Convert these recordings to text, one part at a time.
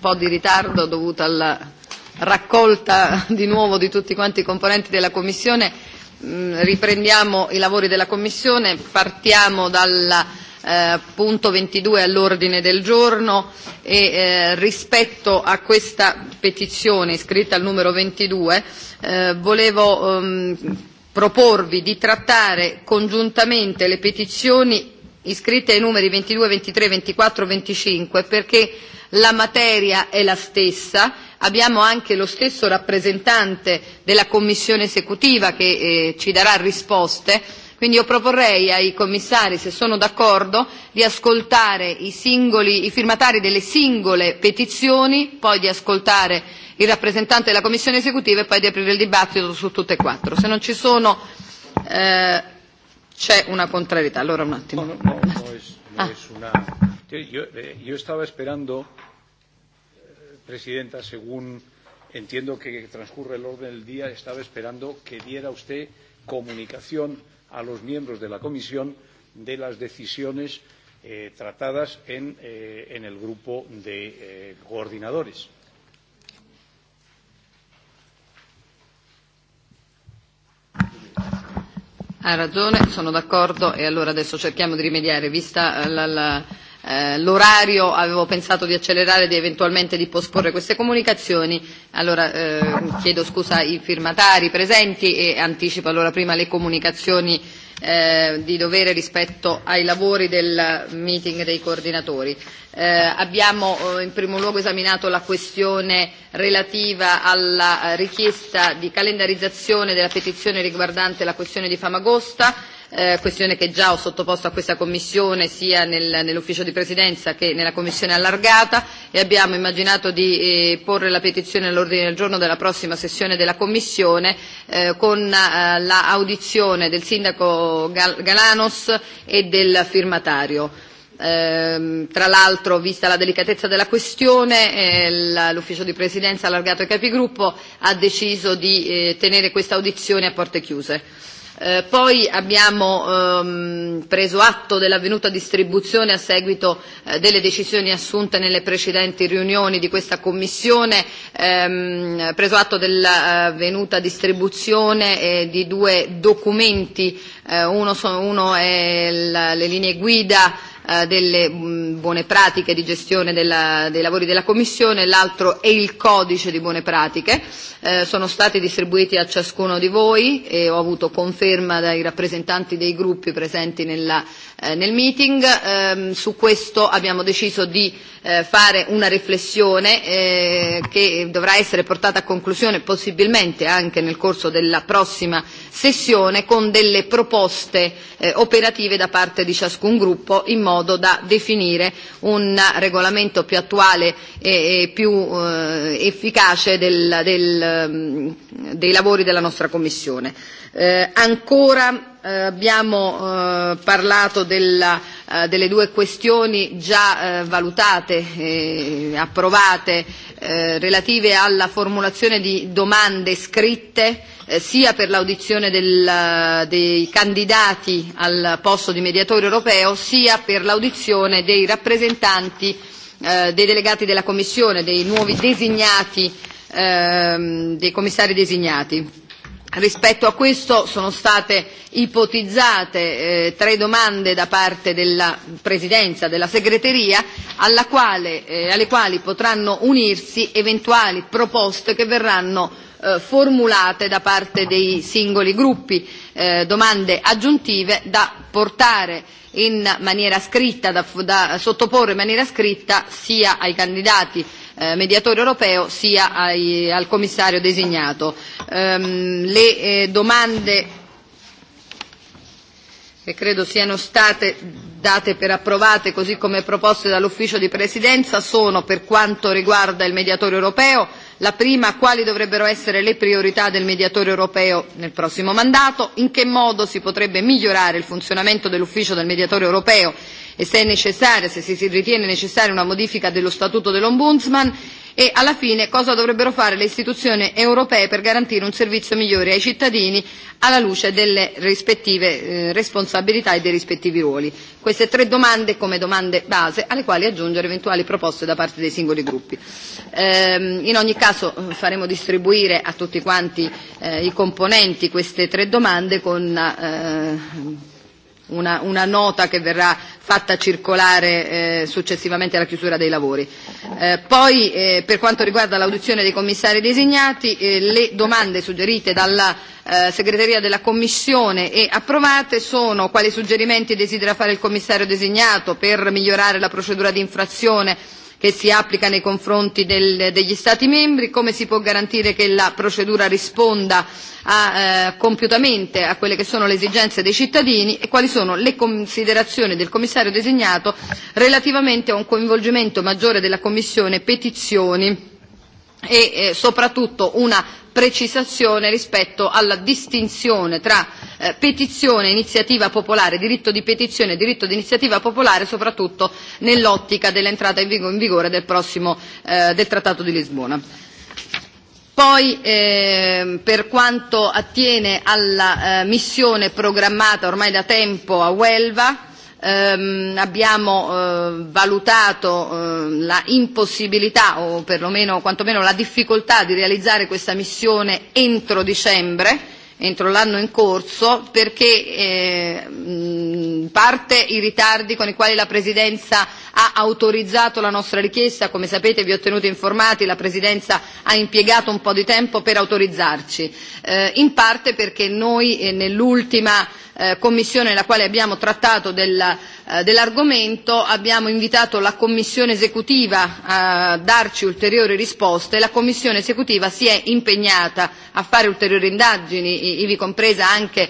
po' di ritardo dovuto alla raccolta di nuovo di tutti quanti i componenti della Commissione. Riprendiamo i lavori della Commissione, partiamo dal punto 22 all'ordine del giorno e eh, rispetto a questa petizione iscritta al numero 22 eh, volevo ehm, proporvi di trattare congiuntamente le petizioni iscritte ai numeri 22, 23, 24, 25 perché la materia è la stessa, abbiamo anche lo stesso rappresentante della Commissione esecutiva che ci darà risposte, quindi io proporrei ai commissari, se sono d'accordo, di ascoltare i, singoli, i firmatari delle singole petizioni, poi di ascoltare il rappresentante della Commissione esecutiva e poi di aprire il dibattito su tutte e quattro. Se non ci sono... Eh, c'è una contrarietà, allora un attimo. ah. Yo, estaba esperando, Presidenta, según entiendo que transcurre el orden del día, estaba esperando que diera usted comunicación a los miembros de la Comisión de las decisiones tratadas en, el grupo de coordinadores. Ha ragione, sono d'accordo e allora adesso cerchiamo di rimediare, vista la, la, eh, l'orario avevo pensato di accelerare ed eventualmente di posporre queste comunicazioni. Allora eh, chiedo scusa ai firmatari presenti e anticipo allora prima le comunicazioni eh, di dovere rispetto ai lavori del meeting dei coordinatori. Eh, abbiamo eh, in primo luogo esaminato la questione relativa alla richiesta di calendarizzazione della petizione riguardante la questione di Famagosta eh, questione che già ho sottoposto a questa Commissione sia nel, nell'ufficio di presidenza che nella Commissione allargata e abbiamo immaginato di eh, porre la petizione all'ordine del giorno della prossima sessione della Commissione eh, con eh, l'audizione del sindaco Gal- Galanos e del firmatario tra l'altro, vista la delicatezza della questione, l'ufficio di presidenza allargato ai capigruppo ha deciso di tenere questa audizione a porte chiuse. Eh, poi abbiamo ehm, preso atto dell'avvenuta distribuzione a seguito eh, delle decisioni assunte nelle precedenti riunioni di questa Commissione, ehm, preso atto dell'avvenuta distribuzione eh, di due documenti, eh, uno, sono, uno è la, le linee guida delle buone pratiche di gestione della, dei lavori della Commissione, l'altro è il codice di buone pratiche. Eh, sono stati distribuiti a ciascuno di voi e ho avuto conferma dai rappresentanti dei gruppi presenti nella, eh, nel meeting. Eh, su questo abbiamo deciso di eh, fare una riflessione eh, che dovrà essere portata a conclusione possibilmente anche nel corso della prossima sessione con delle proposte eh, operative da parte di ciascun gruppo in modo modo da definire un regolamento più attuale e, e più eh, efficace del, del, dei lavori della nostra Commissione. Eh, ancora eh, abbiamo eh, parlato della, eh, delle due questioni già eh, valutate e approvate eh, relative alla formulazione di domande scritte eh, sia per l'audizione dei candidati al posto di mediatore europeo sia per l'audizione dei rappresentanti eh, dei delegati della Commissione, dei nuovi designati, ehm, dei commissari designati Rispetto a questo sono state ipotizzate eh, tre domande da parte della Presidenza, della Segreteria, alla quale, eh, alle quali potranno unirsi eventuali proposte che verranno eh, formulate da parte dei singoli gruppi, eh, domande aggiuntive da portare in maniera scritta, da, da sottoporre in maniera scritta sia ai candidati eh, mediatore europeo sia ai, al commissario designato. Ehm, le eh, domande che credo siano state date per approvate così come proposte dall'ufficio di presidenza sono per quanto riguarda il mediatore europeo la prima quali dovrebbero essere le priorità del mediatore europeo nel prossimo mandato in che modo si potrebbe migliorare il funzionamento dell'ufficio del mediatore europeo e se è necessaria, se si ritiene necessaria una modifica dello statuto dell'Ombudsman e alla fine cosa dovrebbero fare le istituzioni europee per garantire un servizio migliore ai cittadini alla luce delle rispettive eh, responsabilità e dei rispettivi ruoli. Queste tre domande come domande base alle quali aggiungere eventuali proposte da parte dei singoli gruppi. Ehm, in ogni caso faremo distribuire a tutti quanti eh, i componenti queste tre domande con eh, una, una nota che verrà fatta circolare eh, successivamente alla chiusura dei lavori. Eh, poi eh, per quanto riguarda l'audizione dei commissari designati, eh, le domande suggerite dalla eh, segreteria della Commissione e approvate sono quali suggerimenti desidera fare il commissario designato per migliorare la procedura di infrazione che si applica nei confronti del, degli Stati membri, come si può garantire che la procedura risponda a, eh, compiutamente a quelle che sono le esigenze dei cittadini e quali sono le considerazioni del commissario designato relativamente a un coinvolgimento maggiore della Commissione petizioni e eh, soprattutto una precisazione rispetto alla distinzione tra eh, petizione e iniziativa popolare, diritto di petizione e diritto di iniziativa popolare, soprattutto nell'ottica dell'entrata in vigore del prossimo eh, del Trattato di Lisbona. Poi per quanto attiene alla eh, missione programmata ormai da tempo a Huelva, ehm, abbiamo eh, valutato eh, la impossibilità o perlomeno quantomeno la difficoltà di realizzare questa missione entro dicembre entro l'anno in corso perché eh, parte i ritardi con i quali la Presidenza ha autorizzato la nostra richiesta, come sapete vi ho tenuto informati, la Presidenza ha impiegato un po' di tempo per autorizzarci, eh, in parte perché noi eh, nell'ultima eh, commissione nella quale abbiamo trattato della dell'argomento abbiamo invitato la Commissione esecutiva a darci ulteriori risposte e la Commissione esecutiva si è impegnata a fare ulteriori indagini, ivi compresa anche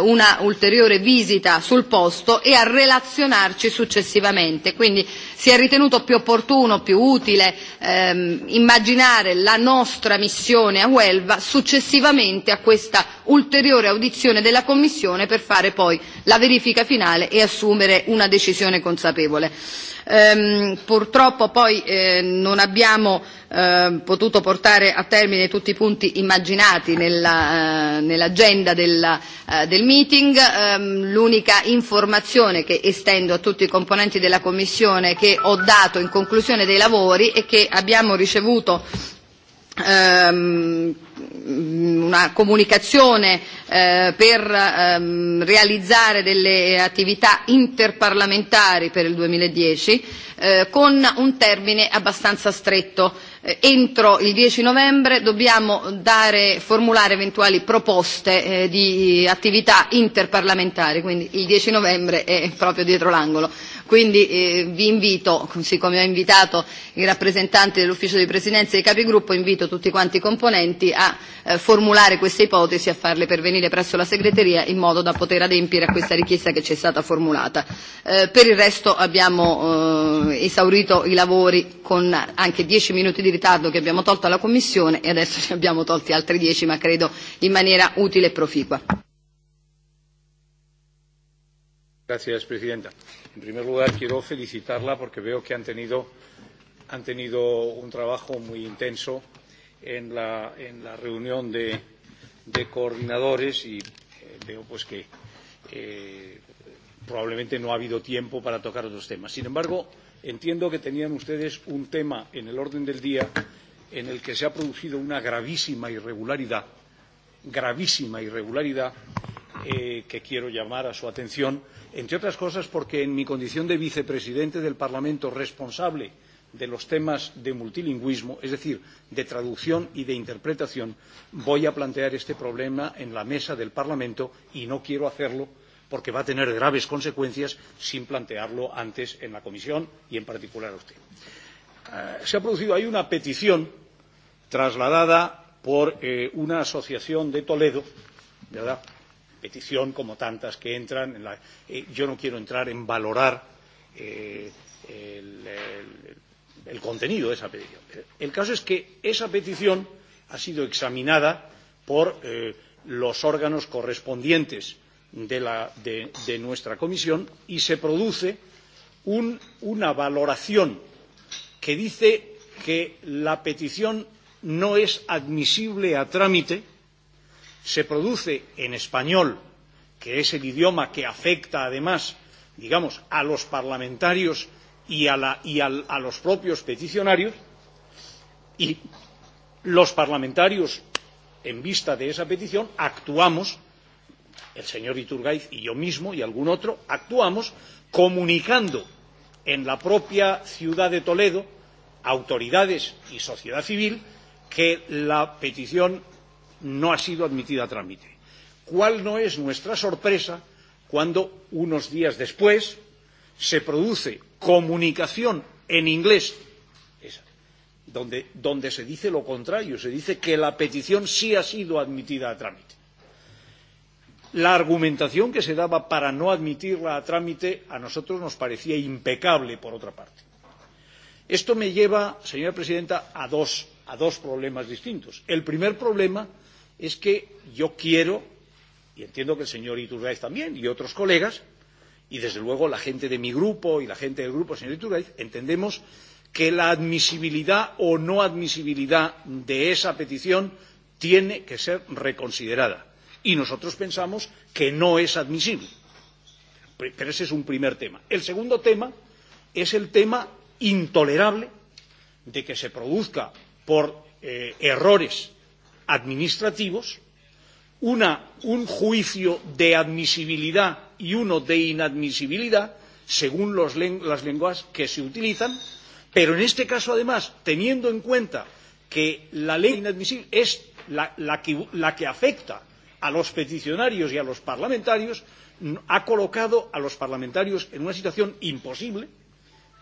una ulteriore visita sul posto e a relazionarci successivamente. Quindi si è ritenuto più opportuno, più utile ehm, immaginare la nostra missione a Huelva successivamente a questa ulteriore audizione della Commissione per fare poi la verifica finale e assumere una decisione consapevole. Ehm, purtroppo poi eh, non abbiamo eh, potuto portare a termine tutti i punti immaginati nell'agenda eh, nell'agenda del, eh, del meeting. Ehm, l'unica informazione che estendo a tutti i componenti della Commissione che ho dato in conclusione dei lavori è che abbiamo ricevuto una comunicazione per realizzare delle attività interparlamentari per il 2010 con un termine abbastanza stretto entro il 10 novembre dobbiamo dare, formulare eventuali proposte eh, di attività interparlamentari, quindi il 10 novembre è proprio dietro l'angolo. Quindi eh, vi invito, così come ho invitato i rappresentanti dell'ufficio di presidenza e i capigruppo, invito tutti quanti i componenti a eh, formulare queste ipotesi, a farle pervenire presso la segreteria in modo da poter adempiere a questa richiesta che ci è stata formulata. Eh, per il resto abbiamo eh, esaurito i lavori con anche 10 minuti di ritardo che abbiamo tolto alla Commissione e adesso ne abbiamo tolti altri dieci, ma credo in maniera utile e proficua. Grazie Presidenta. In primo luogo quiero felicitarla perché vedo che han tenuto han tenido un trabajo muy intenso en la, en la reunión de, de coordinadores y eh, veo pues que eh, probablemente no ha habido tiempo para tocar otros temas. Sin embargo, Entiendo que tenían ustedes un tema en el orden del día en el que se ha producido una gravísima irregularidad, gravísima irregularidad eh, que quiero llamar a su atención, entre otras cosas porque en mi condición de vicepresidente del Parlamento responsable de los temas de multilingüismo, es decir, de traducción y de interpretación, voy a plantear este problema en la mesa del Parlamento y no quiero hacerlo porque va a tener graves consecuencias sin plantearlo antes en la comisión y en particular a usted. se ha producido ahí una petición trasladada por una asociación de Toledo, ¿verdad? Petición como tantas que entran. En la, yo no quiero entrar en valorar el, el contenido de esa petición. El caso es que esa petición ha sido examinada por los órganos correspondientes de, nuestra comisión y se produce una valoración que dice que la petición no es admisible a trámite, se produce en español, que es el idioma que afecta además, digamos, a los parlamentarios y a, los propios peticionarios, y los parlamentarios, en vista de esa petición, actuamos el señor Iturgaiz y yo mismo y algún otro actuamos comunicando en la propia ciudad de Toledo autoridades y sociedad civil que la petición no ha sido admitida a trámite. ¿Cuál no es nuestra sorpresa cuando unos días después se produce comunicación en inglés donde, se dice lo contrario, se dice que la petición sí ha sido admitida a trámite? La argumentación que se daba para no admitirla a trámite a nosotros nos parecía impecable, por otra parte. Esto me lleva, señora presidenta, a dos, a dos problemas distintos. El primer problema es que yo quiero, y entiendo que el señor Iturgaiz también y otros colegas, y desde luego la gente de mi grupo y la gente del grupo, señor Iturgaiz, entendemos que la admisibilidad o no admisibilidad de esa petición tiene que ser reconsiderada. Y nosotros pensamos que no es admisible. Pero ese es un primer tema. El segundo tema es el tema intolerable de que se produzca por eh, errores administrativos una, un juicio de admisibilidad y uno de inadmisibilidad según los, las lenguas que se utilizan, pero en este caso, además, teniendo en cuenta que la ley inadmisible es la, la, que, la que afecta a los peticionarios y a los parlamentarios, ha colocado a los parlamentarios en una situación imposible,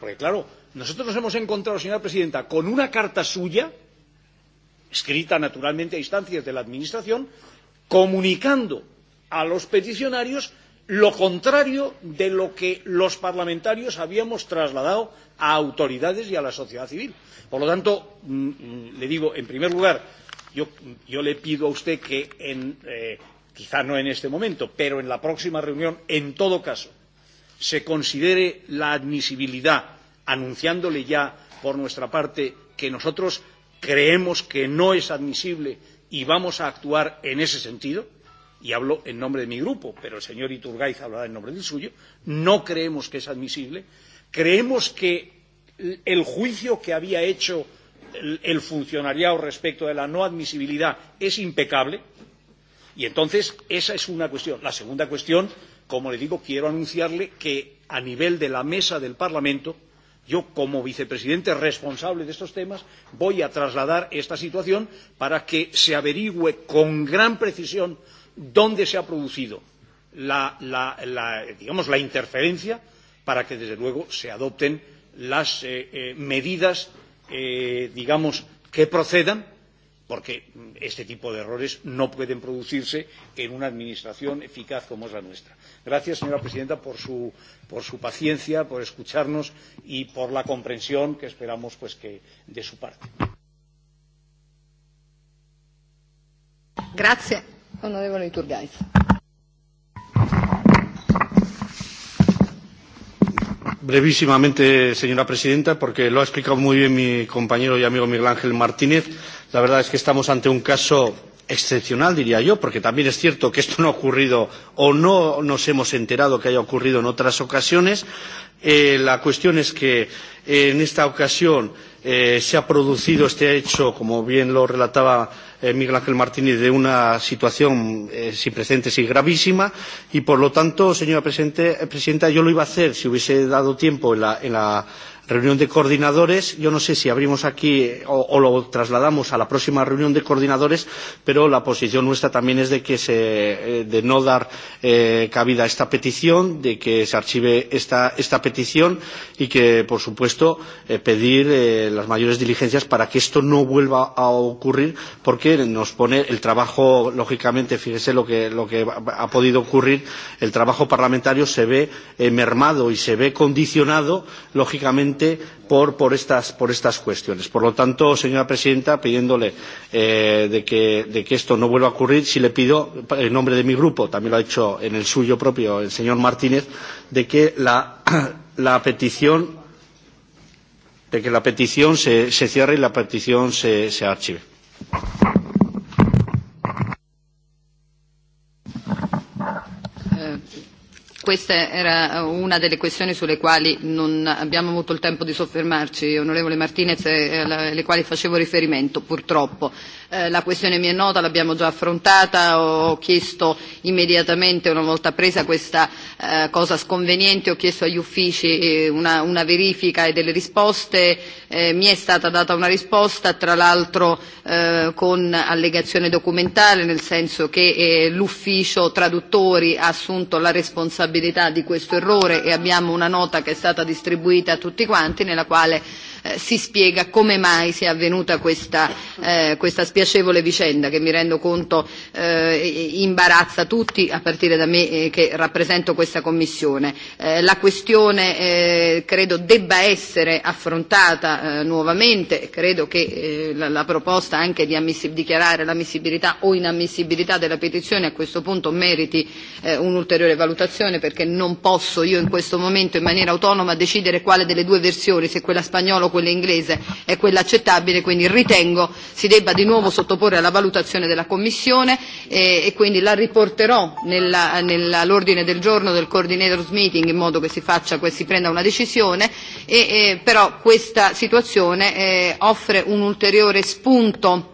porque claro, nosotros nos hemos encontrado, señora presidenta, con una carta suya, escrita naturalmente a instancias de la Administración, comunicando a los peticionarios lo contrario de lo que los parlamentarios habíamos trasladado a autoridades y a la sociedad civil. Por lo tanto, le digo, en primer lugar, yo, yo le pido a usted que en, eh, quizá no en este momento, pero en la próxima reunión, en todo caso, se considere la admisibilidad, anunciándole ya por nuestra parte que nosotros creemos que no es admisible y vamos a actuar en ese sentido, y hablo en nombre de mi grupo, pero el señor Iturgaiz hablará en nombre del suyo, no creemos que es admisible, creemos que el juicio que había hecho el funcionariado respecto de la no admisibilidad es impecable. Y entonces esa es una cuestión. La segunda cuestión, como le digo, quiero anunciarle que a nivel de la mesa del Parlamento, yo como vicepresidente responsable de estos temas voy a trasladar esta situación para que se averigüe con gran precisión dónde se ha producido la, la, la, digamos, la interferencia para que desde luego se adopten las eh, eh, medidas digamos, que procedan, porque este tipo de errores no pueden producirse en una administración eficaz como es la nuestra. Gracias, señora presidenta, por su, paciencia, por escucharnos y por la comprensión que esperamos de su parte. Gracias, honorable Iturgaiz. Brevísimamente, señora presidenta, porque lo ha explicado muy bien mi compañero y amigo Miguel Ángel Martínez. La verdad es que estamos ante un caso excepcional, diría yo, porque también es cierto que esto no ha ocurrido o no nos hemos enterado que haya ocurrido en otras ocasiones. la cuestión es que en esta ocasión se ha producido este hecho, como bien lo relataba Miguel Ángel Martínez, de una situación sin precedentes y gravísima. Y, por lo tanto, señora presidenta, yo lo iba a hacer si hubiese dado tiempo en la reunión de coordinadores. Yo no sé si abrimos aquí o, lo trasladamos a la próxima reunión de coordinadores, pero la posición nuestra también es de, no dar cabida a esta petición, de que se archive esta, petición y que, por supuesto, pedir las mayores diligencias para que esto no vuelva a ocurrir, porque que nos pone el trabajo, lógicamente, fíjese lo que, lo que ha podido ocurrir, el trabajo parlamentario se ve eh, mermado y se ve condicionado, lógicamente, por, por, estas, por estas cuestiones. Por lo tanto, señora presidenta, pidiéndole eh, de, que, de que esto no vuelva a ocurrir, si le pido, en nombre de mi grupo, también lo ha hecho en el suyo propio el señor Martínez, de que la, la petición de que la petición se, se cierre y la petición se, se archive. Questa era una delle questioni sulle quali non abbiamo avuto il tempo di soffermarci, onorevole Martinez, alle quali facevo riferimento, purtroppo la questione mi è nota, l'abbiamo già affrontata, ho chiesto immediatamente una volta presa questa eh, cosa sconveniente, ho chiesto agli uffici eh, una, una verifica e delle risposte, eh, mi è stata data una risposta, tra l'altro eh, con allegazione documentale, nel senso che eh, l'ufficio traduttori ha assunto la responsabilità di questo errore e abbiamo una nota che è stata distribuita a tutti quanti nella quale eh, si spiega come mai sia avvenuta questa, eh, questa spiacevole vicenda che mi rendo conto eh, imbarazza tutti a partire da me eh, che rappresento questa Commissione. Eh, la questione eh, credo debba essere affrontata eh, nuovamente, credo che eh, la, la proposta anche di dichiarare l'ammissibilità o inammissibilità della petizione a questo punto meriti eh, un'ulteriore valutazione perché non posso io in questo momento in maniera autonoma decidere quale delle due versioni, se quella spagnola o quella inglese è quella accettabile, quindi ritengo si debba di nuovo sottoporre alla valutazione della Commissione e, e quindi la riporterò nell'ordine nell'ordine del giorno del coordinators meeting in modo che si, faccia, si prenda una decisione, e, e, però questa situazione eh, offre un ulteriore spunto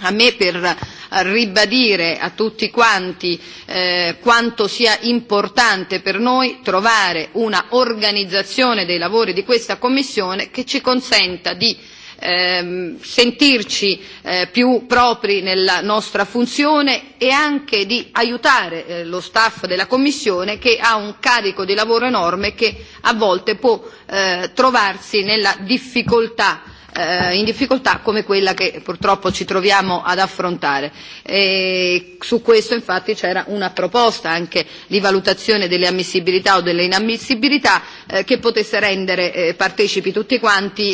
a me per ribadire a tutti quanti eh, quanto sia importante per noi trovare una organizzazione dei lavori di questa Commissione che ci consenta di sentirci eh, più propri nella nostra funzione e anche di aiutare eh, lo staff della Commissione che ha un carico di lavoro enorme che a volte può eh, trovarsi nella difficoltà eh, in difficoltà come quella che purtroppo ci troviamo ad affrontare. E su questo infatti c'era una proposta anche di valutazione delle ammissibilità o delle inammissibilità eh, che potesse rendere eh, partecipi tutti quanti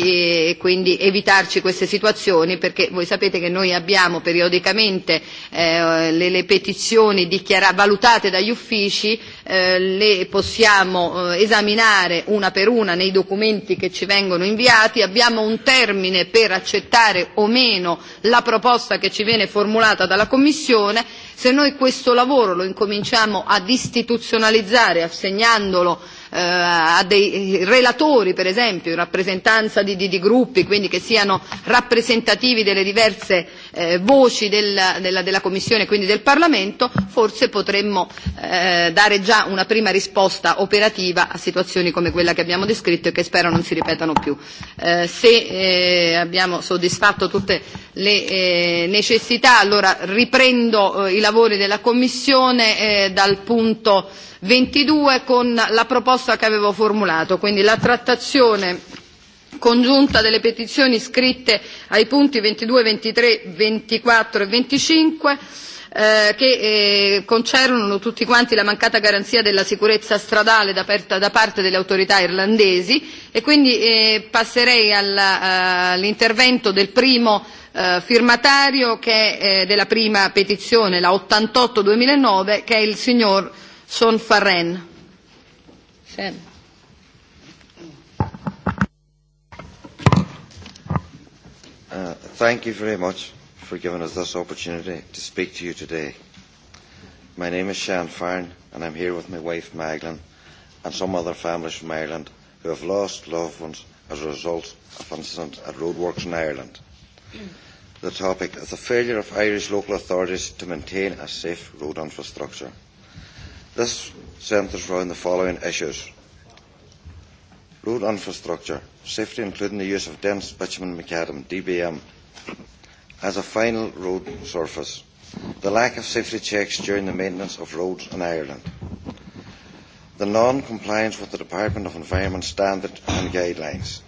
e quindi evitarci queste situazioni perché voi sapete che noi abbiamo periodicamente eh, le, le petizioni valutate dagli uffici, eh, le possiamo eh, esaminare una per una nei documenti che ci vengono inviati, abbiamo un termine termine per accettare o meno la proposta che ci viene formulata dalla Commissione, se noi questo lavoro lo incominciamo ad istituzionalizzare assegnandolo eh, a dei relatori per esempio, in rappresentanza di, di, di gruppi, quindi che siano rappresentativi delle diverse eh, voci del, della, della Commissione e quindi del Parlamento, forse potremmo eh, dare già una prima risposta operativa a situazioni come quella che abbiamo descritto e che spero non si ripetano più. Eh, se eh, abbiamo soddisfatto tutte le eh, necessità, allora riprendo eh, i lavori della Commissione eh, dal punto 22 con la proposta che avevo formulato, quindi la trattazione congiunta delle petizioni scritte ai punti 22, 23, 24 e 25 che concernono tutti quanti la mancata garanzia della sicurezza stradale da parte delle autorità irlandesi e quindi passerei all'intervento del primo firmatario della prima petizione, la 88-2009, che è il signor Son Farren. Uh, thank you very much for giving us this opportunity to speak to you today. My name is Shan Farn and I'm here with my wife Maglin and some other families from Ireland who have lost loved ones as a result of incidents at roadworks in Ireland. The topic is the failure of Irish local authorities to maintain a safe road infrastructure. This centres around the following issues. Road infrastructure, safety including the use of dense bitumen macadam, DBM, as a final road surface. The lack of safety checks during the maintenance of roads in Ireland. The non-compliance with the Department of Environment standard and guidelines.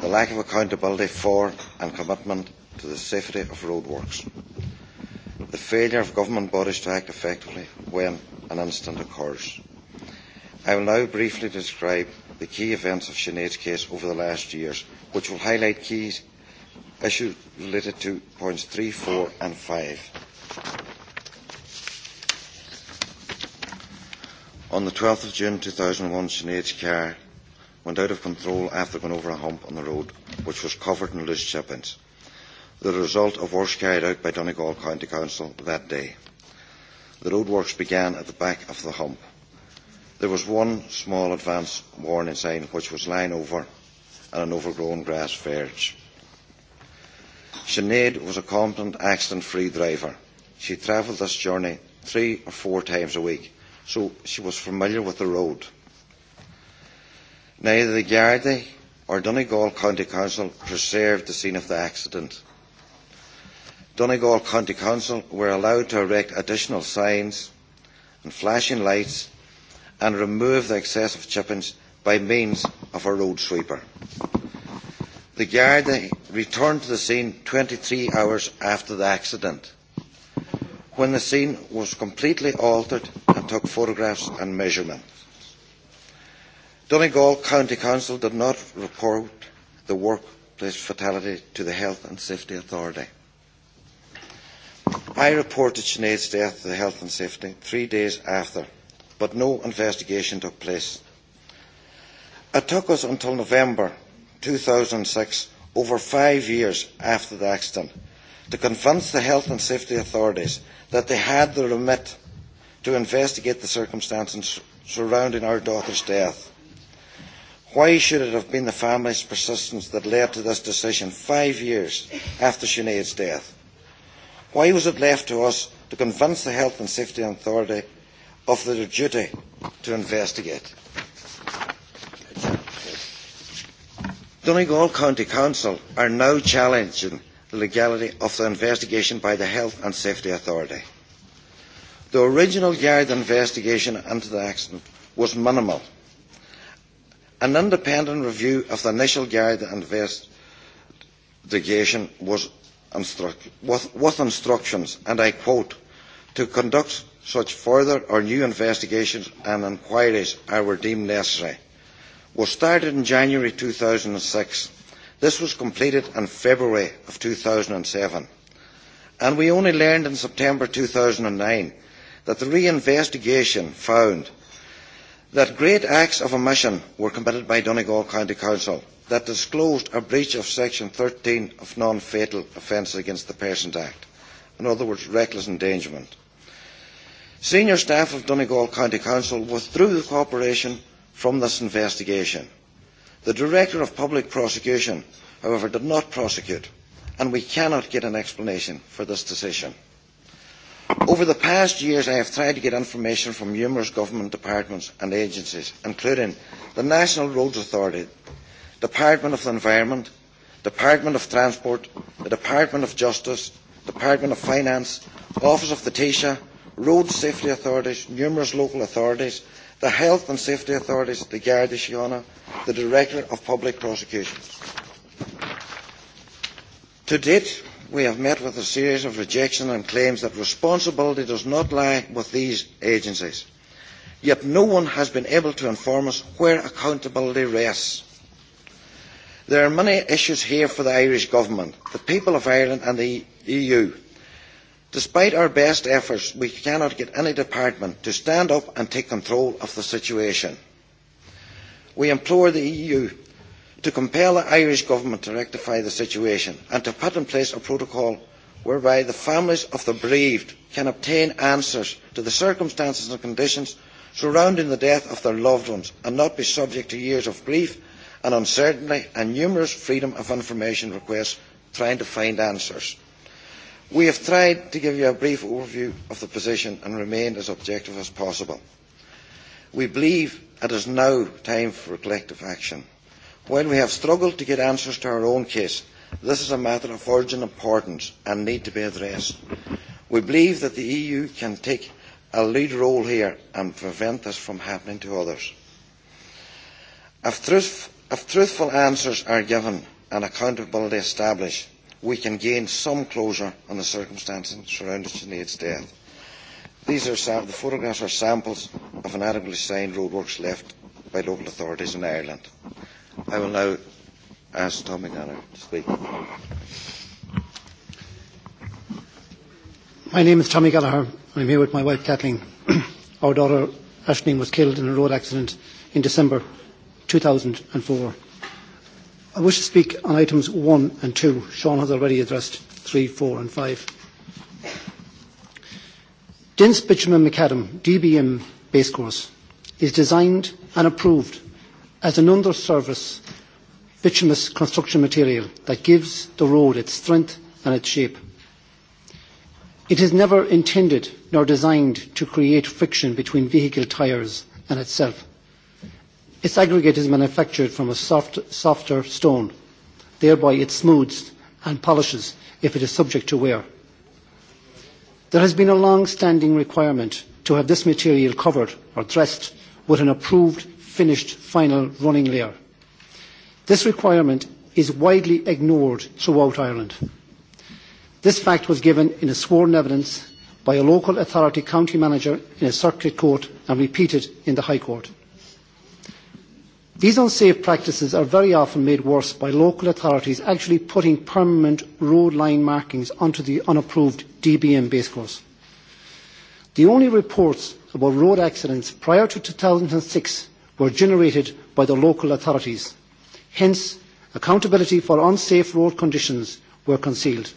The lack of accountability for and commitment to the safety of roadworks. The failure of government bodies to act effectively when and instant occurs. I will now briefly describe the key events of Sinead's case over the last years, which will highlight key issues related to points three, four and five. On the 12th of June 2001, Sinead's car went out of control after going over a hump on the road, which was covered in loose chippings, the result of works carried out by Donegal County Council that day. The roadworks began at the back of the hump. There was one small advance warning sign which was lying over and an overgrown grass verge. Sinead was a competent accident-free driver. She travelled this journey three or four times a week, so she was familiar with the road. Neither the Gardaí or Donegal County Council preserved the scene of the accident. Donegal County Council were allowed to erect additional signs and flashing lights and remove the excessive chippings by means of a road sweeper. The Garda returned to the scene twenty three hours after the accident, when the scene was completely altered and took photographs and measurements. Donegal County Council did not report the workplace fatality to the Health and Safety Authority. I reported Sinead's death to the Health and Safety three days after, but no investigation took place. It took us until November 2006, over five years after the accident, to convince the health and safety authorities that they had the remit to investigate the circumstances surrounding our daughter's death. Why should it have been the family's persistence that led to this decision five years after Sinead's death? Why was it left to us to convince the Health and Safety Authority of their duty to investigate? Donegal County Council are now challenging the legality of the investigation by the Health and Safety Authority. The original Yard investigation into the accident was minimal. An independent review of the initial Yard investigation was with instructions, and I quote, to conduct such further or new investigations and inquiries as were deemed necessary, was started in January two thousand six. This was completed in February of two thousand seven, And we only learned in September two thousand nine that the reinvestigation found that great acts of omission were committed by Donegal County Council that disclosed a breach of Section thirteen of Non-Fatal Offences Against the Persons Act, in other words, reckless endangerment. Senior staff of Donegal County Council withdrew the cooperation from this investigation. The Director of Public Prosecution, however, did not prosecute, and we cannot get an explanation for this decision. Over the past years, I have tried to get information from numerous government departments and agencies, including the National Roads Authority, Department of the Environment, Department of Transport, the Department of Justice, Department of Finance, Office of the Taoiseach, road safety authorities, numerous local authorities, the health and safety authorities, the Garda Síochána, the Director of Public Prosecutions. To date, we have met with a series of rejection and claims that responsibility does not lie with these agencies. Yet no one has been able to inform us where accountability rests there are many issues here for the irish government the people of ireland and the eu. despite our best efforts we cannot get any department to stand up and take control of the situation. we implore the eu to compel the irish government to rectify the situation and to put in place a protocol whereby the families of the bereaved can obtain answers to the circumstances and conditions surrounding the death of their loved ones and not be subject to years of grief and uncertainty and numerous freedom of information requests trying to find answers. We have tried to give you a brief overview of the position and remain as objective as possible. We believe it is now time for collective action. While we have struggled to get answers to our own case, this is a matter of urgent importance and need to be addressed. We believe that the EU can take a lead role here and prevent this from happening to others. If truth If truthful answers are given and accountability established, we can gain some closure on the circumstances surrounding Sinead's death. These are, the photographs are samples of inadequately signed roadworks left by local authorities in Ireland. I will now ask Tommy Ganner to speak. My name is Tommy Gallagher. I'm here with my wife Kathleen. Our daughter Ashleen was killed in a road accident in December 2004. I wish to speak on items one and two. Sean has already addressed three, four and five. DINS Bitumen Macadam DBM base course is designed and approved as an under-service bituminous construction material that gives the road its strength and its shape. It is never intended nor designed to create friction between vehicle tyres and itself Its aggregate is manufactured from a soft, softer stone. Thereby it smooths and polishes if it is subject to wear. There has been a long-standing requirement to have this material covered or dressed with an approved finished final running layer. This requirement is widely ignored throughout Ireland. This fact was given in a sworn evidence by a local authority county manager in a circuit court and repeated in the High Court. These unsafe practices are very often made worse by local authorities actually putting permanent road line markings onto the unapproved DBM base course. The only reports about road accidents prior to two thousand six were generated by the local authorities. Hence, accountability for unsafe road conditions were concealed.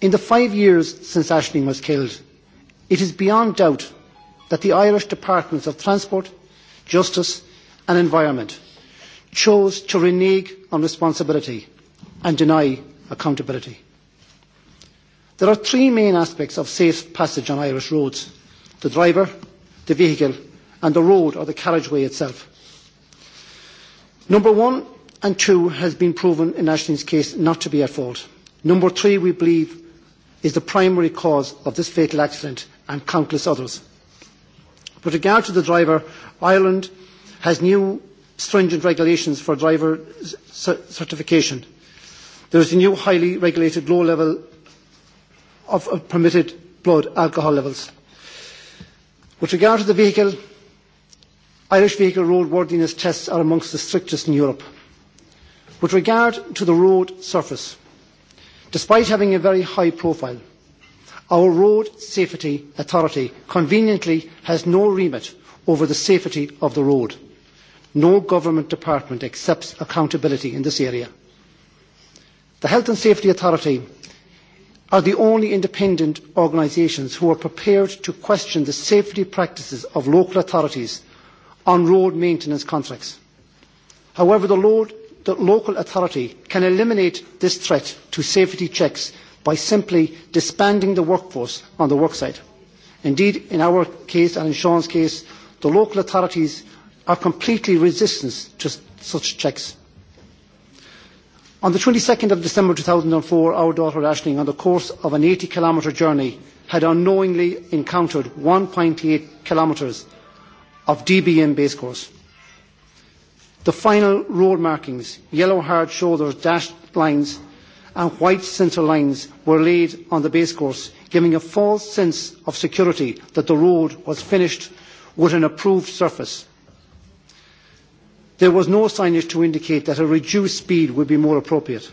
In the five years since Ashling was killed, it is beyond doubt that the Irish Departments of Transport, Justice and environment chose to renege on responsibility and deny accountability. There are three main aspects of safe passage on Irish roads the driver, the vehicle, and the road or the carriageway itself. Number one and two has been proven in Ashton's case not to be at fault. Number three, we believe, is the primary cause of this fatal accident and countless others. With regard to the driver, Ireland has new stringent regulations for driver certification. There is a new highly regulated low level of permitted blood alcohol levels. With regard to the vehicle, Irish vehicle roadworthiness tests are amongst the strictest in Europe. With regard to the road surface, despite having a very high profile, our Road Safety Authority conveniently has no remit over the safety of the road no government department accepts accountability in this area. The Health and Safety Authority are the only independent organisations who are prepared to question the safety practices of local authorities on road maintenance contracts. However, the, local authority can eliminate this threat to safety checks by simply disbanding the workforce on the worksite. Indeed, in our case and in Sean's case, the local authorities are completely resistant to such checks. On the 22nd of December two thousand four our daughter Ashling, on the course of an eighty kilometre journey, had unknowingly encountered one eight kilometres of DBM base course. The final road markings, yellow hard shoulders, dashed lines and white centre lines were laid on the base course, giving a false sense of security that the road was finished with an approved surface There was no signage to indicate that a reduced speed would be more appropriate.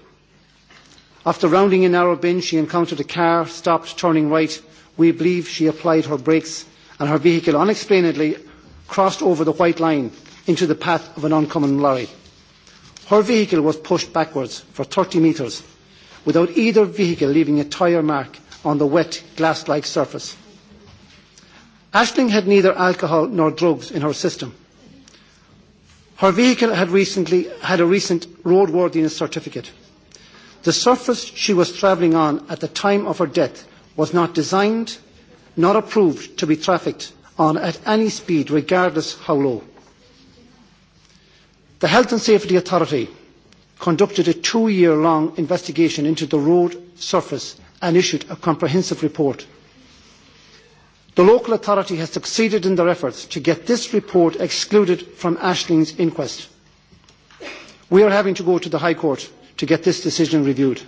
After rounding a narrow bend, she encountered a car, stopped, turning right. We believe she applied her brakes and her vehicle unexplainedly crossed over the white line into the path of an oncoming lorry. Her vehicle was pushed backwards for thirty metres without either vehicle leaving a tyre mark on the wet, glass-like surface. Ashling had neither alcohol nor drugs in her system. Her vehicle had recently had a recent roadworthiness certificate. The surface she was travelling on at the time of her death was not designed, not approved to be trafficked on at any speed, regardless how low. The Health and Safety Authority conducted a two-year-long investigation into the road surface and issued a comprehensive report. The local authority has succeeded in their efforts to get this report excluded from Ashling's inquest. We are having to go to the High Court to get this decision reviewed.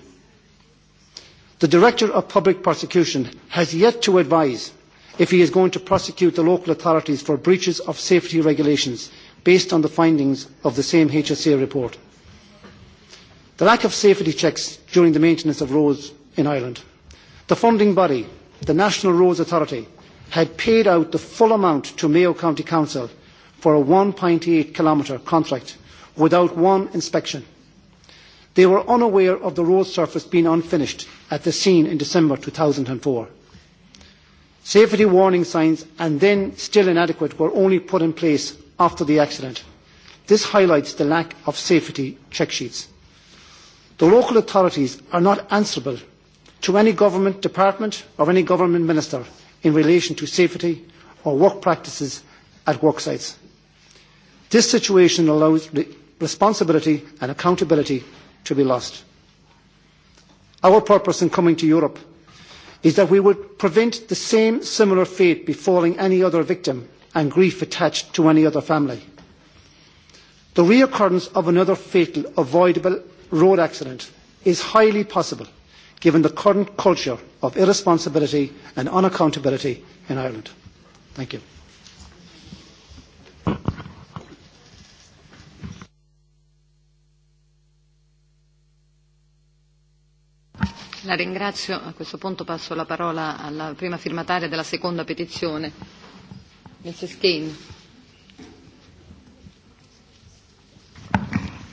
The Director of Public Prosecution has yet to advise if he is going to prosecute the local authorities for breaches of safety regulations based on the findings of the same HSA report. The lack of safety checks during the maintenance of roads in Ireland. The funding body, the National Roads Authority, had paid out the full amount to Mayo County Council for a one eight kilometre contract without one inspection. They were unaware of the road surface being unfinished at the scene in December two thousand four. Safety warning signs and then still inadequate were only put in place after the accident. This highlights the lack of safety check sheets. The local authorities are not answerable to any government department or any government minister in relation to safety or work practices at work sites. This situation allows responsibility and accountability to be lost. Our purpose in coming to Europe is that we would prevent the same similar fate befalling any other victim and grief attached to any other family. The reoccurrence of another fatal, avoidable road accident is highly possible given the current culture of irresponsibility and unaccountability in Ireland. Thank you. La ringrazio. A questo punto passo la parola alla prima firmataria della seconda petizione, Mrs. Kane.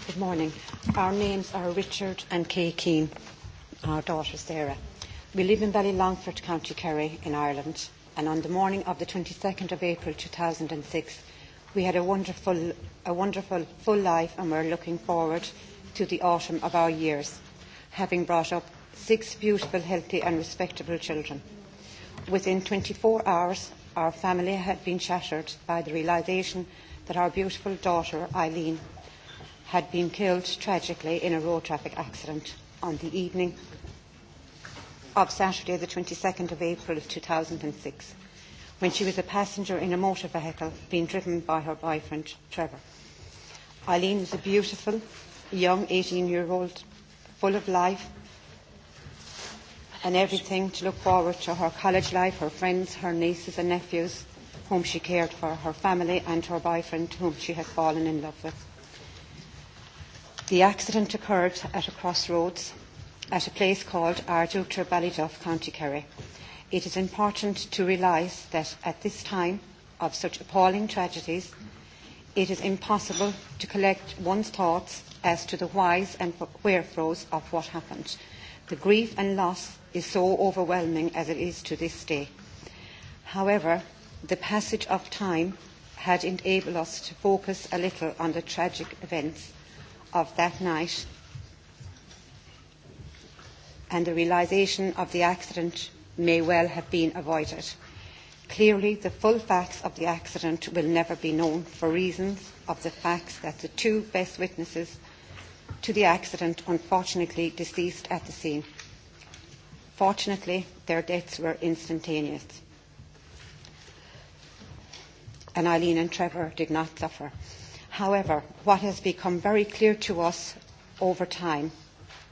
Good morning. Our names are Richard and Kay Keane our daughter Sarah. We live in Ballylongford, County Kerry, in Ireland, and on the morning of the 22nd of April 2006, we had a wonderful, a wonderful full life and we're looking forward to the autumn of our years, having brought up six beautiful, healthy and respectable children. Within 24 hours, our family had been shattered by the realisation that our beautiful daughter, Eileen, had been killed tragically in a road traffic accident on the evening of Saturday, the 22nd of April of 2006, when she was a passenger in a motor vehicle being driven by her boyfriend, Trevor. Eileen was a beautiful, young 18-year-old, full of life and everything to look forward to her college life, her friends, her nieces and nephews, whom she cared for, her family and her boyfriend, whom she had fallen in love with. The accident occurred at a crossroads at a place called Ardúchar Ballyduff, County Kerry. It is important to realise that at this time of such appalling tragedies, it is impossible to collect one's thoughts as to the whys and wherefores of what happened. The grief and loss is so overwhelming as it is to this day. However, the passage of time had enabled us to focus a little on the tragic events of that night and the realisation of the accident may well have been avoided. Clearly, the full facts of the accident will never be known for reasons of the facts that the two best witnesses to the accident unfortunately deceased at the scene. Fortunately, their deaths were instantaneous. And Eileen and Trevor did not suffer. However, what has become very clear to us over time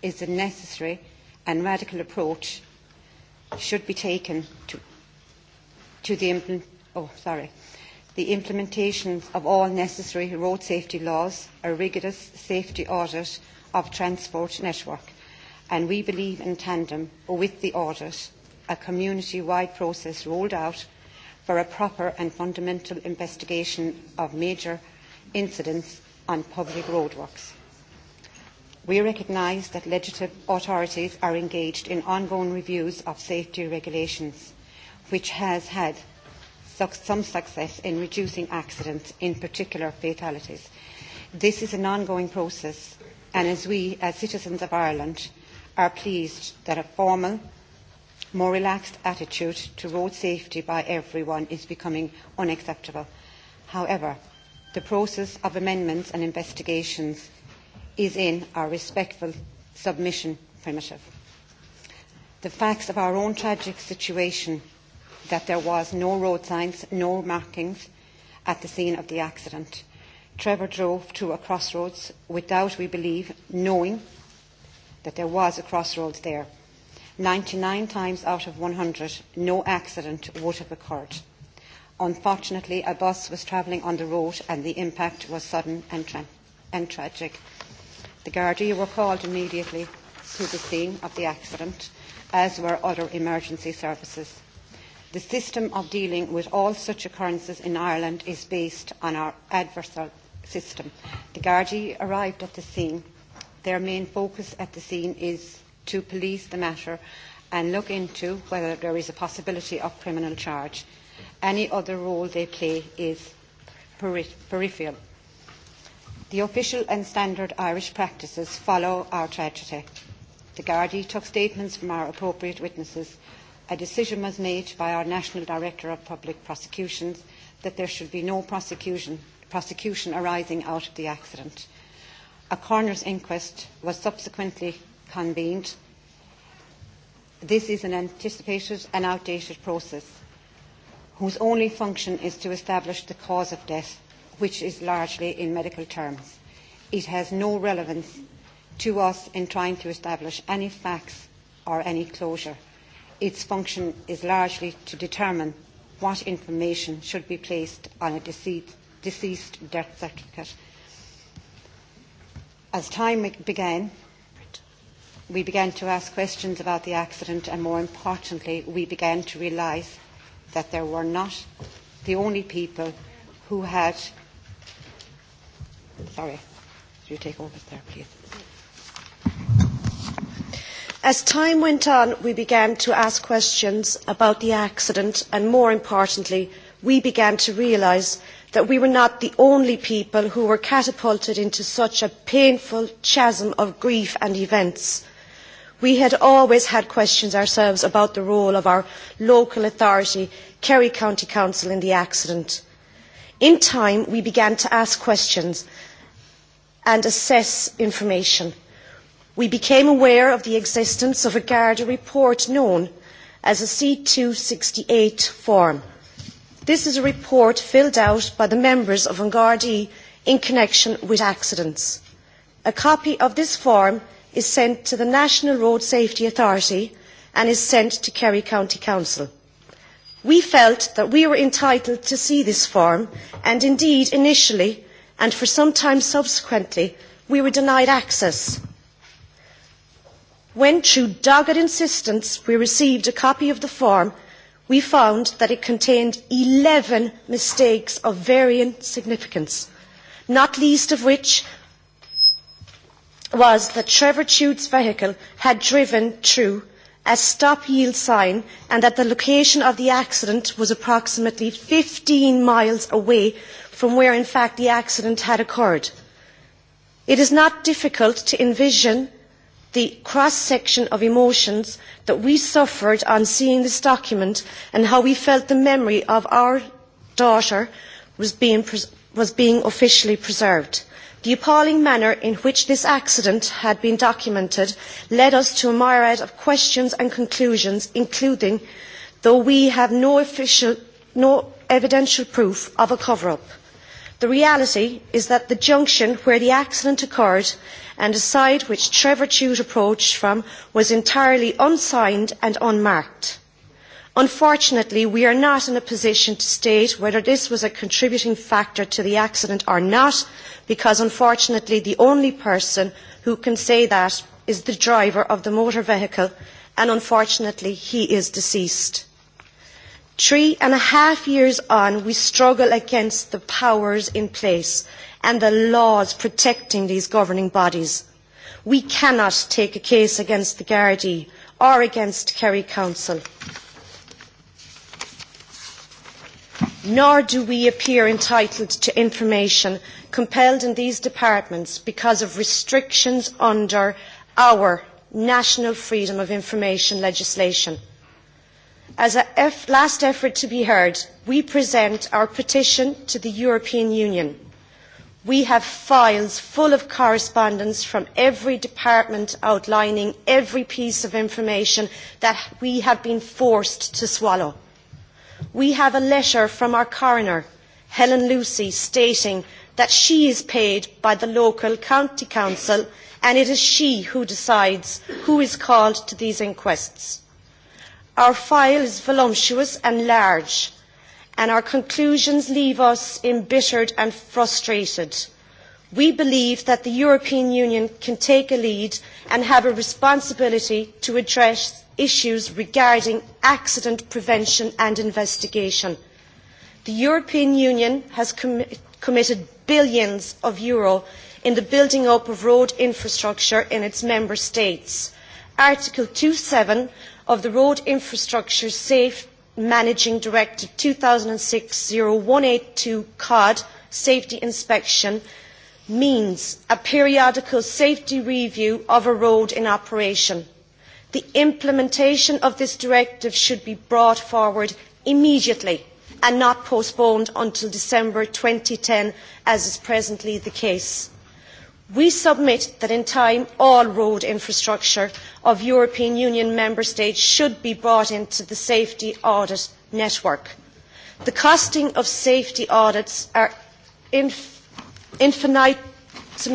is the necessary and radical approach should be taken to, to the, impl- oh, sorry, the implementation of all necessary road safety laws, a rigorous safety audit of transport network, and we believe in tandem with the audit, a community-wide process rolled out for a proper and fundamental investigation of major incidents on public roadworks. We recognise that legislative authorities are engaged in ongoing reviews of safety regulations, which has had some success in reducing accidents, in particular fatalities. This is an ongoing process, and as we, as citizens of Ireland, are pleased that a formal, more relaxed attitude to road safety by everyone is becoming unacceptable. However, the process of amendments and investigations is in our respectful submission primitive. The facts of our own tragic situation that there was no road signs, no markings at the scene of the accident. Trevor drove to a crossroads without, we believe, knowing that there was a crossroads there. Ninety nine times out of one hundred no accident would have occurred Unfortunately, a bus was travelling on the road and the impact was sudden and, tra- and tragic. The Gardaí were called immediately to the scene of the accident, as were other emergency services. The system of dealing with all such occurrences in Ireland is based on our adversarial system. The Gardaí arrived at the scene. Their main focus at the scene is to police the matter and look into whether there is a possibility of criminal charge. Any other role they play is peripheral. The official and standard Irish practices follow our tragedy. The Gardaí took statements from our appropriate witnesses. A decision was made by our National Director of Public Prosecutions that there should be no prosecution, prosecution arising out of the accident. A coroner's inquest was subsequently convened. This is an anticipated and outdated process whose only function is to establish the cause of death, which is largely in medical terms. It has no relevance to us in trying to establish any facts or any closure. Its function is largely to determine what information should be placed on a deceased death certificate. As time began, we began to ask questions about the accident and more importantly, we began to realise that there were not the only people who had. Sorry, you take over there, please. As time went on, we began to ask questions about the accident, and more importantly, we began to realise that we were not the only people who were catapulted into such a painful chasm of grief and events we had always had questions ourselves about the role of our local authority kerry county council in the accident. in time we began to ask questions and assess information. we became aware of the existence of a garda report known as a c two hundred and sixty eight form. this is a report filled out by the members of an gardaí in connection with accidents. a copy of this form is sent to the National Road Safety Authority and is sent to Kerry County Council. We felt that we were entitled to see this form and indeed initially and for some time subsequently we were denied access. When through dogged insistence we received a copy of the form, we found that it contained eleven mistakes of varying significance, not least of which was that Trevor Tude's vehicle had driven through a stop yield sign and that the location of the accident was approximately fifteen miles away from where in fact the accident had occurred. It is not difficult to envision the cross section of emotions that we suffered on seeing this document and how we felt the memory of our daughter was being, officially preserved the appalling manner in which this accident had been documented led us to a myriad of questions and conclusions including though we have no evidential proof of a cover up. the reality is that the junction where the accident occurred and the side which trevor chute approached from was entirely unsigned and unmarked. Unfortunately, we are not in a position to state whether this was a contributing factor to the accident or not, because unfortunately the only person who can say that is the driver of the motor vehicle, and unfortunately he is deceased. Three and a half years on, we struggle against the powers in place and the laws protecting these governing bodies. We cannot take a case against the Gardaí or against Kerry Council nor do we appear entitled to information compelled in these departments because of restrictions under our national freedom of information legislation. As a last effort to be heard, we present our petition to the European Union. We have files full of correspondence from every department outlining every piece of information that we have been forced to swallow we have a letter from our coroner, Helen Lucy, stating that she is paid by the local county council and it is she who decides who is called to these inquests. Our file is voluminous and large and our conclusions leave us embittered and frustrated. We believe that the European Union can take a lead and have a responsibility to address issues regarding accident prevention and investigation. The European Union has committed billions of euro in the building up of road infrastructure in its member states. Article two seven of the Road Infrastructure Safe Managing Directive two 2006-0182 COD safety inspection means a periodical safety review of a road in operation the implementation of this directive should be brought forward immediately and not postponed until december two thousand and ten as is presently the case. we submit that in time all road infrastructure of european union member states should be brought into the safety audit network. the costing of safety audits are infinitesimally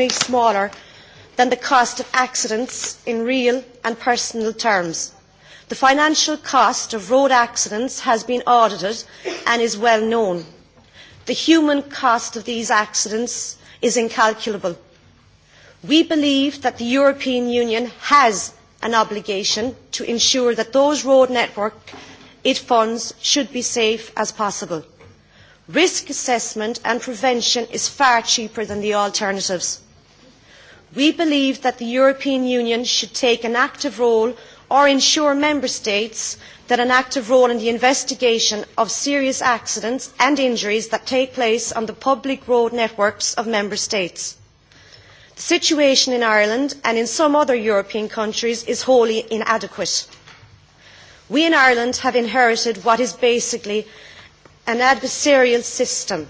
smaller than the cost of accidents in real and personal terms. The financial cost of road accidents has been audited and is well known. The human cost of these accidents is incalculable. We believe that the European Union has an obligation to ensure that those road network it funds should be safe as possible. Risk assessment and prevention is far cheaper than the alternatives we believe that the european union should take an active role or ensure member states that an active role in the investigation of serious accidents and injuries that take place on the public road networks of member states. the situation in ireland and in some other european countries is wholly inadequate. we in ireland have inherited what is basically an adversarial system.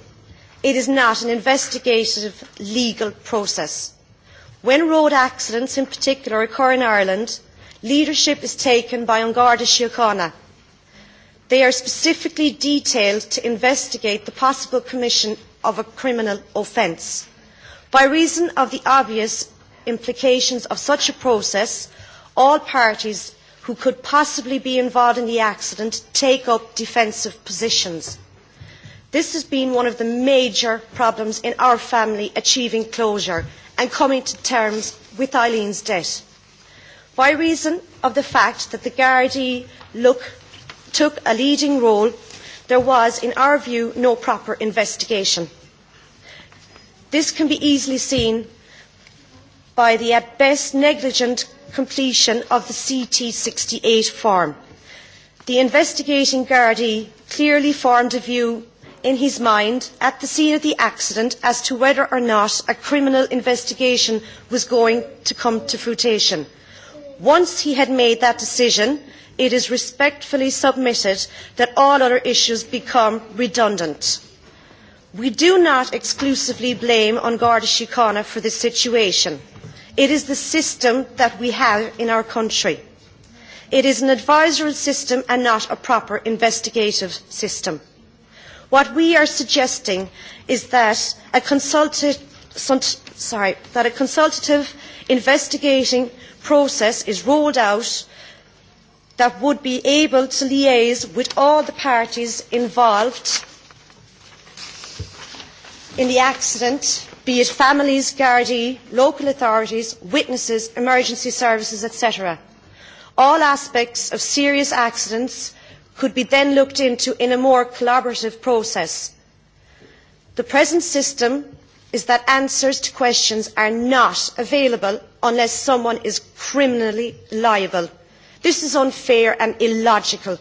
it is not an investigative legal process When road accidents in particular occur in Ireland, leadership is taken by an Garda Síochána. They are specifically detailed to investigate the possible commission of a criminal offence. By reason of the obvious implications of such a process, all parties who could possibly be involved in the accident take up defensive positions. This has been one of the major problems in our family achieving closure and coming to terms with Eileen's debt. By reason of the fact that the Gardaí took a leading role, there was, in our view, no proper investigation. This can be easily seen by the at best negligent completion of the ct sixty eight form. The investigating Gardaí clearly formed a view in his mind at the scene of the accident as to whether or not a criminal investigation was going to come to fruition. Once he had made that decision, it is respectfully submitted that all other issues become redundant. We do not exclusively blame Garda Síochána for this situation. It is the system that we have in our country. It is an advisory system and not a proper investigative system. What we are suggesting is that a consultative investigating process is rolled out that would be able to liaise with all the parties involved in the accident, be it families, Gardaí, local authorities, witnesses, emergency services, etc. All aspects of serious accidents could be then looked into in a more collaborative process. The present system is that answers to questions are not available unless someone is criminally liable. This is unfair and illogical.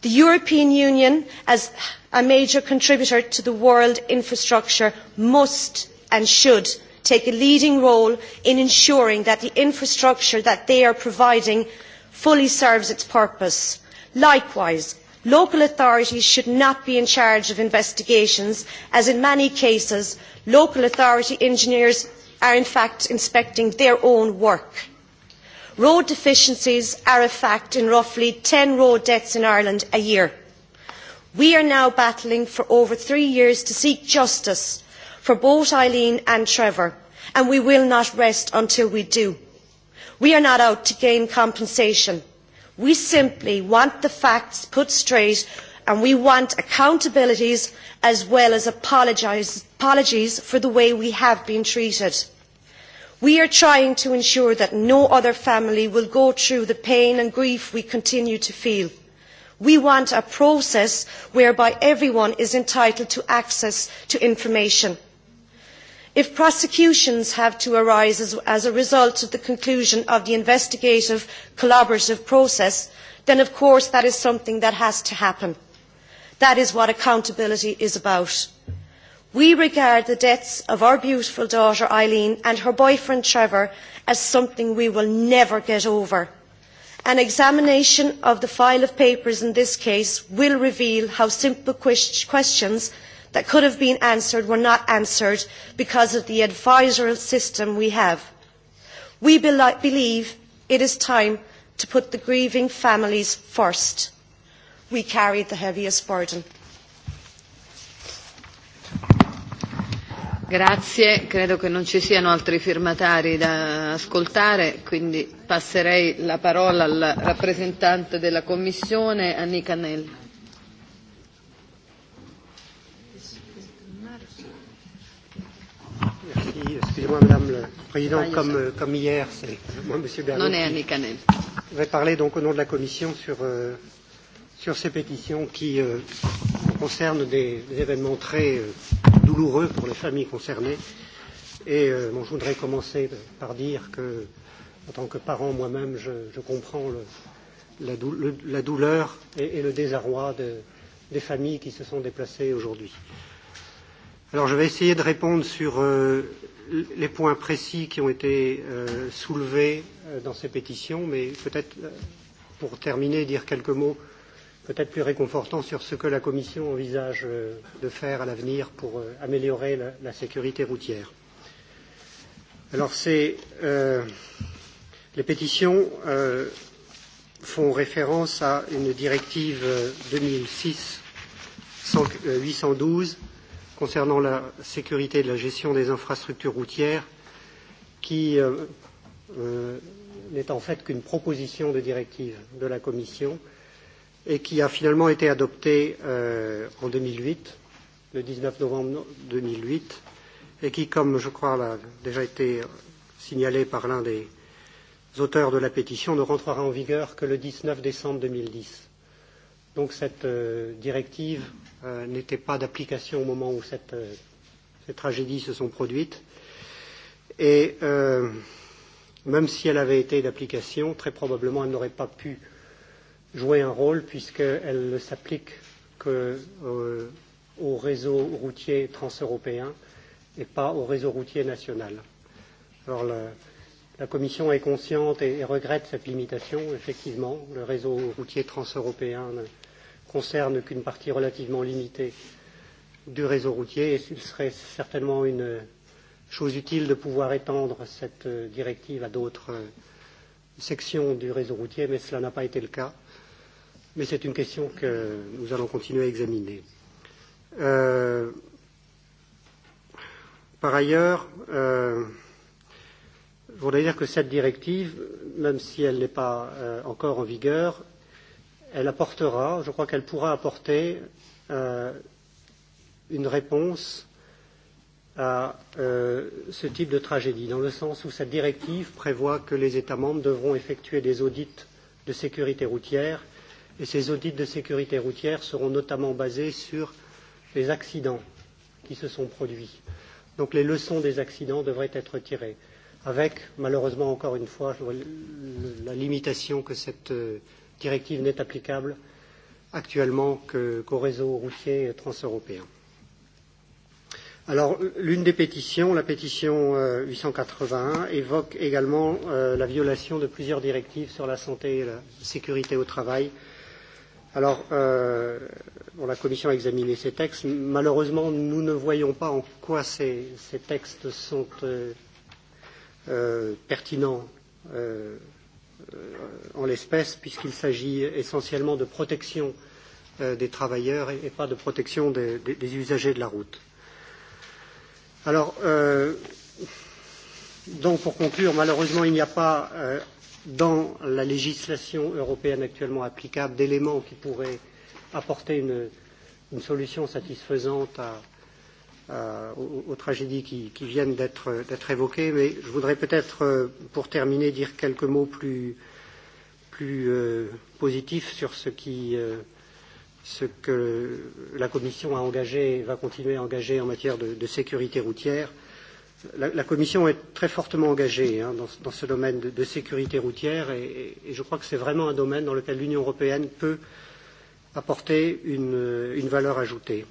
The European Union, as a major contributor to the world infrastructure, must and should take a leading role in ensuring that the infrastructure that they are providing fully serves its purpose likewise local authorities should not be in charge of investigations as in many cases local authority engineers are in fact inspecting their own work. road deficiencies are a fact in roughly ten road deaths in ireland a year. we are now battling for over three years to seek justice for both eileen and trevor and we will not rest until we do. we are not out to gain compensation We simply want the facts put straight and we want accountabilities as well as apologies for the way we have been treated. We are trying to ensure that no other family will go through the pain and grief we continue to feel. We want a process whereby everyone is entitled to access to information If prosecutions have to arise as, a result of the conclusion of the investigative collaborative process, then of course that is something that has to happen. That is what accountability is about. We regard the deaths of our beautiful daughter Eileen and her boyfriend Trevor as something we will never get over. An examination of the file of papers in this case will reveal how simple questions that could have been answered were not answered because of the advisory system we have. We believe it is time to put the grieving families first. We carry the heaviest burden. Grazie, credo che non ci siano altri firmatari da ascoltare, quindi passerei la parola al rappresentante della Commissione, Annika Nell. Excusez-moi, Madame le Président, comme, comme hier, c'est moi, Monsieur Bernard. Je vais parler donc au nom de la Commission sur, euh, sur ces pétitions qui euh, concernent des, des événements très euh, douloureux pour les familles concernées. Et euh, bon, je voudrais commencer par dire que, en tant que parent moi-même, je, je comprends le, la, dou le, la douleur et, et le désarroi de, des familles qui se sont déplacées aujourd'hui. Alors je vais essayer de répondre sur euh, les points précis qui ont été euh, soulevés euh, dans ces pétitions, mais peut-être pour terminer, dire quelques mots peut-être plus réconfortants sur ce que la Commission envisage euh, de faire à l'avenir pour euh, améliorer la, la sécurité routière. Alors c'est euh, les pétitions euh, font référence à une directive 2006 812 concernant la sécurité et la gestion des infrastructures routières qui n'est en fait qu'une proposition de directive de la Commission et qui a finalement été adoptée en deux mille huit, le dix neuf novembre deux mille huit, et qui, comme je crois l'a déjà été signalé par l'un des auteurs de la pétition, ne rentrera en vigueur que le dix neuf décembre deux mille dix. Donc cette euh, directive euh, n'était pas d'application au moment où cette, euh, ces tragédies se sont produites. Et euh, même si elle avait été d'application, très probablement elle n'aurait pas pu jouer un rôle puisqu'elle ne s'applique qu'au euh, réseau routier transeuropéen et pas au réseau routier national. Alors la, la Commission est consciente et, et regrette cette limitation. Effectivement, le réseau routier transeuropéen ne, concerne qu'une partie relativement limitée du réseau routier et il serait certainement une chose utile de pouvoir étendre cette directive à d'autres sections du réseau routier, mais cela n'a pas été le cas. Mais c'est une question que nous allons continuer à examiner. Euh, par ailleurs, euh, je voudrais dire que cette directive, même si elle n'est pas euh, encore en vigueur, elle apportera, je crois qu'elle pourra apporter euh, une réponse à euh, ce type de tragédie, dans le sens où cette directive prévoit que les États membres devront effectuer des audits de sécurité routière, et ces audits de sécurité routière seront notamment basés sur les accidents qui se sont produits. Donc les leçons des accidents devraient être tirées, avec malheureusement encore une fois la limitation que cette directive n'est applicable actuellement qu'aux réseaux routiers transeuropéens. Alors, l'une des pétitions, la pétition huit cent quatre-vingt-un, évoque également la violation de plusieurs directives sur la santé et la sécurité au travail. Alors, la Commission a examiné ces textes. Malheureusement, nous ne voyons pas en quoi ces, textes sont pertinents en l'espèce, puisqu'il s'agit essentiellement de protection des travailleurs et, pas de protection des, usagers de la route. Alors, donc pour conclure, malheureusement, il n'y a pas dans la législation européenne actuellement applicable d'éléments qui pourraient apporter une, solution satisfaisante à, aux, aux tragédies qui, qui viennent d'être évoquées, mais je voudrais peut-être, pour terminer, dire quelques mots plus, plus euh, positifs sur ce, qui, euh, ce que la Commission a engagé et va continuer à engager en matière de, de sécurité routière. La, la Commission est très fortement engagée hein, dans, dans ce domaine de, de sécurité routière et, et je crois que c'est vraiment un domaine dans lequel l'Union européenne peut apporter une, une valeur ajoutée.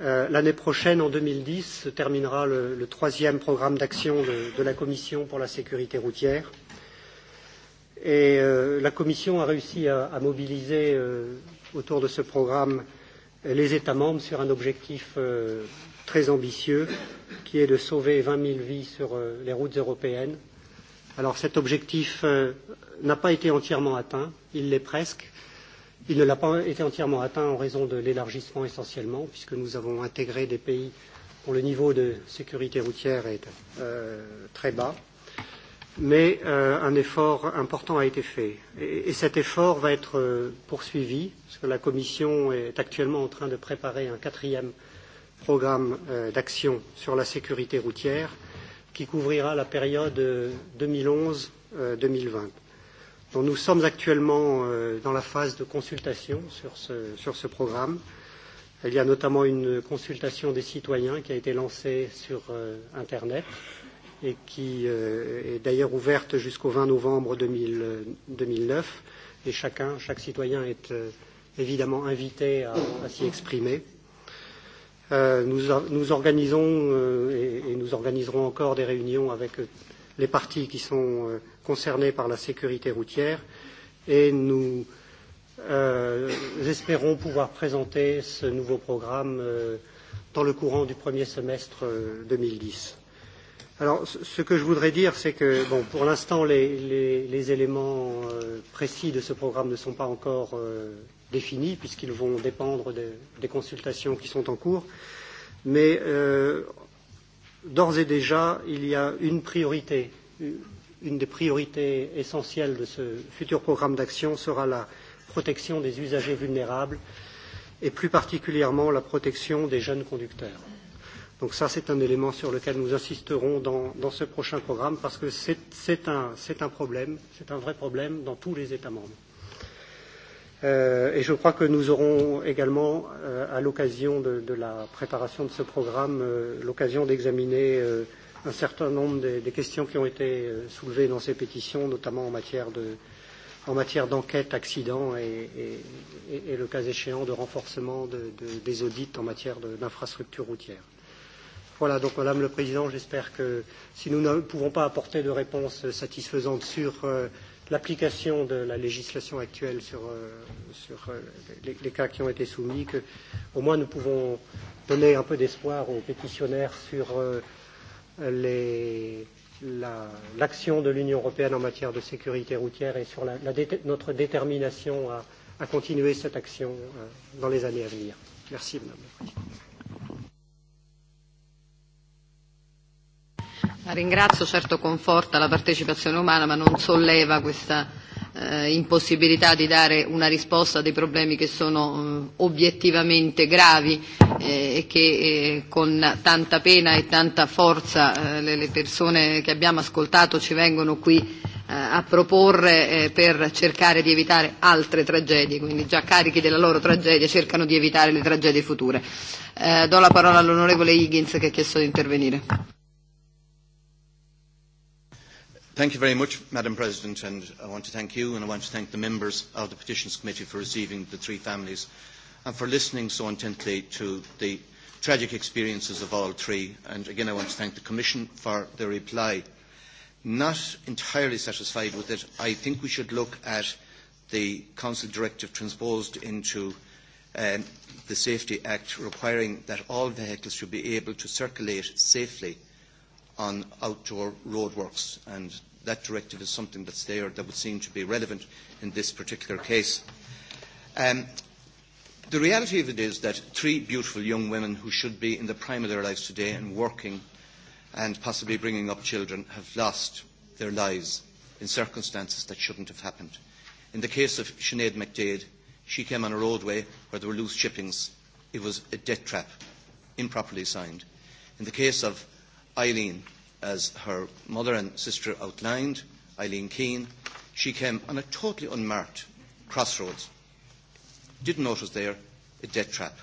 L'année prochaine, en deux mille dix, se terminera le, troisième programme d'action de, la Commission pour la sécurité routière. Et la Commission a réussi à, mobiliser autour de ce programme les États membres sur un objectif très ambitieux qui est de sauver vingt 000 vies sur les routes européennes. Alors cet objectif n'a pas été entièrement atteint, il l'est presque, Il ne l'a pas été entièrement atteint en raison de l'élargissement essentiellement, puisque nous avons intégré des pays dont le niveau de sécurité routière est euh, très bas. Mais euh, un effort important a été fait. Et, et cet effort va être euh, poursuivi, parce que la Commission est actuellement en train de préparer un quatrième programme euh, d'action sur la sécurité routière qui couvrira la période 2011-2020 dont nous sommes actuellement dans la phase de consultation sur ce, sur ce programme. Il y a notamment une consultation des citoyens qui a été lancée sur Internet et qui est d'ailleurs ouverte jusqu'au 20 novembre 2000, 2009. Et chacun, chaque citoyen est évidemment invité à, à s'y exprimer. Euh, nous, nous organisons euh, et, et nous organiserons encore des réunions avec les partis qui sont concernés par la sécurité routière et nous espérons pouvoir présenter ce nouveau programme dans le courant du premier semestre deux mille dix. ce que je voudrais dire, c'est que bon, pour l'instant, les, éléments précis de ce programme ne sont pas encore définis puisqu'ils vont dépendre des consultations qui sont en cours. Mais d'ores et déjà, il y a une priorité une des priorités essentielles de ce futur programme d'action sera la protection des usagers vulnérables et plus particulièrement la protection des jeunes conducteurs. Donc ça, c'est un élément sur lequel nous insisterons dans, dans ce prochain programme parce que c'est un, un problème, c'est un vrai problème dans tous les États membres. Euh, et je crois que nous aurons également, euh, à l'occasion de, de la préparation de ce programme, euh, l'occasion d'examiner euh, un certain nombre des, des questions qui ont été soulevées dans ces pétitions, notamment en matière de en matière d'enquête, accident et, et, et le cas échéant de renforcement de, de, des audits en matière d'infrastructures routières. Voilà, donc Madame le Président, j'espère que si nous ne pouvons pas apporter de réponse satisfaisante sur euh, l'application de la législation actuelle sur, euh, sur euh, les, les cas qui ont été soumis, que au moins nous pouvons donner un peu d'espoir aux pétitionnaires sur euh, l'action de l'Union européenne en matière de sécurité routière et sur notre détermination à, continuer cette action dans les années à venir. Merci, Madame la Présidente. ringrazio, certo conforta la partecipazione umana, ma non solleva questa eh, impossibilità di dare una risposta a dei problemi che sono eh, obiettivamente gravi eh, e che eh, con tanta pena e tanta forza eh, le, le persone che abbiamo ascoltato ci vengono qui a proporre eh, per cercare di evitare altre tragedie, quindi già carichi della loro tragedia cercano di evitare le tragedie future. Eh, do la parola all'onorevole Higgins che ha chiesto di intervenire. Thank you very much, Madam President, and I want to thank you and I want to thank the members of the Petitions Committee for receiving the three families and for listening so intently to the tragic experiences of all three. And again, I want to thank the Commission for their reply. Not entirely satisfied with it, I think we should look at the Council Directive transposed into um, the Safety Act requiring that all vehicles should be able to circulate safely on outdoor roadworks. And that directive is something that's there that would seem to be relevant in this particular case. Um, the reality of it is that three beautiful young women who should be in the prime of their lives today and working and possibly bringing up children have lost their lives in circumstances that shouldn't have happened. In the case of Sinead McDade, she came on a roadway where there were loose chippings. It was a death trap, improperly signed. In the case of Eileen, as her mother and sister outlined, Eileen Keane, she came on a totally unmarked crossroads. Didn't notice there a death trap.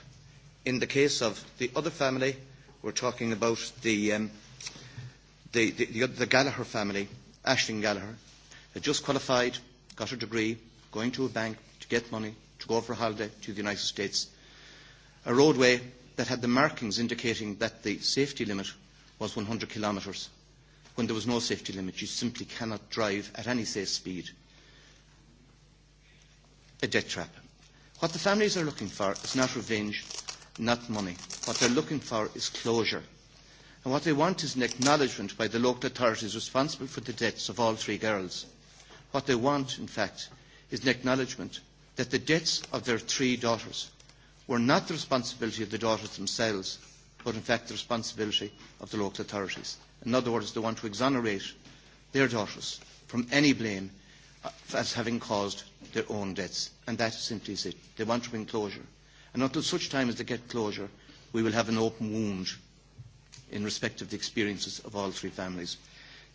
In the case of the other family, we're talking about the, um, the, the, the, the Gallagher family, Ashton Gallagher, had just qualified, got her degree, going to a bank to get money, to go for a holiday to the United States. A roadway that had the markings indicating that the safety limit was 100 kilometres when there was no safety limit. You simply cannot drive at any safe speed. A death trap. What the families are looking for is not revenge, not money. What they're looking for is closure. And what they want is an acknowledgement by the local authorities responsible for the deaths of all three girls. What they want, in fact, is an acknowledgement that the deaths of their three daughters were not the responsibility of the daughters themselves, but in fact the responsibility of the local authorities. In other words, they want to exonerate their daughters from any blame as having caused their own deaths. And that simply is it. They want to bring closure. And until such time as they get closure, we will have an open wound in respect of the experiences of all three families.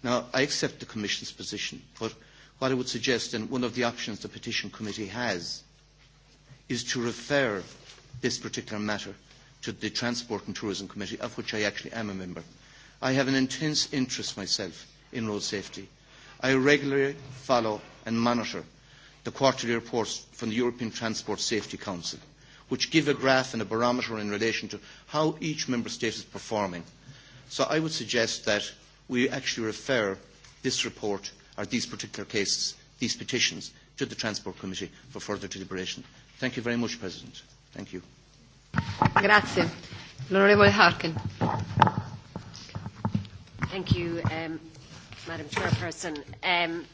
Now, I accept the Commission's position, but what I would suggest, and one of the options the Petition Committee has, is to refer this particular matter to the Transport and Tourism Committee, of which I actually am a member. I have an intense interest myself in road safety. I regularly follow and monitor the quarterly reports from the European Transport Safety Council, which give a graph and a barometer in relation to how each member state is performing. So I would suggest that we actually refer this report, or these particular cases, these petitions, to the Transport Committee for further deliberation. Thank you very much, President. Thank you. Grazie. L'onorevole Harkin. Thank you, um, Madam Chairperson. Um,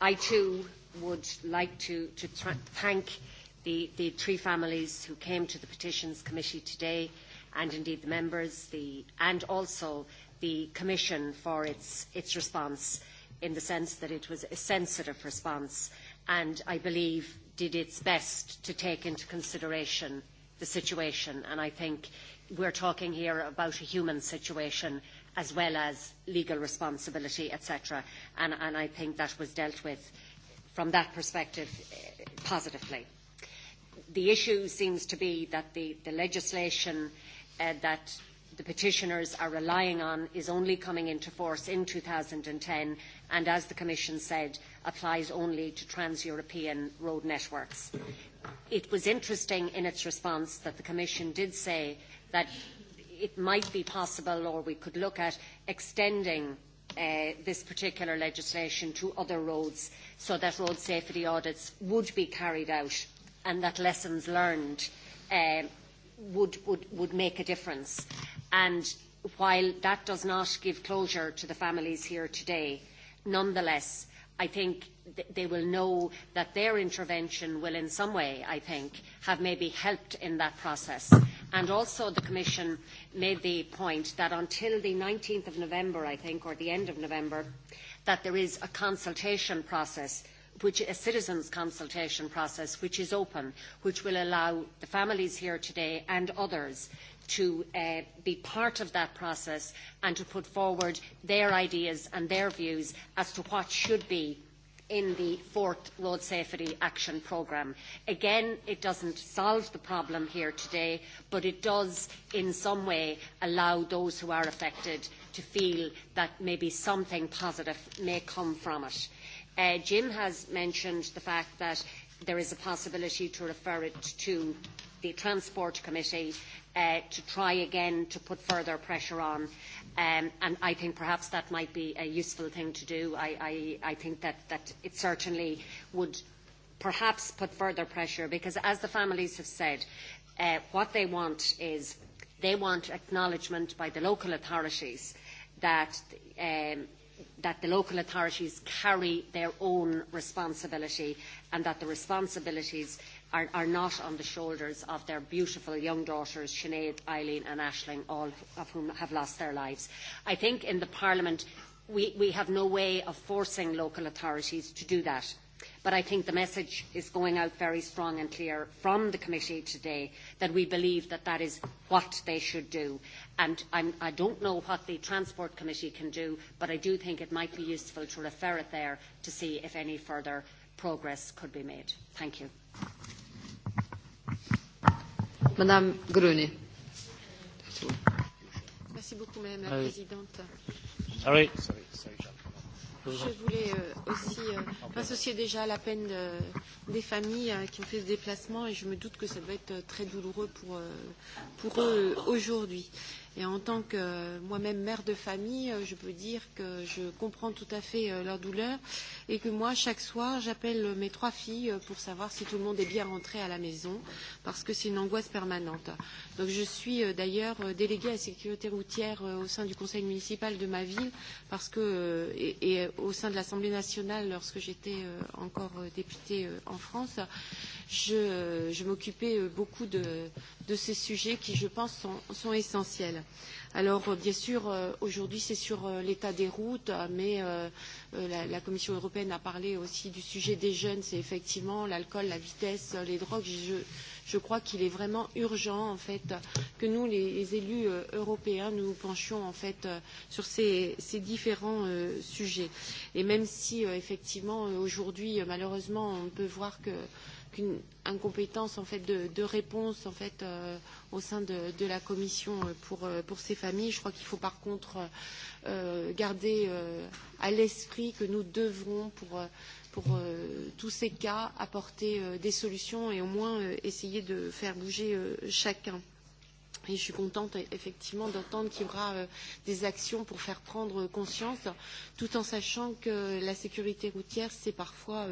I too would like to, to thank the, the three families who came to the Petitions Committee today and indeed the members the, and also the Commission for its, its response in the sense that it was a sensitive response and I believe did its best to take into consideration the situation. And I think we're talking here about a human situation as well as legal responsibility, etc. And, and I think that was dealt with from that perspective positively. The issue seems to be that the, the legislation uh, that the petitioners are relying on is only coming into force in 2010, and as the Commission said, applies only to trans-European road networks. It was interesting in its response that the Commission did say that it might be possible or we could look at extending this particular legislation to other roads so that road safety audits would be carried out and that lessons learned would, make a difference. And while that does not give closure to the families here today, nonetheless, I think they will know that their intervention will in some way, I think, have maybe helped in that process. And also the Commission made the point that until the 19th of November, I think, or the end of November, that there is a consultation process which a citizens' consultation process which is open, which will allow the families here today and others to be part of that process and to put forward their ideas and their views as to what should be in the fourth Road Safety Action Programme. Again, it does not solve the problem here today, but it does in some way allow those who are affected to feel that maybe something positive may come from it Uh, Jim has mentioned the fact that there is a possibility to refer it to the Transport Committee uh, to try again to put further pressure on. Um, and I think perhaps that might be a useful thing to do. I, I, I think that, that it certainly would perhaps put further pressure because, as the families have said, uh, what they want is they want acknowledgement by the local authorities that um, that the local authorities carry their own responsibility and that the responsibilities are, are not on the shoulders of their beautiful young daughters, Sinead, Eileen and Ashling, all of whom have lost their lives. I think in the Parliament we, we have no way of forcing local authorities to do that But I think the message is going out very strong and clear from the committee today that we believe that that is what they should do. And I'm, I don't know what the Transport Committee can do, but I do think it might be useful to refer it there to see if any further progress could be made. Thank you. Madame Gruny. Merci beaucoup, Madame la Présidente. Sorry, sorry, sorry. Je voulais aussi m'associer déjà à la peine des familles qui ont fait ce déplacement et je me doute que ça doit être très douloureux pour, pour eux aujourd'hui. Euh, Et en tant que moi-même mère de famille, je peux dire que je comprends tout à fait leur douleur et que moi, chaque soir, j'appelle mes trois filles pour savoir si tout le monde est bien rentré à la maison parce que c'est une angoisse permanente. Donc je suis d'ailleurs déléguée à la sécurité routière au sein du conseil municipal de ma ville parce que, et, et au sein de l'Assemblée nationale lorsque j'étais encore députée en France, je, je m'occupais beaucoup de de ces sujets qui, je pense, sont, sont essentiels. Alors, bien sûr, aujourd'hui, c'est sur l'état des routes, mais la, la Commission européenne a parlé aussi du sujet des jeunes. C'est effectivement l'alcool, la vitesse, les drogues. Je, je crois qu'il est vraiment urgent, en fait, que nous, les, élus européens, nous nous penchions, en fait, sur ces, ces différents euh, sujets. Et même si, effectivement, aujourd'hui, malheureusement, on peut voir que euh, qu'une incompétence en fait de, de réponse en fait euh, au sein de, de la commission pour, pour ces familles. Je crois qu'il faut par contre euh, garder euh, à l'esprit que nous devrons pour, pour euh, tous ces cas apporter euh, des solutions et au moins euh, essayer de faire bouger euh, chacun. Et je suis contente effectivement d'entendre qu'il y aura des actions pour faire prendre conscience, tout en sachant que la sécurité routière, c'est parfois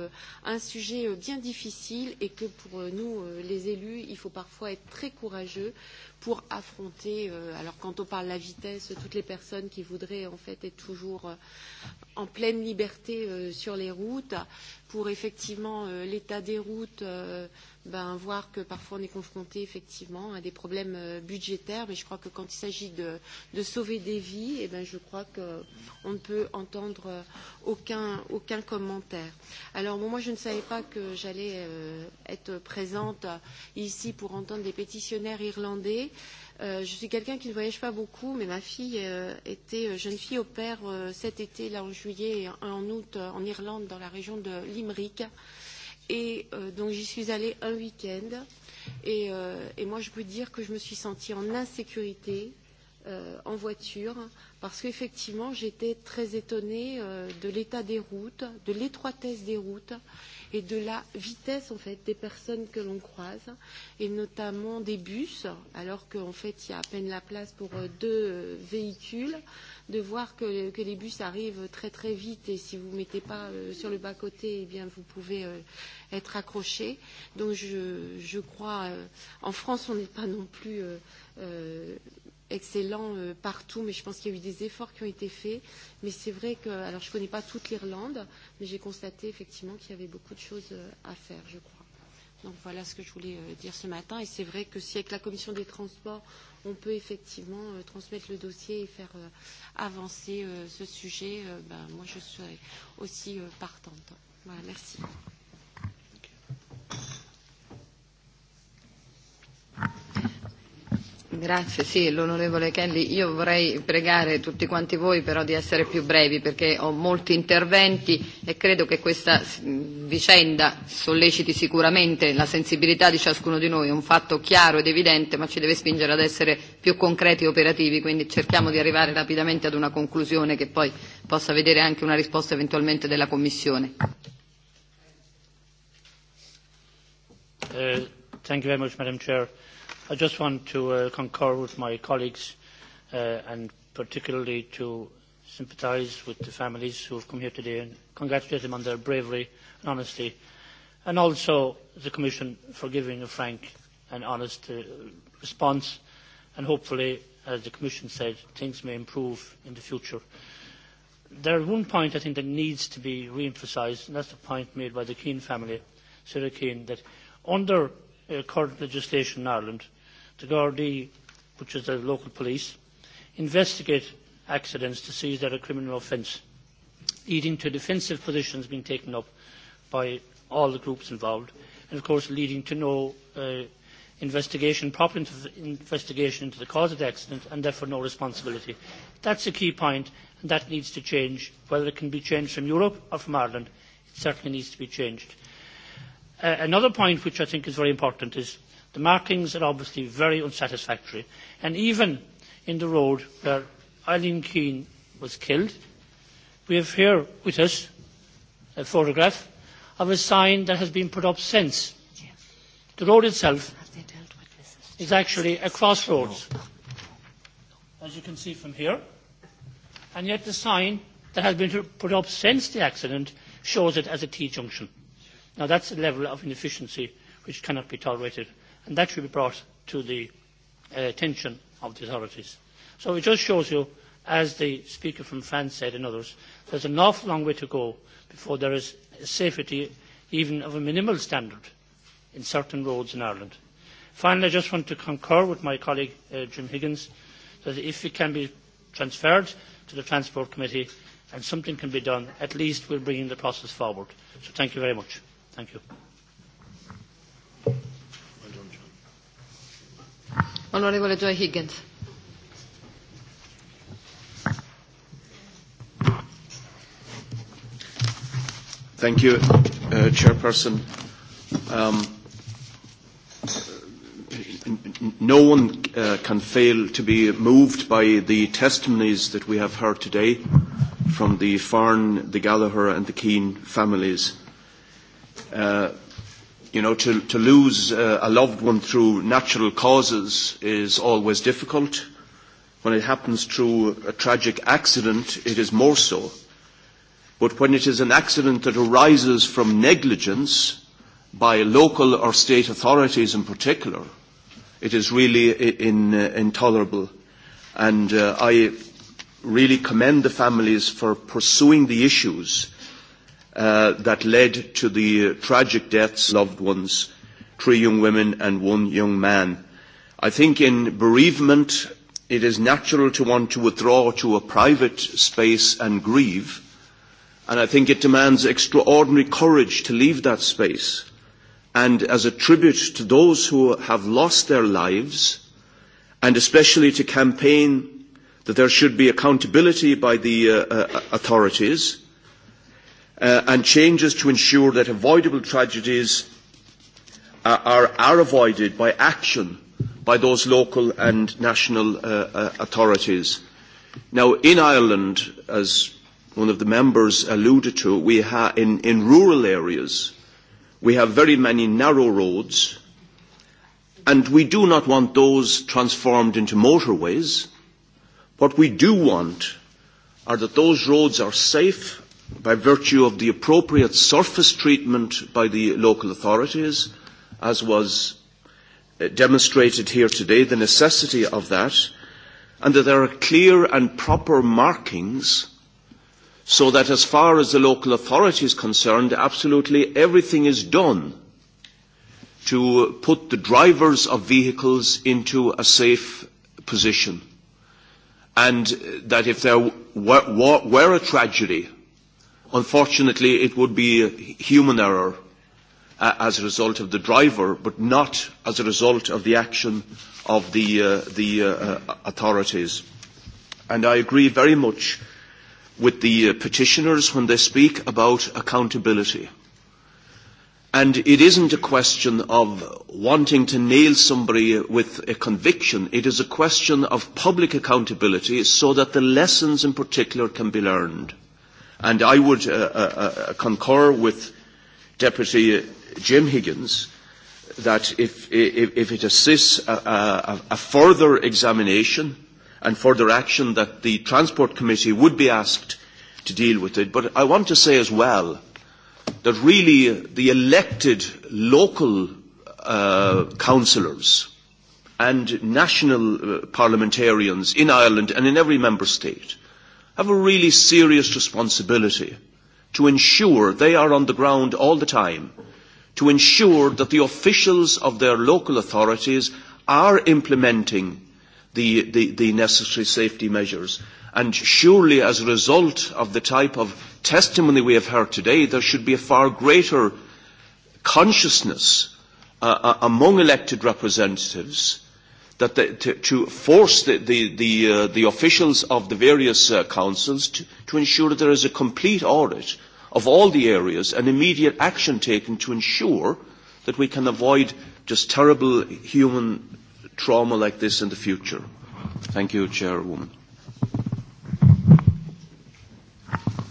un sujet bien difficile et que pour nous, les élus, il faut parfois être très courageux pour affronter. alors quand on parle de la vitesse, toutes les personnes qui voudraient en fait être toujours en pleine liberté sur les routes, pour effectivement l'état des routes ben, voir que parfois on est confronté effectivement à des problèmes budgétaires, mais je crois que quand il s'agit de, de sauver des vies, eh ben, je crois qu'on ne peut entendre aucun, aucun commentaire. Alors bon, moi je ne savais pas que j'allais euh, être présente ici pour entendre des pétitionnaires irlandais je suis quelqu'un qui ne voyage pas beaucoup, mais ma fille euh, était jeune fille au père euh, cet été, là en juillet et en août, en Irlande, dans la région de Limerick. Euh, Et euh, donc j'y suis allée un week-end. Et, euh, et moi, je peux dire que je me suis sentie en insécurité euh, en voiture parce qu'effectivement, j'étais très étonnée de l'état des routes, de l'étroitesse des routes et de la vitesse en fait des personnes que l'on croise et notamment des bus alors qu'en fait il y a à peine la place pour deux véhicules de voir que, que les bus arrivent très très vite et si vous ne mettez pas euh, sur le bas côté eh bien vous pouvez euh, être accroché donc je, je crois euh, en France on n'est pas non plus euh, euh, excellent euh, partout, mais je pense qu'il y a eu des efforts qui ont été faits. Mais c'est vrai que, alors je ne connais pas toute l'Irlande, mais j'ai constaté effectivement qu'il y avait beaucoup de choses euh, à faire, je crois. Donc voilà ce que je voulais euh, dire ce matin. Et c'est vrai que si avec la commission des transports, on peut effectivement euh, transmettre le dossier et faire euh, avancer euh, ce sujet, euh, ben, moi je serai aussi euh, partante. Voilà, merci. Grazie, sì, l'onorevole Kelly. Io vorrei pregare tutti quanti voi però di essere più brevi perché ho molti interventi e credo che questa vicenda solleciti sicuramente la sensibilità di ciascuno di noi, è un fatto chiaro ed evidente ma ci deve spingere ad essere più concreti e operativi, quindi cerchiamo di arrivare rapidamente ad una conclusione che poi possa vedere anche una risposta eventualmente della Commissione. thank you very much, Madam Chair I just want to concur with my colleagues and particularly to sympathise with the families who have come here today and congratulate them on their bravery and honesty and also the Commission for giving a frank and honest response and hopefully, as the Commission said, things may improve in the future. There is one point I think that needs to be re-emphasised and that is the point made by the Keane family, Sarah Keane, that under current legislation in Ireland, the gardaí which is the local police investigate accidents to see is there a criminal offence leading to defensive positions being taken up by all the groups involved and of course leading to no investigation proper investigation into the cause of the accident and therefore no responsibility. that is a key point and that needs to change. whether it can be changed from europe or from ireland it certainly needs to be changed. another point which i think is very important is The markings are obviously very unsatisfactory. And even in the road where Eileen Keane was killed, we have here with us a photograph of a sign that has been put up since. The road itself is actually a crossroads, as you can see from here. And yet the sign that has been put up since the accident shows it as a T junction. Now that's a level of inefficiency which cannot be tolerated and that should be brought to the attention of the authorities. So it just shows you, as the speaker from France said and others, there is an awful long way to go before there is safety even of a minimal standard in certain roads in Ireland. Finally, I just want to concur with my colleague Jim Higgins that if it can be transferred to the Transport Committee and something can be done, at least we are bringing the process forward. So thank you very much. Thank you. Onorevole Joy Higgins. Thank you, uh, Chairperson. Um, no one uh, can fail to be moved by the testimonies that we have heard today from the Farn, the Gallagher and the Keane families. Uh, you know, to, to lose uh, a loved one through natural causes is always difficult. When it happens through a tragic accident, it is more so. But when it is an accident that arises from negligence by local or state authorities in particular, it is really in, uh, intolerable. And uh, I really commend the families for pursuing the issues that led to the tragic deaths of loved ones, three young women and one young man. I think in bereavement, it is natural to want to withdraw to a private space and grieve, and I think it demands extraordinary courage to leave that space. And as a tribute to those who have lost their lives, and especially to campaign that there should be accountability by the uh, uh, authorities, and changes to ensure that avoidable tragedies are, are avoided by action by those local and national authorities. Now, in Ireland, as one of the members alluded to, we ha- in, in rural areas, we have very many narrow roads, and we do not want those transformed into motorways. What we do want are that those roads are safe by virtue of the appropriate surface treatment by the local authorities, as was demonstrated here today, the necessity of that, and that there are clear and proper markings so that as far as the local authority is concerned, absolutely everything is done to put the drivers of vehicles into a safe position. And that if there were, were, were a tragedy Unfortunately, it would be a human error uh, as a result of the driver, but not as a result of the action of the, uh, the uh, authorities. And I agree very much with the uh, petitioners when they speak about accountability. And it isn't a question of wanting to nail somebody with a conviction. It is a question of public accountability so that the lessons in particular can be learned. And I would uh, uh, concur with Deputy Jim Higgins that if, if, if it assists a, a, a further examination and further action that the Transport Committee would be asked to deal with it. But I want to say as well that really the elected local uh, councillors and national uh, parliamentarians in Ireland and in every member state have a really serious responsibility to ensure they are on the ground all the time, to ensure that the officials of their local authorities are implementing the, the, the necessary safety measures. And surely as a result of the type of testimony we have heard today, there should be a far greater consciousness uh, among elected representatives that the, to, to force the, the, the, uh, the officials of the various uh, councils to, to ensure that there is a complete audit of all the areas and immediate action taken to ensure that we can avoid just terrible human trauma like this in the future. Thank you, Chairwoman.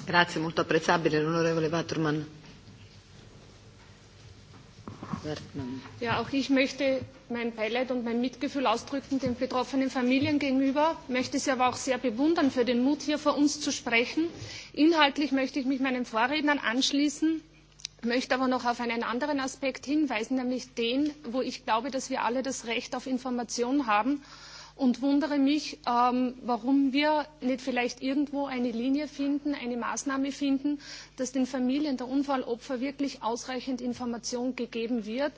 Grazie, molto apprezzabile l'onorevole Waterman. Ja, auch ich möchte mein Beileid und mein Mitgefühl ausdrücken den betroffenen Familien gegenüber, möchte sie aber auch sehr bewundern für den Mut, hier vor uns zu sprechen. Inhaltlich möchte ich mich meinen Vorrednern anschließen möchte aber noch auf einen anderen Aspekt hinweisen, nämlich den, wo ich glaube, dass wir alle das Recht auf Information haben und wundere mich, warum wir nicht vielleicht irgendwo eine Linie finden, eine Maßnahme finden, dass den Familien der Unfallopfer wirklich ausreichend Information gegeben wird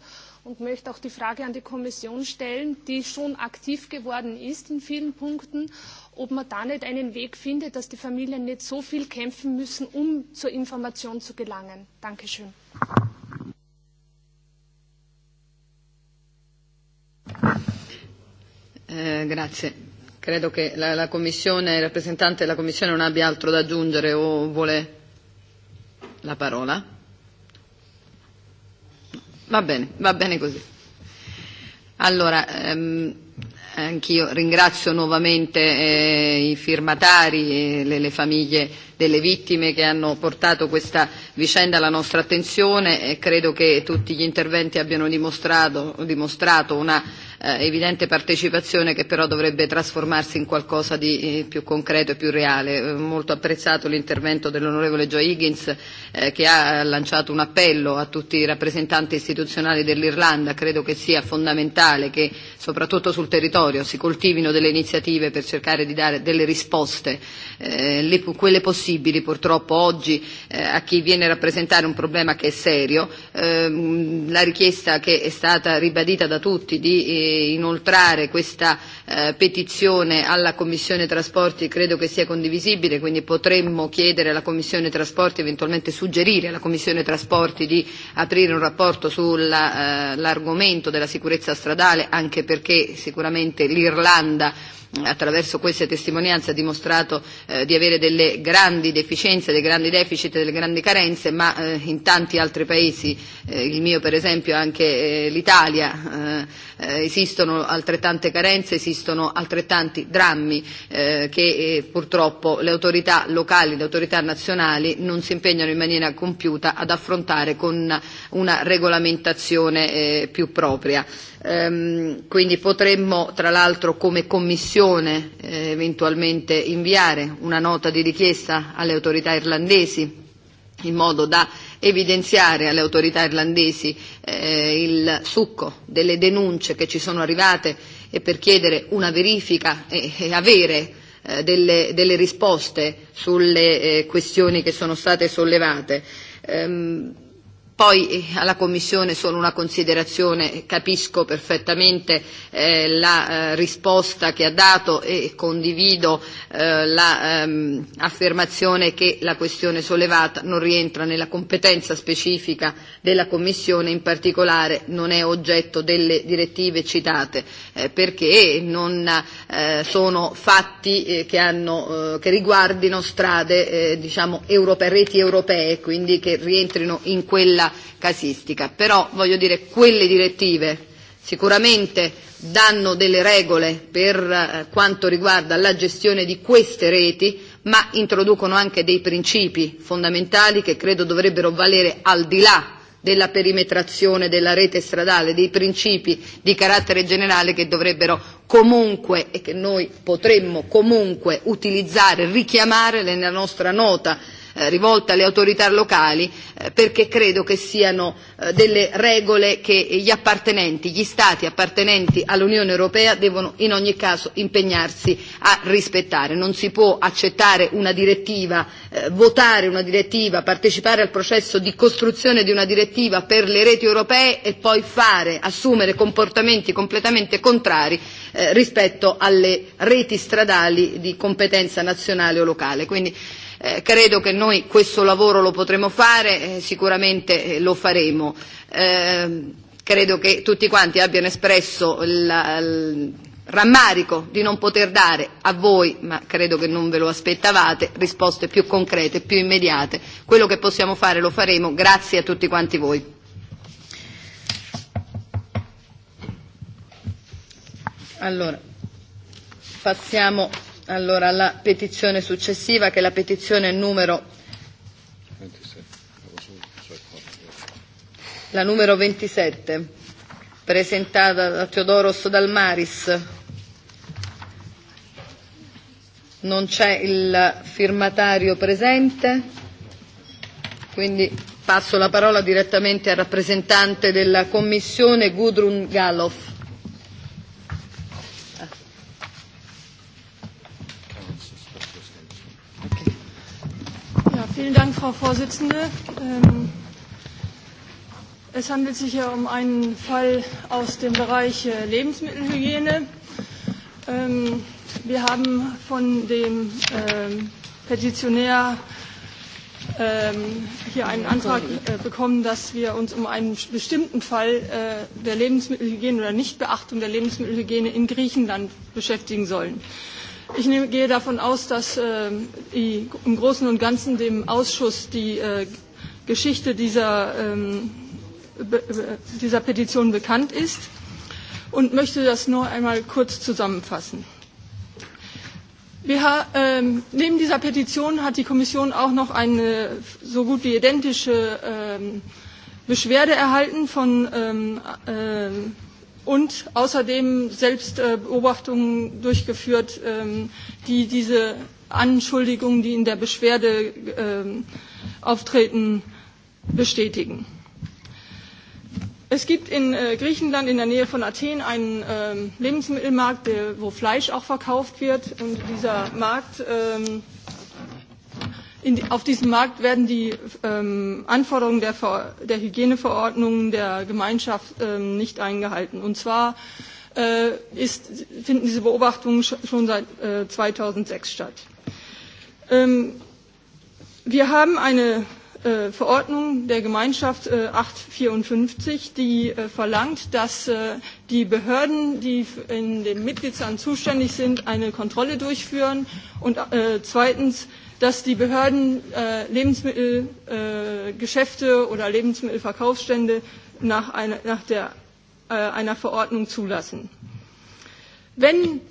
und möchte auch die Frage an die Kommission stellen, die schon aktiv geworden ist in vielen Punkten, ob man da nicht einen Weg findet, dass die Familien nicht so viel kämpfen müssen, um zur Information zu gelangen. Dankeschön grazie. Credo che la, la Commissione, il rappresentante della Commissione non abbia altro da aggiungere o vuole la parola. Va bene, va bene così. Allora, ehm, anch'io ringrazio nuovamente eh, i firmatari e le, le famiglie delle vittime che hanno portato questa vicenda alla nostra attenzione e credo che tutti gli interventi abbiano dimostrato, dimostrato una eh, evidente partecipazione che però dovrebbe trasformarsi in qualcosa di eh, più concreto e più reale. Molto apprezzato l'intervento dell'onorevole Joe Higgins eh, che ha lanciato un appello a tutti i rappresentanti istituzionali dell'Irlanda. Credo che sia fondamentale che soprattutto sul territorio si coltivino delle iniziative per cercare di dare delle risposte, eh, le, quelle possibili purtroppo oggi eh, a chi viene a rappresentare un problema che è serio. Eh, la richiesta che è stata ribadita da tutti di inoltrare questa eh, petizione alla Commissione Trasporti credo che sia condivisibile, quindi potremmo chiedere alla Commissione Trasporti, eventualmente suggerire alla Commissione Trasporti di aprire un rapporto sull'argomento della sicurezza stradale, anche perché sicuramente l'Irlanda attraverso queste testimonianze ha dimostrato eh, di avere delle grandi deficienze, dei grandi deficit, delle grandi carenze, ma eh, in tanti altri paesi, eh, il mio per esempio anche eh, l'Italia, eh, esistono altrettante carenze, esistono altrettanti drammi eh, che eh, purtroppo le autorità locali, le autorità nazionali non si impegnano in maniera compiuta ad affrontare con una regolamentazione eh, più propria quindi potremmo tra l'altro come Commissione eh, eventualmente inviare una nota di richiesta alle autorità irlandesi in modo da evidenziare alle autorità irlandesi eh, il succo delle denunce che ci sono arrivate e per chiedere una verifica e, e avere eh, delle, delle risposte sulle eh, questioni che sono state sollevate. Ehm, Poi alla Commissione solo una considerazione, capisco perfettamente eh, la eh, risposta che ha dato e condivido eh, l'affermazione la, ehm, che la questione sollevata non rientra nella competenza specifica della Commissione, in particolare non è oggetto delle direttive citate, eh, perché non eh, sono fatti eh, che, hanno, eh, che riguardino strade eh, diciamo, reti europee, quindi che rientrino in quella quella casistica, però voglio dire quelle direttive sicuramente danno delle regole per quanto riguarda la gestione di queste reti, ma introducono anche dei principi fondamentali che credo dovrebbero valere al di là della perimetrazione della rete stradale, dei principi di carattere generale che dovrebbero comunque e che noi potremmo comunque utilizzare, richiamare nella nostra nota rivolta alle autorità locali perché credo che siano delle regole che gli appartenenti, gli Stati appartenenti all'Unione Europea devono in ogni caso impegnarsi a rispettare. Non si può accettare una direttiva, votare una direttiva, partecipare al processo di costruzione di una direttiva per le reti europee e poi fare, assumere comportamenti completamente contrari rispetto alle reti stradali di competenza nazionale o locale. Quindi Eh, credo che noi questo lavoro lo potremo fare, eh, sicuramente lo faremo. Eh, credo che tutti quanti abbiano espresso il, il rammarico di non poter dare a voi, ma credo che non ve lo aspettavate, risposte più concrete, più immediate. Quello che possiamo fare lo faremo, grazie a tutti quanti voi. Allora, passiamo Allora, la petizione successiva, che è la petizione numero, la numero 27, presentata da Teodoros Dalmaris. Non c'è il firmatario presente, quindi passo la parola direttamente al rappresentante della Commissione, Gudrun Galoff. Vielen Dank, Frau Vorsitzende. Es handelt sich ja um einen Fall aus dem Bereich Lebensmittelhygiene. Wir haben von dem Petitionär hier einen Antrag bekommen, dass wir uns um einen bestimmten Fall der Lebensmittelhygiene oder Nichtbeachtung der Lebensmittelhygiene in Griechenland beschäftigen sollen. Ich gehe davon aus, dass im Großen und Ganzen dem Ausschuss die Geschichte dieser, dieser Petition bekannt ist und möchte das nur einmal kurz zusammenfassen. neben dieser Petition hat die Kommission auch noch eine so gut wie identische Beschwerde erhalten von und außerdem selbst Beobachtungen durchgeführt, die diese Anschuldigungen, die in der Beschwerde auftreten, bestätigen. Es gibt in Griechenland in der Nähe von Athen einen Lebensmittelmarkt, wo Fleisch auch verkauft wird. Und dieser Markt in, auf diesem Markt werden die ähm, Anforderungen der, Ver der Hygieneverordnung der Gemeinschaft ähm, nicht eingehalten. Und zwar äh, ist, finden diese Beobachtungen schon seit äh, 2006 statt. Ähm, wir haben eine äh, Verordnung der Gemeinschaft äh, 854, die äh, verlangt, dass äh, die Behörden, die in den Mitgliedsland zuständig sind, eine Kontrolle durchführen und äh, zweitens dass die Behörden Lebensmittelgeschäfte oder Lebensmittelverkaufsstände nach einer, Verordnung zulassen. Wenn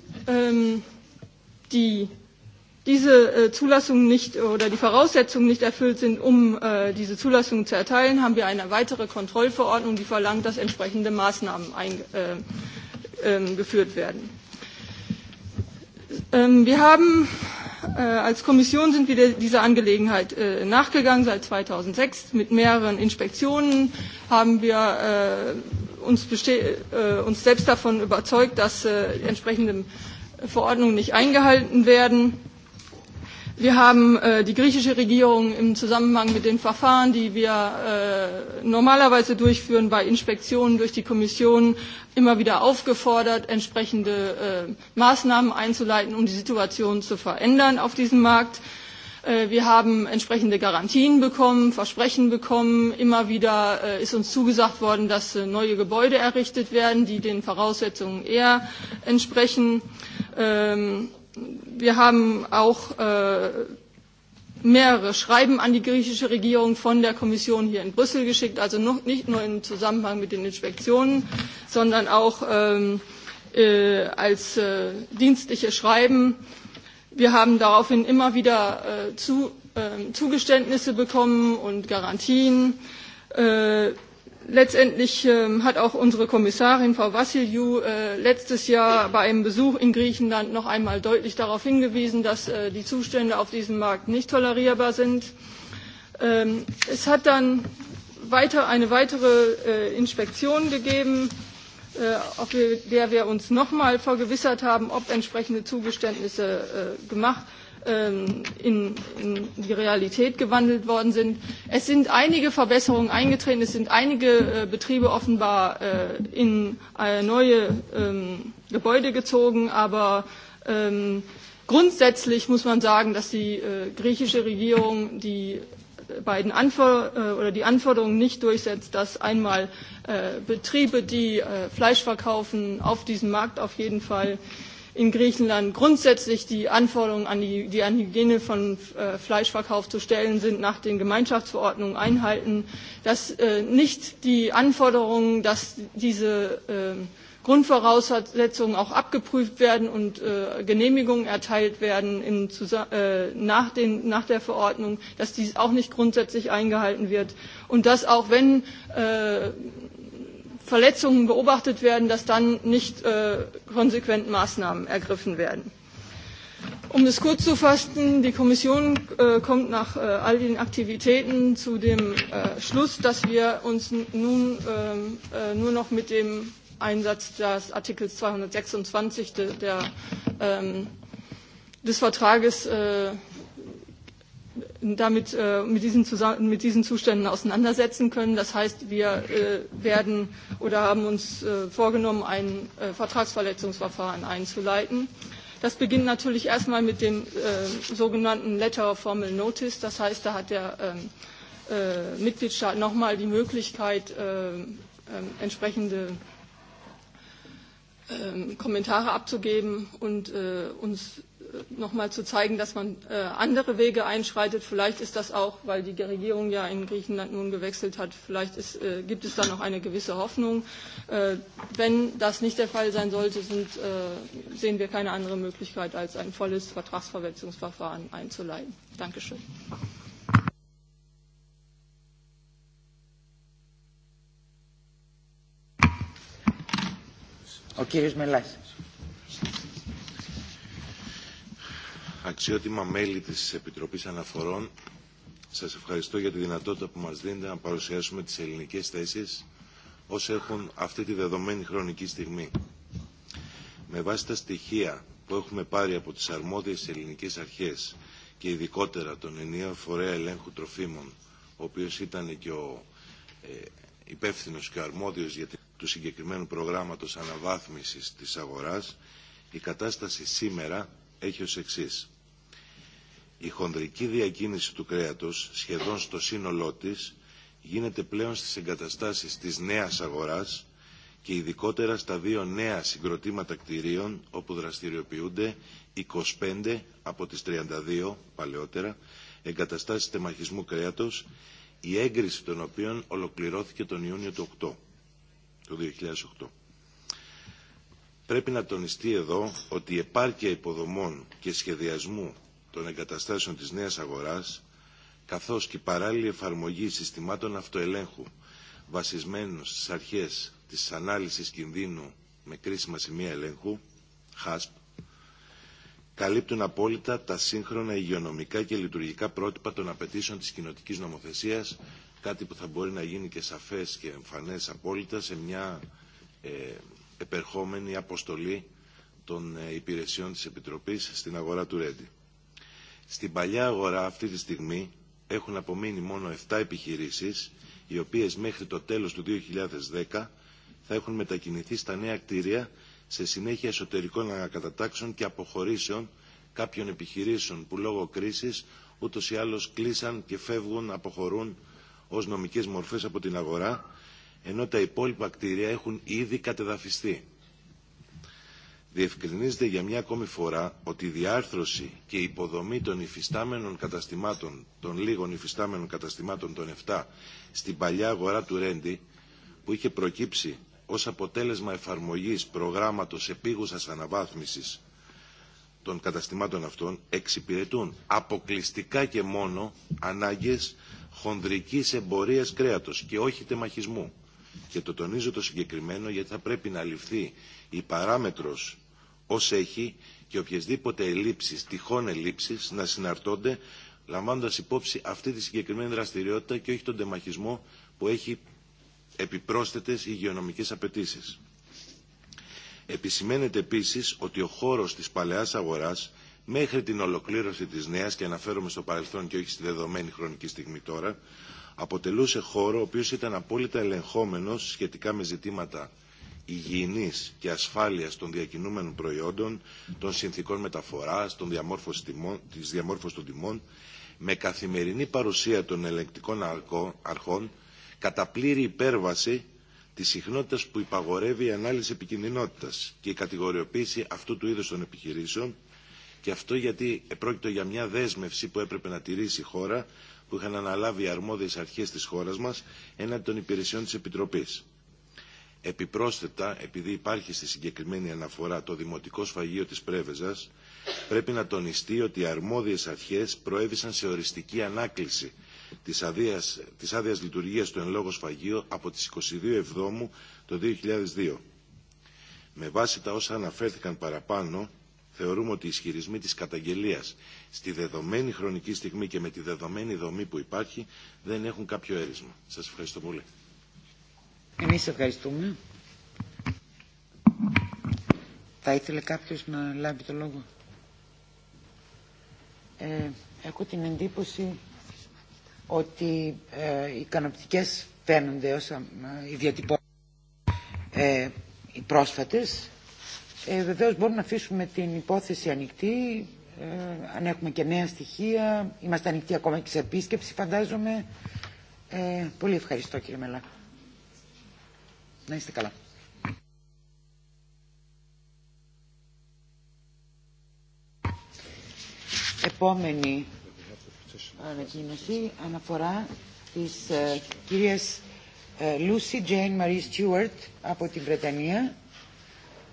diese Zulassungen nicht oder die Voraussetzungen nicht erfüllt sind, um diese Zulassung zu erteilen, haben wir eine weitere Kontrollverordnung, die verlangt, dass entsprechende Maßnahmen geführt werden. wir haben Als Kommission sind wir dieser Angelegenheit nachgegangen. Seit 2006 mit mehreren Inspektionen haben wir uns, selbst davon überzeugt, dass die entsprechenden Verordnungen nicht eingehalten werden Wir haben äh, die griechische Regierung im Zusammenhang mit den Verfahren, die wir äh, normalerweise durchführen bei Inspektionen durch die Kommission, immer wieder aufgefordert, entsprechende äh, Maßnahmen einzuleiten, um die Situation zu verändern auf diesem Markt. Wir haben entsprechende Garantien bekommen, Versprechen bekommen. Immer wieder ist uns zugesagt worden, dass neue Gebäude errichtet werden, die den Voraussetzungen eher entsprechen wir haben auch äh, mehrere Schreiben an die griechische Regierung von der Kommission hier in Brüssel geschickt, also noch, nicht nur im Zusammenhang mit den Inspektionen, sondern auch ähm, äh, als äh, dienstliche Schreiben. Wir haben daraufhin immer wieder äh, zu, äh, Zugeständnisse bekommen und Garantien. Äh, letztendlich hat auch unsere Kommissarin Frau Vassiliou letztes Jahr bei einem Besuch in Griechenland noch einmal deutlich darauf hingewiesen, dass die Zustände auf diesem Markt nicht tolerierbar sind. es hat dann eine weitere Inspektion gegeben, auf der wir uns nochmal vergewissert haben, ob entsprechende Zugeständnisse gemacht ähm, in, in die Realität gewandelt worden sind. Es sind einige Verbesserungen eingetreten, es sind einige äh, Betriebe offenbar äh, in äh, neue ähm, Gebäude gezogen, aber ähm, grundsätzlich muss man sagen, dass die äh, griechische Regierung die beiden Anfor oder die Anforderungen nicht durchsetzt, dass einmal äh, Betriebe, die äh, Fleisch verkaufen, auf diesem Markt auf jeden Fall äh, in Griechenland grundsätzlich die Anforderungen an die, die an Hygiene von äh, Fleischverkauf zu stellen sind, nach den Gemeinschaftsverordnungen einhalten, dass äh, nicht die Anforderungen, dass diese äh, Grundvoraussetzungen auch abgeprüft werden und äh, Genehmigungen erteilt werden äh, nach, den, nach der Verordnung, dass dies auch nicht grundsätzlich eingehalten wird und dass auch wenn äh, Verletzungen beobachtet werden, dass dann nicht äh, konsequent Maßnahmen ergriffen werden. Um es kurz zu fassen, die Kommission kommt nach all den Aktivitäten zu dem Schluss, dass wir uns nun nur noch mit dem Einsatz des Artikels 226 de, der, des Vertrages damit äh, mit, diesen mit diesen Zuständen auseinandersetzen können. Das heißt, wir äh, werden oder haben uns äh, vorgenommen, ein äh, Vertragsverletzungsverfahren einzuleiten. Das beginnt natürlich erstmal mit dem äh, sogenannten Letter of Formal Notice. Das heißt, da hat der äh, äh, Mitgliedstaat nochmal die Möglichkeit, äh, äh, entsprechende Kommentare abzugeben und äh, uns nochmal zu zeigen, dass man äh, andere Wege einschreitet. Vielleicht ist das auch, weil die Regierung ja in Griechenland nun gewechselt hat, vielleicht ist, äh, gibt es da noch eine gewisse Hoffnung. Äh, wenn das nicht der Fall sein sollte, sind, äh, sehen wir keine andere Möglichkeit, als ein volles Vertragsverwälzungsverfahren einzuleiten. Dankeschön. Ο κύριος Μελάς. αξιότιμα μέλη της Επιτροπής Αναφορών, σας ευχαριστώ για τη δυνατότητα που μας δίνετε να παρουσιάσουμε τις ελληνικές θέσεις όσοι έχουν αυτή τη δεδομένη χρονική στιγμή. Με βάση τα στοιχεία που έχουμε πάρει από τις αρμόδιες ελληνικές αρχές και ειδικότερα τον ενιαίο φορέα ελέγχου τροφίμων, ο οποίος ήταν και ο ε, υπεύθυνο και ο αρμόδιος για του συγκεκριμένου προγράμματος αναβάθμισης της αγοράς, η κατάσταση σήμερα έχει ως εξής. Η χονδρική διακίνηση του κρέατος σχεδόν στο σύνολό της γίνεται πλέον στις εγκαταστάσεις της νέας αγοράς και ειδικότερα στα δύο νέα συγκροτήματα κτηρίων όπου δραστηριοποιούνται 25 από τις 32 παλαιότερα εγκαταστάσεις τεμαχισμού κρέατος η έγκριση των οποίων ολοκληρώθηκε τον Ιούνιο του 8, του 2008. Πρέπει να τονιστεί εδώ ότι η επάρκεια υποδομών και σχεδιασμού των εγκαταστάσεων της νέας αγοράς, καθώς και η παράλληλη εφαρμογή συστημάτων αυτοελέγχου βασισμένων στις αρχές της ανάλυσης κινδύνου με κρίσιμα σημεία ελέγχου, HASP, καλύπτουν απόλυτα τα σύγχρονα υγειονομικά και λειτουργικά πρότυπα των απαιτήσεων της κοινοτικής νομοθεσίας, κάτι που θα μπορεί να γίνει και σαφές και εμφανές απόλυτα σε μια ε, επερχόμενη αποστολή των υπηρεσιών της Επιτροπής στην αγορά του Ρέντι. Στην παλιά αγορά αυτή τη στιγμή έχουν απομείνει μόνο 7 επιχειρήσεις, οι οποίες μέχρι το τέλος του 2010 θα έχουν μετακινηθεί στα νέα κτίρια σε συνέχεια εσωτερικών ανακατατάξεων και αποχωρήσεων κάποιων επιχειρήσεων που λόγω κρίσης ούτως ή άλλως κλείσαν και φεύγουν, αποχωρούν ως νομικές μορφές από την αγορά, ενώ τα υπόλοιπα κτίρια έχουν ήδη κατεδαφιστεί διευκρινίζεται για μια ακόμη φορά ότι η διάρθρωση και η υποδομή των υφιστάμενων καταστημάτων, των λίγων υφιστάμενων καταστημάτων των 7 στην παλιά αγορά του Ρέντι, που είχε προκύψει ως αποτέλεσμα εφαρμογής προγράμματος επίγουσας αναβάθμισης των καταστημάτων αυτών, εξυπηρετούν αποκλειστικά και μόνο ανάγκες χονδρικής εμπορίας κρέατος και όχι τεμαχισμού. Και το τονίζω το συγκεκριμένο γιατί θα πρέπει να ληφθεί η παράμετρος ως έχει και οποιασδήποτε ελλείψεις, τυχόν ελλείψεις, να συναρτώνται λαμβάνοντας υπόψη αυτή τη συγκεκριμένη δραστηριότητα και όχι τον τεμαχισμό που έχει επιπρόσθετες υγειονομικές απαιτήσεις. Επισημαίνεται επίσης ότι ο χώρος της παλαιάς αγοράς μέχρι την ολοκλήρωση της νέας και αναφέρομαι στο παρελθόν και όχι στη δεδομένη χρονική στιγμή τώρα αποτελούσε χώρο ο οποίος ήταν απόλυτα ελεγχόμενος σχετικά με ζητήματα υγιεινής και ασφάλειας των διακινούμενων προϊόντων, των συνθήκων μεταφοράς, των τιμών, της διαμόρφωσης των τιμών, με καθημερινή παρουσία των ελεγκτικών αρχών, κατά πλήρη υπέρβαση της συχνότητας που υπαγορεύει η ανάλυση επικινδυνότητας και η κατηγοριοποίηση αυτού του είδους των επιχειρήσεων, και αυτό γιατί πρόκειται για μια δέσμευση που έπρεπε να τηρήσει η χώρα, που είχαν αναλάβει οι αρμόδιες αρχές της χώρας μας έναντι των υπηρεσιών της Επιτροπής. Επιπρόσθετα, επειδή υπάρχει στη συγκεκριμένη αναφορά το δημοτικό σφαγείο της Πρέβεζας, πρέπει να τονιστεί ότι οι αρμόδιες αρχές προέβησαν σε οριστική ανάκληση της άδειας, της άδειας λειτουργίας του εν λόγω σφαγείου από τις 22 Εβδόμου το 2002. Με βάση τα όσα αναφέρθηκαν παραπάνω, θεωρούμε ότι οι ισχυρισμοί της καταγγελίας στη δεδομένη χρονική στιγμή και με τη δεδομένη δομή που υπάρχει δεν έχουν κάποιο έρισμα. Σας ευχαριστώ πολύ. Εμείς ευχαριστούμε. Θα ήθελε κάποιος να λάβει το λόγο. Ε, έχω την εντύπωση ότι ε, ικανοπτικές φαίνονται όσα ε, οι ε, οι πρόσφατες. Ε, βεβαίως μπορούμε να αφήσουμε την υπόθεση ανοιχτή ε, αν έχουμε και νέα στοιχεία. Είμαστε ανοιχτοί ακόμα και σε επίσκεψη φαντάζομαι. Ε, πολύ ευχαριστώ κύριε Μελάκο. Να είστε καλά. Επόμενη ανακοίνωση αναφορά της uh, κυρίας uh, Lucy Jane Marie Stewart από την Βρετανία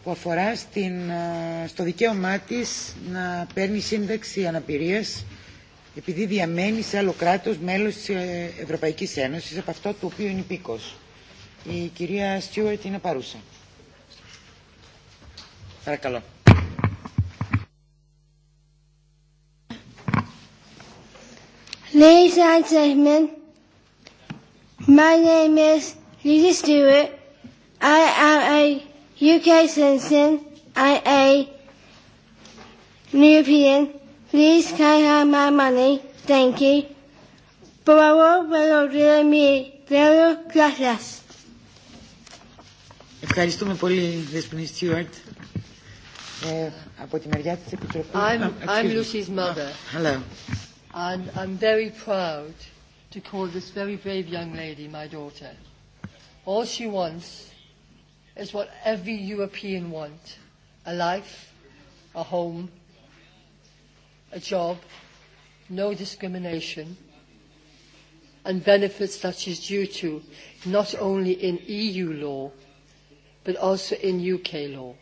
που αφορά στην, uh, στο δικαίωμά της να παίρνει σύνταξη αναπηρίας επειδή διαμένει σε άλλο κράτος μέλος της Ευρωπαϊκής Ένωσης από αυτό το οποίο είναι υπήκος. Η κυρία Στιούαρτ είναι παρούσα. Παρακαλώ. Ladies and gentlemen, my name is Lisa Stewart. I am a UK citizen and a European. Please can I have my money? Thank you. Por favor, me lo dé mi. Gracias. Ευχαριστούμε πολύ, Δεσποινή Στιούαρτ. Ε, από τη μεριά της Επιτροπής... I'm, I'm Lucy's mother. Oh, hello. And I'm very proud to call this very brave young lady my daughter. All she wants is what every European wants. A life, a home, a job, no discrimination, and benefits that she's due to, not only in EU law, but also in UK law.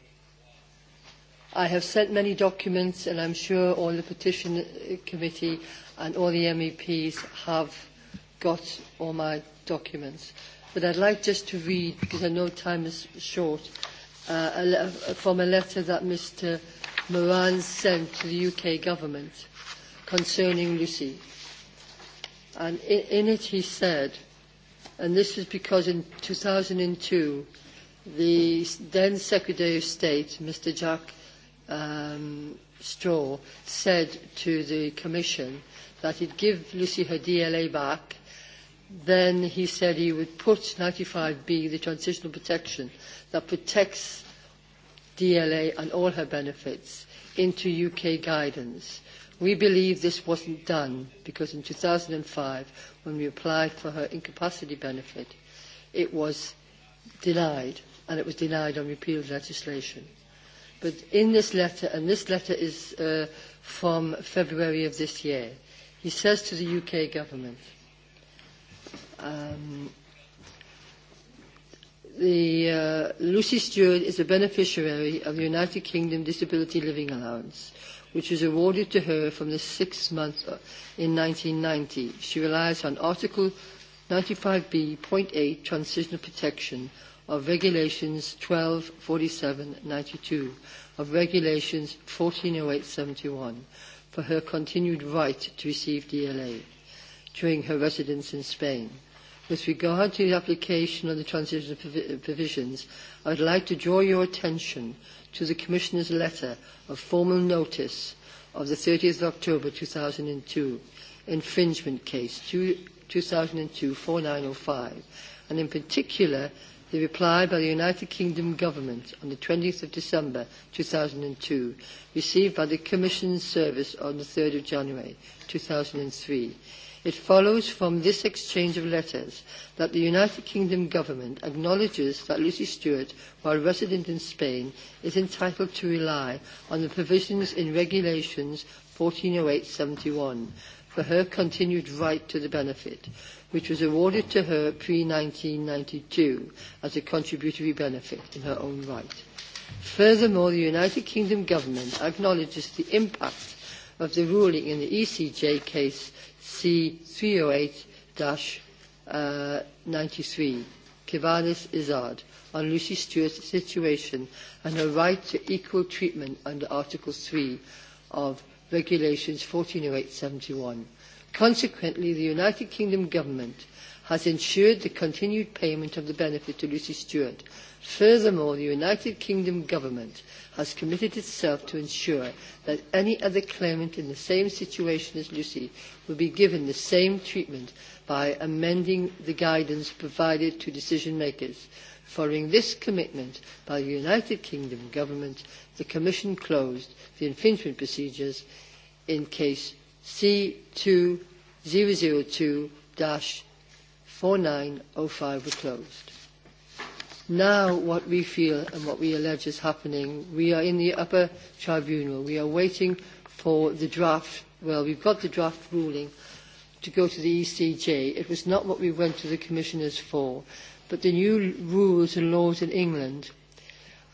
I have sent many documents, and I'm sure all the petition committee and all the MEPs have got all my documents. But I'd like just to read, because I know time is short, uh, a from a letter that Mr. Moran sent to the UK government concerning Lucy. And in, in it he said, and this is because in 2002, the then Secretary of State, Mr. Jack um, Straw, said to the Commission that he'd give Lucy her DLA back. Then he said he would put 95B, the transitional protection that protects DLA and all her benefits, into UK guidance. We believe this wasn't done because in 2005, when we applied for her incapacity benefit, it was denied and it was denied on repealed legislation. But in this letter, and this letter is uh, from February of this year, he says to the UK government, um, the uh, Lucy Stewart is a beneficiary of the United Kingdom Disability Living Allowance, which was awarded to her from the sixth month in 1990. She relies on Article 95B.8 Transitional Protection of Regulations 124792, of Regulations 140871, for her continued right to receive DLA during her residence in Spain. With regard to the application of the transition provisions, I would like to draw your attention to the Commissioner's letter of formal notice of the 30th of October 2002, infringement case 2002-4905, and in particular the reply by the United Kingdom Government on the 20th of December 2002, received by the Commission's service on the 3rd of January 2003. It follows from this exchange of letters that the United Kingdom Government acknowledges that Lucy Stewart, while resident in Spain, is entitled to rely on the provisions in Regulations 140871 for her continued right to the benefit, which was awarded to her pre-1992 as a contributory benefit in her own right. Furthermore, the United Kingdom government acknowledges the impact of the ruling in the ECJ case C308-93, Kivanis Izard, on Lucy Stewart's situation and her right to equal treatment under Article 3 of Regulations 140871 Consequently, the United Kingdom government has ensured the continued payment of the benefit to Lucy Stewart. Furthermore, the United Kingdom government has committed itself to ensure that any other claimant in the same situation as Lucy will be given the same treatment by amending the guidance provided to decision makers. Following this commitment by the United Kingdom government, the Commission closed the infringement procedures in case C2002-4905 were closed. Now what we feel and what we allege is happening, we are in the upper tribunal. We are waiting for the draft, well, we've got the draft ruling to go to the ECJ. It was not what we went to the commissioners for. But the new rules and laws in England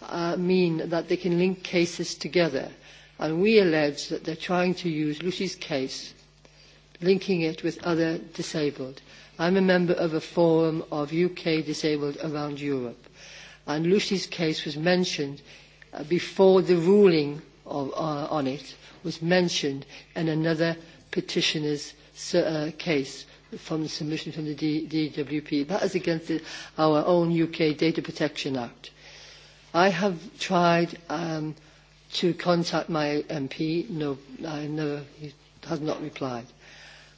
uh, mean that they can link cases together – and we allege that they're trying to use Lucy's case, linking it with other disabled. I'm a member of a forum of UK disabled around Europe, and Lucy's case was mentioned before the ruling of, uh, on it was mentioned in another petitioner's uh, case from the submission from the D- DWP. That is against the, our own UK Data Protection Act. I have tried um, to contact my MP. No, I never, he has not replied.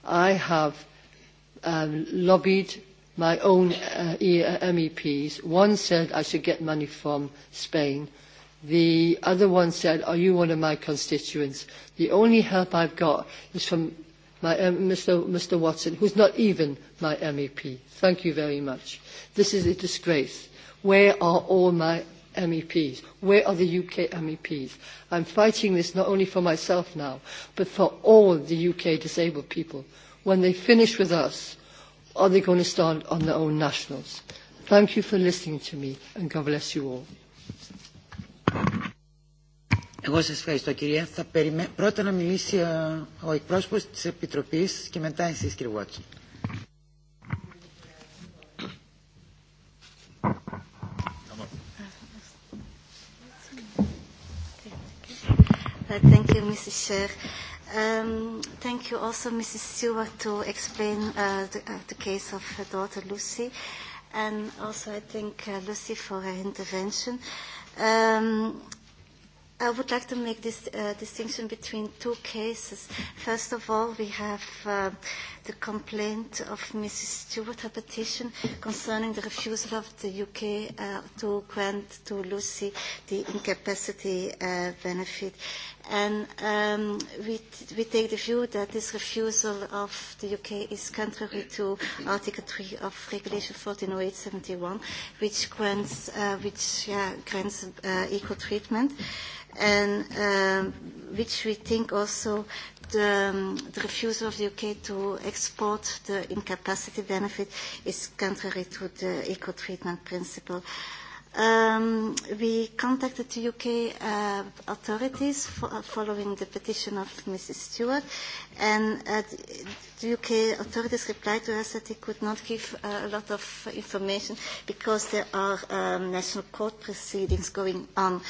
I have um, lobbied my own uh, MEPs. One said I should get money from Spain. The other one said, are you one of my constituents? The only help I've got is from my, um, Mr. Mr. Watson, who's not even my MEP. Thank you very much. This is a disgrace. Where are all my MEPs? Where are the UK MEPs? I'm fighting this not only for myself now, but for all the UK disabled people. When they finish with us, are they going to stand on their own nationals? Thank you for listening to me, and God bless you all. Εγώ σας ευχαριστώ κυρία. Θα περιμέ... Πρώτα να μιλήσει ο εκπρόσωπος της Επιτροπής και μετά εσείς κύριε Βότσον. Thank you, Mrs. Chair. Um, thank you also, Mrs. Stewart, to explain uh, the, uh, the case of her daughter Lucy, and also I thank uh, Lucy for her intervention. Um, I would like to make this uh, distinction between two cases. First of all, we have uh, the complaint of Mrs. Stewart, her petition concerning the refusal of the UK uh, to grant to Lucy the incapacity uh, benefit. And um, we, t- we take the view that this refusal of the UK is contrary to Article 3 of Regulation 140871, which grants, uh, which, yeah, grants uh, equal treatment and um, which we think also the, um, the refusal of the UK to export the incapacity benefit is contrary to the equal treatment principle. Uh, Um, we contacted the UK uh, authorities fo- following the petition of Mrs. Stewart, and uh, the UK authorities replied to us that they could not give uh, a lot of information because there are um, national court proceedings going on.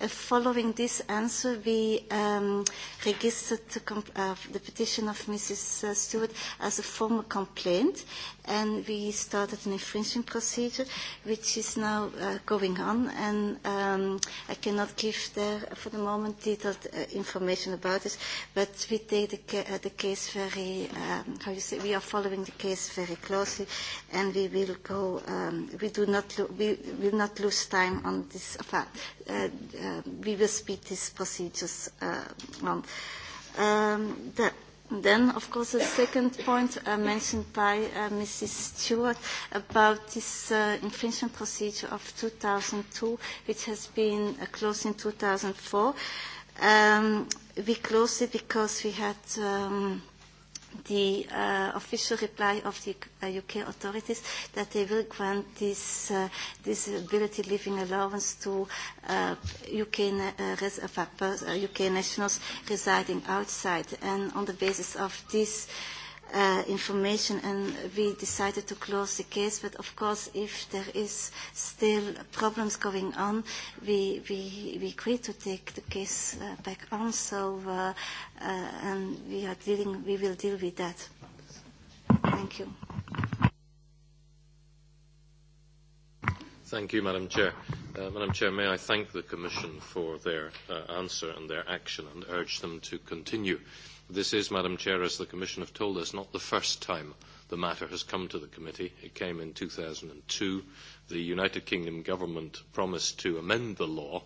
Uh, following this answer, we um, registered the, comp- uh, the petition of Mrs. Stewart as a formal complaint, and we started an infringement procedure, which is now uh, going on, and um, I cannot give there for the moment detailed uh, information about this, but we take the, ca- uh, the case very, um, how you say, we are following the case very closely, and we will go, um, we do not, lo- we will not lose time on this, uh, uh, we will speed these procedures uh, on. Um, the Then, of course, the second point uh, mentioned by uh, Mrs. Stewart about this uh, infringement procedure of 2002, which has been uh, closed in 2004. Um, we closed it because we had um, the uh, official reply of the uh, UK authorities that they will grant this uh, disability living allowance to uh, UK, uh, uh, UK nationals residing outside. And on the basis of this, uh, uh, information and we decided to close the case. But of course, if there is still problems going on, we, we, we agreed to take the case uh, back on. So, uh, uh, and we are dealing, we will deal with that. Thank you. Thank you, Madam Chair. Uh, Madam Chair, may I thank the Commission for their uh, answer and their action and urge them to continue This is, Madam Chair, as the Commission have told us, not the first time the matter has come to the committee. It came in two thousand two. The United Kingdom government promised to amend the law.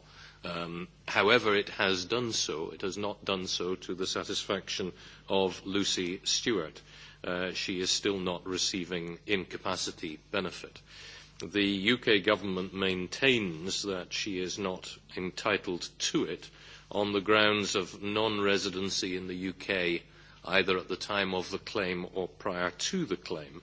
however, it has done so. It has not done so to the satisfaction of Lucy Stewart. she is still not receiving incapacity benefit. The UK government maintains that she is not entitled to it on the grounds of non-residency in the UK, either at the time of the claim or prior to the claim.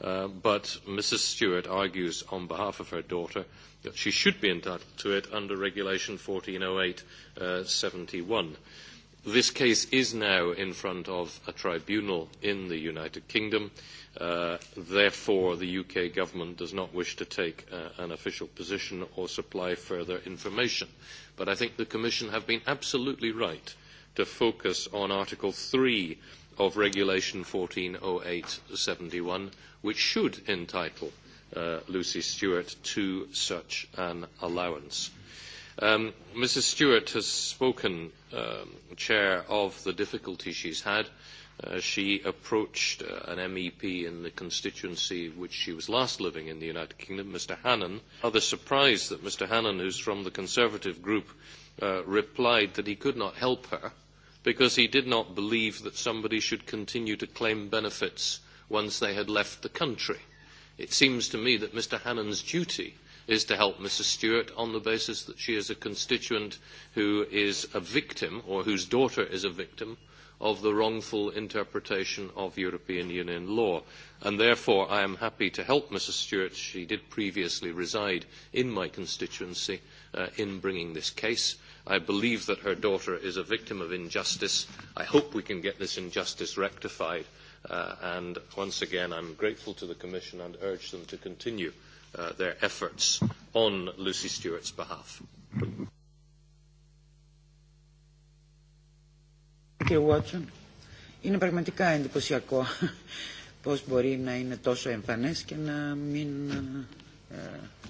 but Mrs. Stewart argues on behalf of her daughter that she should be entitled to it under Regulation 1408 uh, This case is now in front of a tribunal in the United Kingdom. therefore, the UK government does not wish to take an official position or supply further information. But I think the Commission have been absolutely right to focus on Article three of Regulation eight seventy one, which should entitle Lucy Stewart to such an allowance Mrs. Stewart has spoken, Chair, of the difficulty she's had. she approached an MEP in the constituency in which she was last living in the United Kingdom, Mr. Hannan. Rather surprised that Mr. Hannan, who's from the Conservative group, replied that he could not help her because he did not believe that somebody should continue to claim benefits once they had left the country. It seems to me that Mr. Hannan's duty is to help Mrs. Stewart on the basis that she is a constituent who is a victim or whose daughter is a victim of the wrongful interpretation of European Union law. And therefore, I am happy to help Mrs. Stewart. She did previously reside in my constituency in bringing this case. I believe that her daughter is a victim of injustice. I hope we can get this injustice rectified. and once again, I am grateful to the Commission and urge them to continue their efforts on Lucy Stewart's behalf. Κύριε Βότσον, είναι πραγματικά εντυπωσιακό πώς μπορεί να είναι τόσο εμφανές και να μην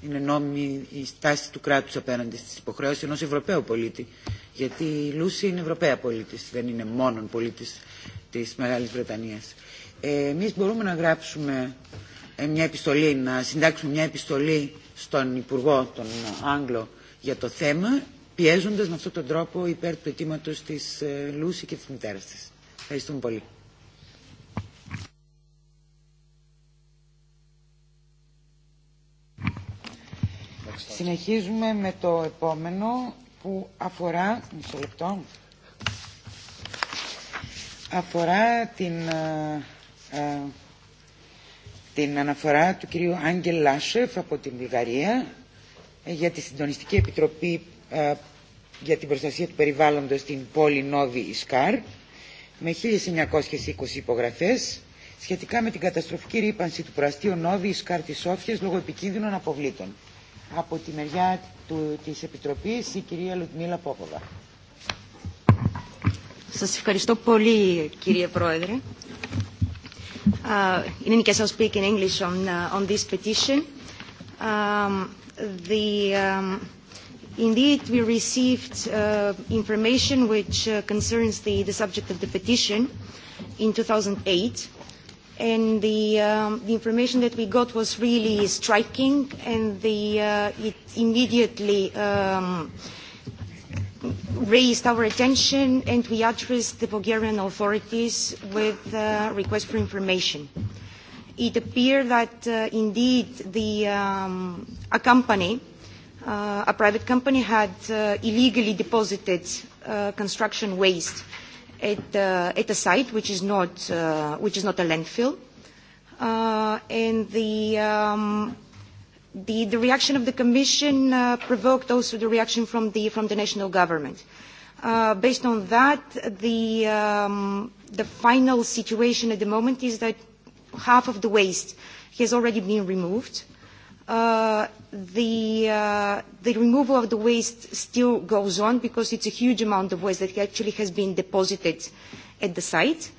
είναι νόμιμη η στάση του κράτους απέναντι στις υποχρεώσεις ενός Ευρωπαίου πολίτη. Γιατί η Λούση είναι Ευρωπαία πολίτης, δεν είναι μόνον πολίτης της Μεγάλης Βρετανίας. Ε, εμείς μπορούμε να γράψουμε μια επιστολή, να συντάξουμε μια επιστολή στον Υπουργό, τον Άγγλο, για το θέμα, πιέζοντας με αυτόν τον τρόπο υπέρ του αιτήματο της Λούση και της Μητέρα της. Ευχαριστούμε πολύ. Συνεχίζουμε με το επόμενο που αφορά, μισό λεπτό, αφορά την, ε, ε, την αναφορά του κυρίου Άγγελ Λάσεφ από την Βουλγαρία για τη Συντονιστική Επιτροπή για την Προστασία του Περιβάλλοντος στην πόλη Νόβι Ισκάρ με 1920 υπογραφές σχετικά με την καταστροφική ρήπανση του προαστίου Νόβι Ισκάρ της Σόφιας λόγω επικίνδυνων αποβλήτων. Από τη μεριά του, της Επιτροπής η κυρία Λουτμίλα Πόποβα. Σας ευχαριστώ πολύ κύριε Πρόεδρε. Uh, in any case, I'll speak in English on, uh, on this petition. Um, the, um, indeed, we received uh, information which uh, concerns the, the subject of the petition in 2008 and the, um, the information that we got was really striking, and the, uh, it immediately um, raised our attention and we addressed the Bulgarian authorities with a request for information. It appeared that indeed the, a company, a private company, had illegally deposited construction waste at, a site which is not, which is not a landfill. and the The, the reaction of the Commission uh, provoked also the reaction from the, from the national government. Uh, based on that, the, um, the final situation at the moment is that half of the waste has already been removed. Uh, the, uh, the removal of the waste still goes on because it's a huge amount of waste that actually has been deposited at the site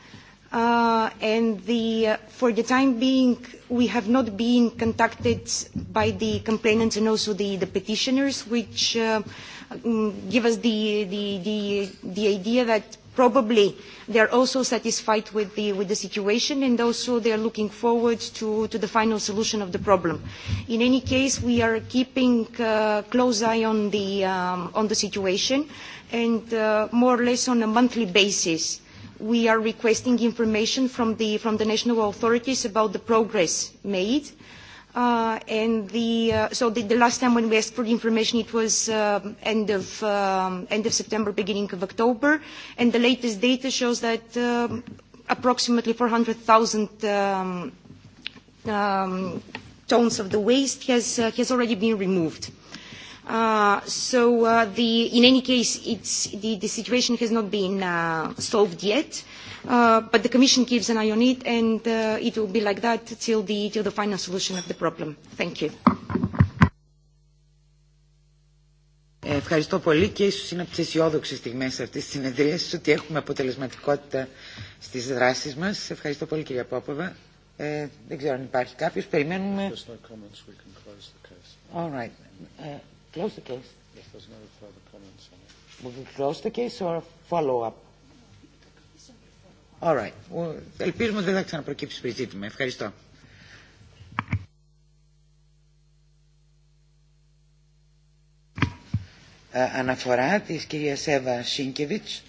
and the, for the time being, we have not been contacted by the complainants and also the, the petitioners, which give us the, the, the, the idea that probably they are also satisfied with the, with the situation and also they are looking forward to, to the final solution of the problem. In any case, we are keeping a close eye on the, um, on the situation and uh, more or less on a monthly basis we are requesting information from the, from the national authorities about the progress made. Uh, and the, uh, so the, the last time when we asked for the information, it was uh, end, of, um, end of September, beginning of October. And the latest data shows that um, approximately 400,000 um, um, tons of the waste has, uh, has already been removed so uh, the, in any case, it's, the, the situation has not been uh, solved yet, uh, but the Commission keeps an eye on it, and uh, it will be like that till the, till the final solution of the problem. Thank you. Ευχαριστώ πολύ και ίσως είναι από τις αισιόδοξε στιγμές αυτής της συνεδρίας ότι έχουμε αποτελεσματικότητα στις δράσεις μας. Ευχαριστώ πολύ κυρία Πόποβα. Ε, δεν ξέρω αν υπάρχει κάποιος. Περιμένουμε... All right. Uh, close the case. If there's no further comments on it. Will We close the case or follow up. All right. Well, ελπίζουμε ότι δεν θα ξαναπροκύψει το ζήτημα. Ευχαριστώ. αναφορά της κυρίας Εύα Σίνκεβιτς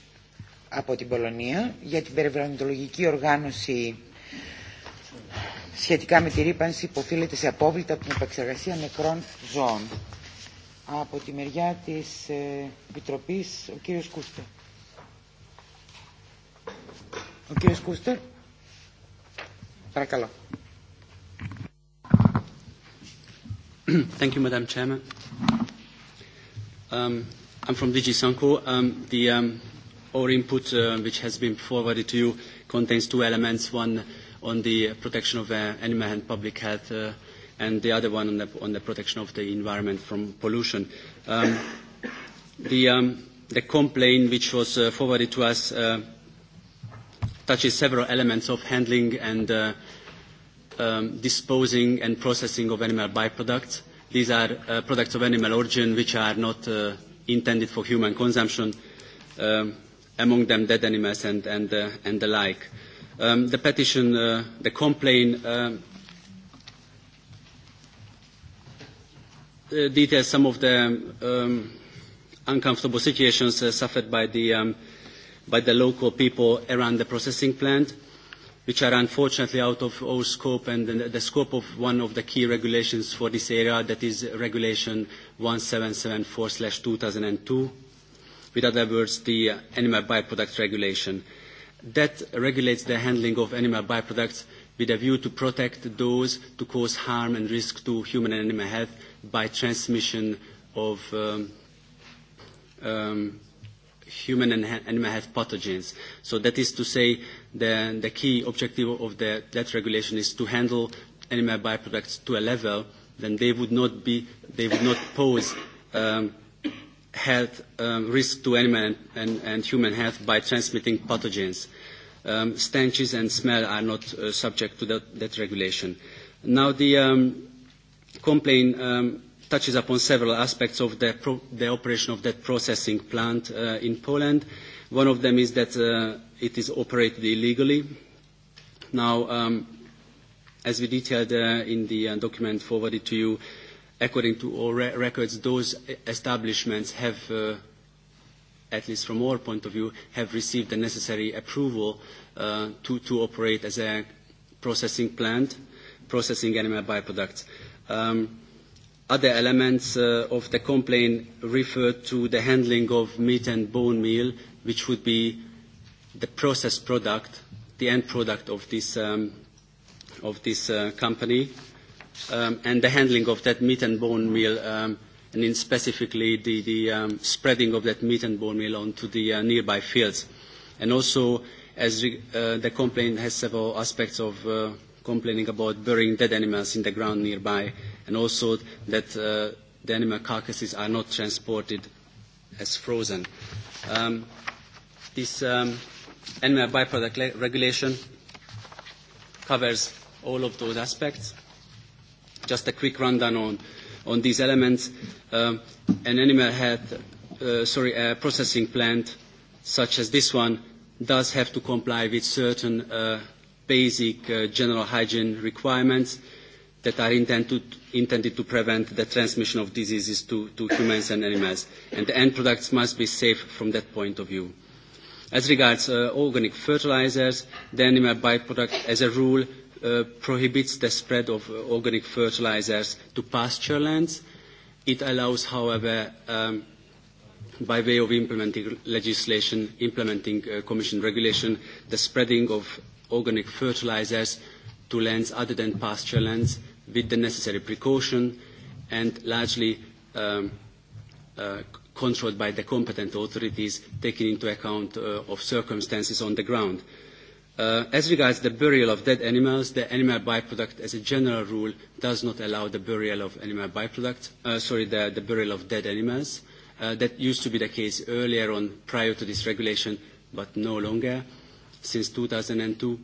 από την Πολωνία για την περιβαλλοντολογική οργάνωση σχετικά με τη ρήπανση που οφείλεται σε απόβλητα από την επεξεργασία νεκρών ζώων. Από τη μεριά της Επιτροπής, ο κύριος Κούστερ. Ο κύριος Κούστερ. Παρακαλώ. Thank you, Madam Chairman. Um, I'm from DG Sanko. Um, the um, our input, uh, which has been forwarded to you, contains two elements. One on the protection of uh, animal and public health uh, and the other one on the, on the protection of the environment from pollution. Um, the, um, the complaint which was uh, forwarded to us uh, touches several elements of handling and uh, um, disposing and processing of animal byproducts. These are uh, products of animal origin which are not uh, intended for human consumption, um, among them dead animals and, and, uh, and the like. Um, the petition, uh, the complaint, detail some of the um, uncomfortable situations uh, suffered by the, um, by the local people around the processing plant, which are unfortunately out of our scope and the, scope of one of the key regulations for this area, that is Regulation 1774-2002, with other words, the Animal Byproducts Regulation. That regulates the handling of animal byproducts with a view to protect those to cause harm and risk to human and animal health by transmission of um, um, human and animal health pathogens. So that is to say, the, the key objective of the, that regulation is to handle animal byproducts to a level then they would not be, they would not pose um, health um, risk to animal and, and, and human health by transmitting pathogens. Um, stenches and smell are not uh, subject to that, that regulation. Now the um, complaint um, touches upon several aspects of the, pro- the operation of that processing plant uh, in Poland. One of them is that uh, it is operated illegally. Now, um, as we detailed uh, in the uh, document forwarded to you, according to all re- records, those establishments have, uh, at least from our point of view, have received the necessary approval uh, to, to operate as a processing plant, processing animal byproducts. Uh, Um, other elements uh, of the complaint refer to the handling of meat and bone meal, which would be the processed product, the end product of this, um, of this uh, company, um, and the handling of that meat and bone meal, um, and in specifically the, the um, spreading of that meat and bone meal onto the uh, nearby fields. And also, as we, uh, the complaint has several aspects of uh, complaining about burying dead animals in the ground nearby, and also that uh, the animal carcasses are not transported as frozen. Um, this um, animal byproduct regulation covers all of those aspects. Just a quick rundown on, on these elements. Um, an animal health, uh, sorry, a processing plant such as this one does have to comply with certain uh, basic uh, general hygiene requirements that are intended, intended to prevent the transmission of diseases to, to humans and animals. And the end products must be safe from that point of view. As regards uh, organic fertilizers, the animal byproduct, as a rule, uh, prohibits the spread of uh, organic fertilizers to pasture lands. It allows, however, um, by way of implementing legislation, implementing uh, Commission regulation, the spreading of organic fertilizers to lands other than pasture lands with the necessary precaution and largely um, uh, controlled by the competent authorities, taking into account uh, of circumstances on the ground. Uh, as regards the burial of dead animals, the animal byproduct, as a general rule, does not allow the burial of animal byproduct, uh, sorry, the, the burial of dead animals. Uh, that used to be the case earlier on prior to this regulation, but no longer since 2002.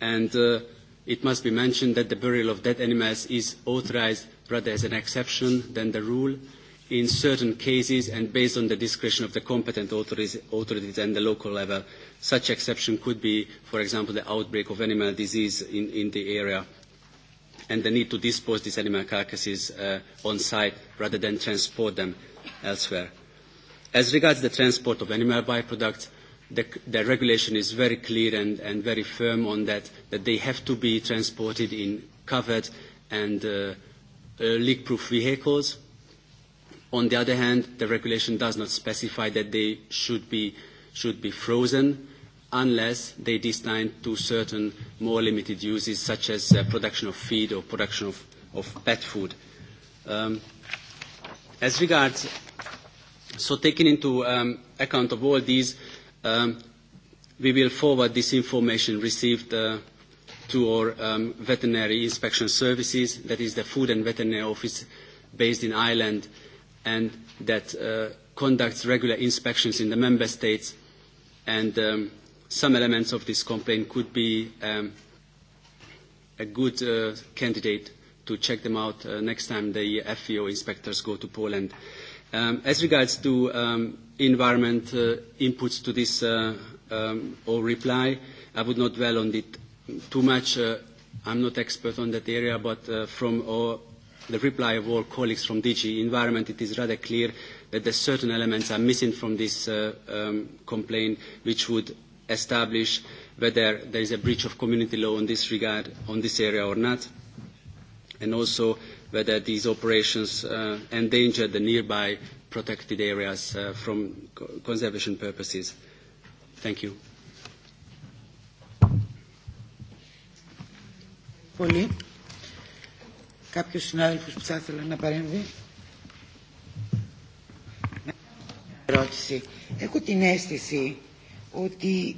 And uh, it must be mentioned that the burial of dead animals is authorized rather as an exception than the rule in certain cases and based on the discretion of the competent authorities, authorities and the local level. Such exception could be, for example, the outbreak of animal disease in, in the area and the need to dispose these animal carcasses uh, on site rather than transport them elsewhere. As regards the transport of animal byproducts, the, the regulation is very clear and, and very firm on that, that they have to be transported in covered and uh, uh, leak-proof vehicles. On the other hand, the regulation does not specify that they should be, should be frozen unless they designed to certain more limited uses such as uh, production of feed or production of, of pet food. Um, as regards, so taking into um, account of all these, uh, Um, we will forward this information received uh, to our um, veterinary inspection services, that is the food and veterinary office based in Ireland, and that uh, conducts regular inspections in the member states. And um, some elements of this complaint could be um, a good uh, candidate to check them out uh, next time the FEO inspectors go to Poland. Um, as regards to um, environment inputs to this whole reply. I would not dwell on it too much. I'm not expert on that area, but from all the reply of all colleagues from DG Environment, it is rather clear that there are certain elements are missing from this complaint, which would establish whether there is a breach of community law in this regard, on this area or not, and also whether these operations endanger the nearby protected areas uh, from co conservation purposes. Thank you. Πολύ. Κάποιος συνάδελφος που θα ήθελε να παρέμβει. Ερώτηση. Έχω την αίσθηση ότι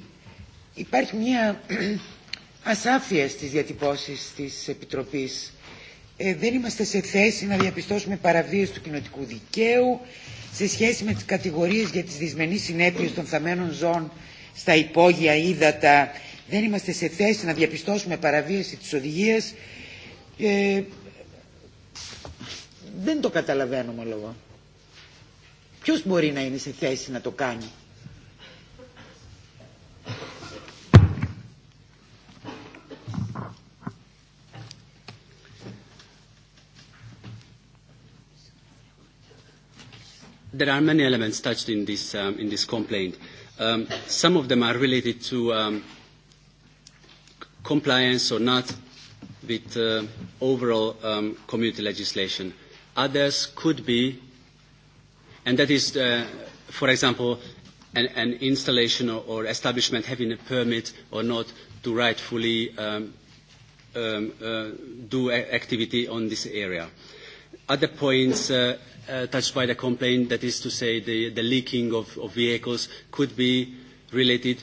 υπάρχει μια ασάφεια στις διατυπώσεις της Επιτροπής ε, δεν είμαστε σε θέση να διαπιστώσουμε παραβίαση του κοινοτικού δικαίου σε σχέση με τις κατηγορίες για τις δυσμενείς συνέπειες των θαμένων ζώων στα υπόγεια ύδατα. Δεν είμαστε σε θέση να διαπιστώσουμε παραβίαση της οδηγίας. Ε, δεν το καταλαβαίνω, ομολογώ. Ποιος μπορεί να είναι σε θέση να το κάνει. there are many elements touched in this, um, in this complaint. Um, some of them are related to um, compliance or not with uh, overall um, community legislation. Others could be, and that is, uh, for example, an, an installation or, or establishment having a permit or not to rightfully um, um, uh, do activity on this area. Other points touched by the complaint, that is to say the, the leaking of, of vehicles, could be related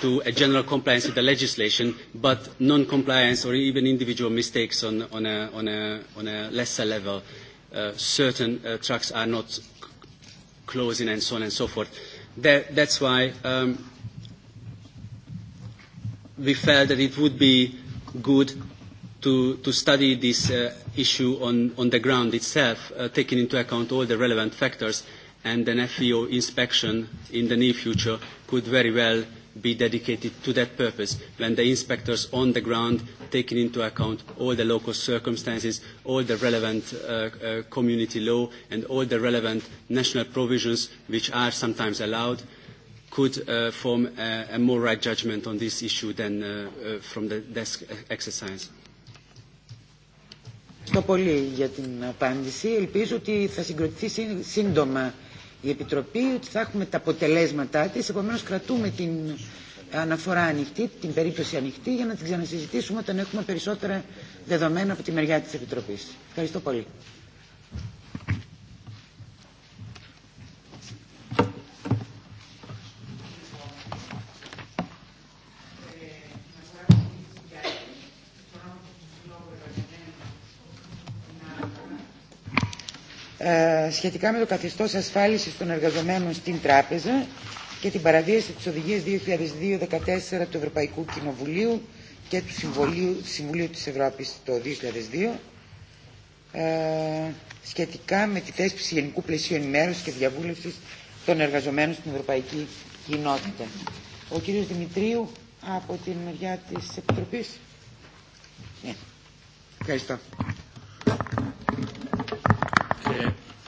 to a general compliance with the legislation, but non-compliance or even individual mistakes on, on, a, on, a, on a lesser level. Uh, certain uh, trucks are not closing and so on and so forth. That, that's why um, we felt that it would be good to, to study this uh, issue on, on the ground itself, uh, taking into account all the relevant factors, and an FEO inspection in the near future could very well be dedicated to that purpose, when the inspectors on the ground, taking into account all the local circumstances, all the relevant uh, uh, community law, and all the relevant national provisions which are sometimes allowed, could uh, form a, a more right judgment on this issue than uh, uh, from the desk exercise. Ευχαριστώ πολύ για την απάντηση. Ελπίζω ότι θα συγκροτηθεί σύντομα η Επιτροπή, ότι θα έχουμε τα αποτελέσματά της. Επομένως κρατούμε την αναφορά ανοιχτή, την περίπτωση ανοιχτή, για να την ξανασυζητήσουμε όταν έχουμε περισσότερα δεδομένα από τη μεριά της Επιτροπής. Ευχαριστώ πολύ. σχετικά με το καθεστώς ασφάλισης των εργαζομένων στην τράπεζα και την παραβίαση της οδηγίας 2002-14 του Ευρωπαϊκού Κοινοβουλίου και του Συμβουλίου, Συμβουλίου της Ευρώπης το 2002 ε, σχετικά με τη θέσπιση γενικού πλαισίου ενημέρωση και διαβούλευσης των εργαζομένων στην Ευρωπαϊκή Κοινότητα. Ο κύριος Δημητρίου από την μεριά της Επιτροπής. ευχαριστώ.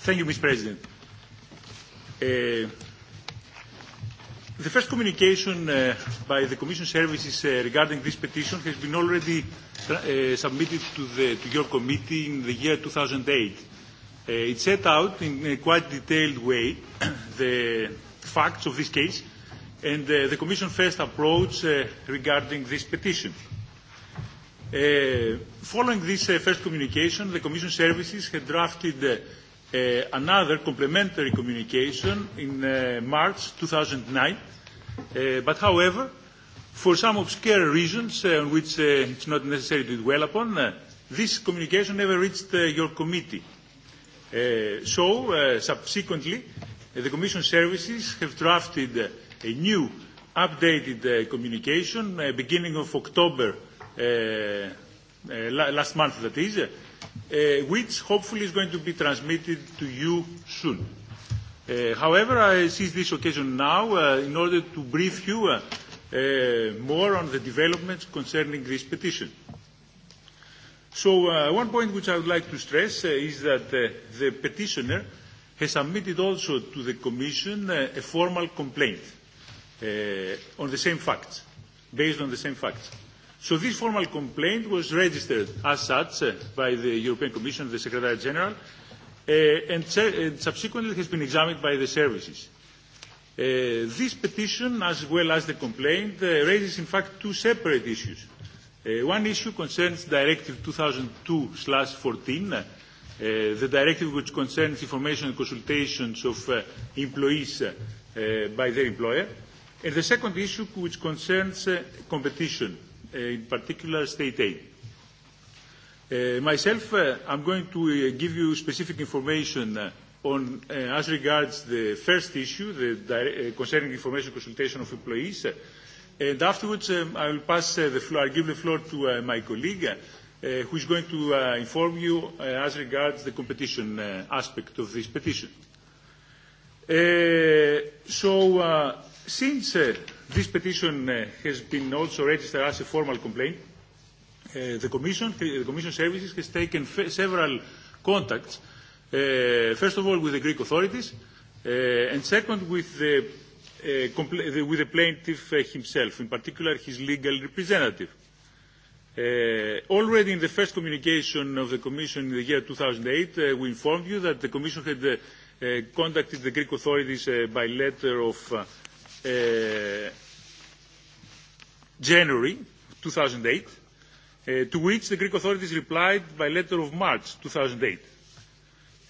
Thank you, Mr. President. Uh, the first communication uh, by the Commission Services uh, regarding this petition has been already uh, submitted to, the, to your committee in the year 2008. Uh, it set out in a quite detailed way the facts of this case and uh, the Commission's first approach uh, regarding this petition. Uh, following this uh, first communication, the Commission Services had drafted uh, another complementary communication in uh, March 2009. Uh, but however, for some obscure reasons uh, on which uh, it's not necessary to dwell upon, uh, this communication never reached uh, your committee. Uh, so, uh, subsequently, uh, the Commission services have drafted uh, a new updated uh, communication uh, beginning of October, uh, uh, last month that is, uh, uh, which hopefully is going to be transmitted to you soon. Uh, however, I seize this occasion now uh, in order to brief you uh, uh, more on the developments concerning this petition. So uh, one point which I would like to stress uh, is that uh, the petitioner has submitted also to the Commission uh, a formal complaint uh, on the same facts, based on the same facts. So this formal complaint was registered as such by the European Commission, the Secretary General, uh, and, and subsequently has been examined by the services. Uh, this petition, as well as the complaint, uh, raises in fact two separate issues. Uh, one issue concerns Directive 2002/14, uh, the directive which concerns information and consultations of uh, employees uh, by their employer, and the second issue which concerns uh, competition in particular state aid. myself, uh, I'm going to give you specific information on, as regards the first issue, the concerning information consultation of employees, and afterwards I will pass the floor, I'll give the floor to my colleague, who is going to inform you as regards the competition aspect of this petition. so, since This petition uh, has been also registered as a formal complaint. Uh, the, Commission, the Commission Services has taken f- several contacts, uh, first of all with the Greek authorities, uh, and second with the, uh, compl- the, with the plaintiff uh, himself, in particular his legal representative. Uh, already in the first communication of the Commission in the year 2008, uh, we informed you that the Commission had uh, uh, contacted the Greek authorities uh, by letter of uh, January 2008, uh, to which the Greek authorities replied by letter of March 2008.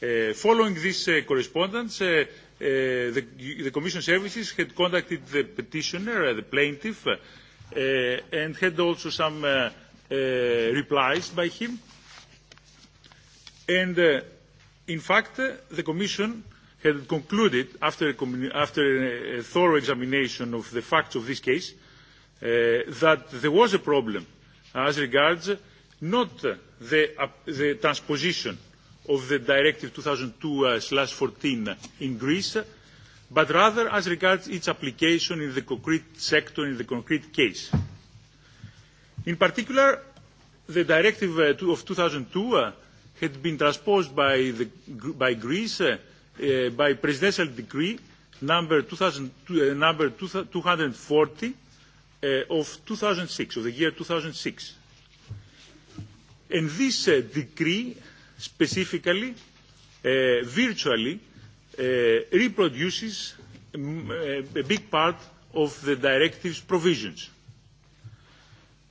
Uh, following this uh, correspondence, uh, uh, the, the Commission services had contacted the petitioner, uh, the plaintiff, uh, and had also some uh, uh, replies by him. And uh, in fact, uh, the Commission uh, had concluded, after a, thorough examination of the facts of this case, that there was a problem as regards not the, transposition of the Directive two thousand two fourteen in Greece, but rather as regards its application in the concrete sector, in the concrete case. In particular, the Directive of two thousand two had been transposed by, Greece by presidential decree number two number hundred and forty of two thousand six of the year two thousand six. And this decree specifically virtually reproduces a big part of the directive's provisions.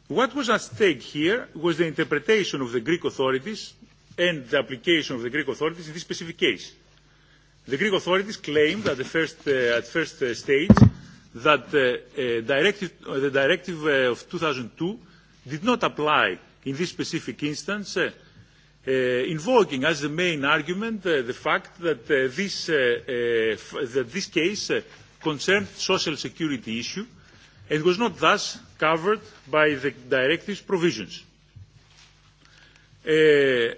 What was at stake here was the interpretation of the Greek authorities and the application of the Greek authorities in this specific case The Greek authorities claimed at the first, uh, at first uh, stage that uh, uh, directive, uh, the directive uh, of 2002 did not apply in this specific instance, uh, uh, invoking as the main argument uh, the fact that, uh, this, uh, uh, that this case uh, concerned social security issue and was not thus covered by the directive's provisions. Uh,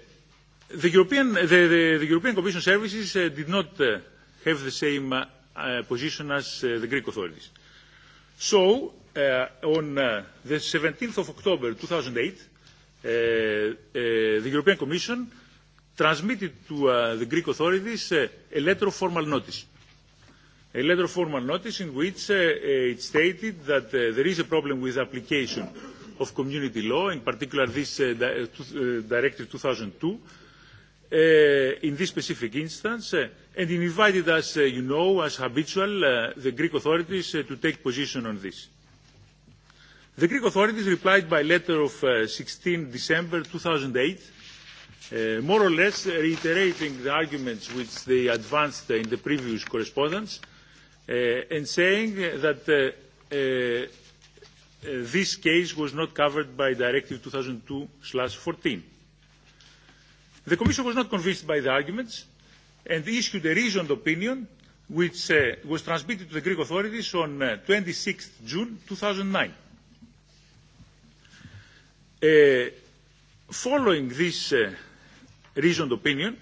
The European, the, the, the European Commission Services uh, did not uh, have the same uh, uh, position as uh, the Greek authorities. So, uh, on uh, the 17th of October 2008, uh, uh, the European Commission transmitted to uh, the Greek authorities uh, a letter of formal notice. A letter of formal notice in which uh, uh, it stated that uh, there is a problem with application of community law, in particular this uh, di- uh, Directive 2002, in this specific instance and invited us, you know, as habitual, the Greek authorities to take position on this. The Greek authorities replied by letter of uh, 16 December 2008, uh, more or less reiterating the arguments which they advanced in the previous correspondence and saying that this case was not covered by Directive 2002-14. The Commission was not convinced by the arguments and issued a reasoned opinion which uh, was transmitted to the Greek authorities on uh, 26th June 2009. Uh, following this uh, reasoned opinion,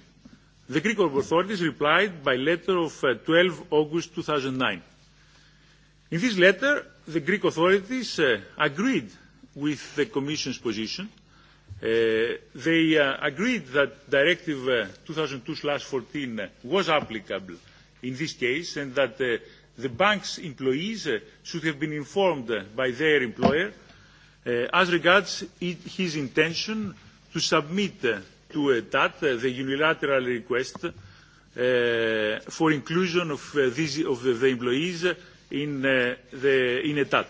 the Greek authorities replied by letter of uh, 12 August 2009. In this letter, the Greek authorities uh, agreed with the Commission's position – they agreed that Directive two thousand two 2002/14 was applicable in this case and that the bank's employees should have been informed by their employer as regards his intention to submit to a TAT the unilateral request for inclusion of, these, of the employees in, the, in a TAT.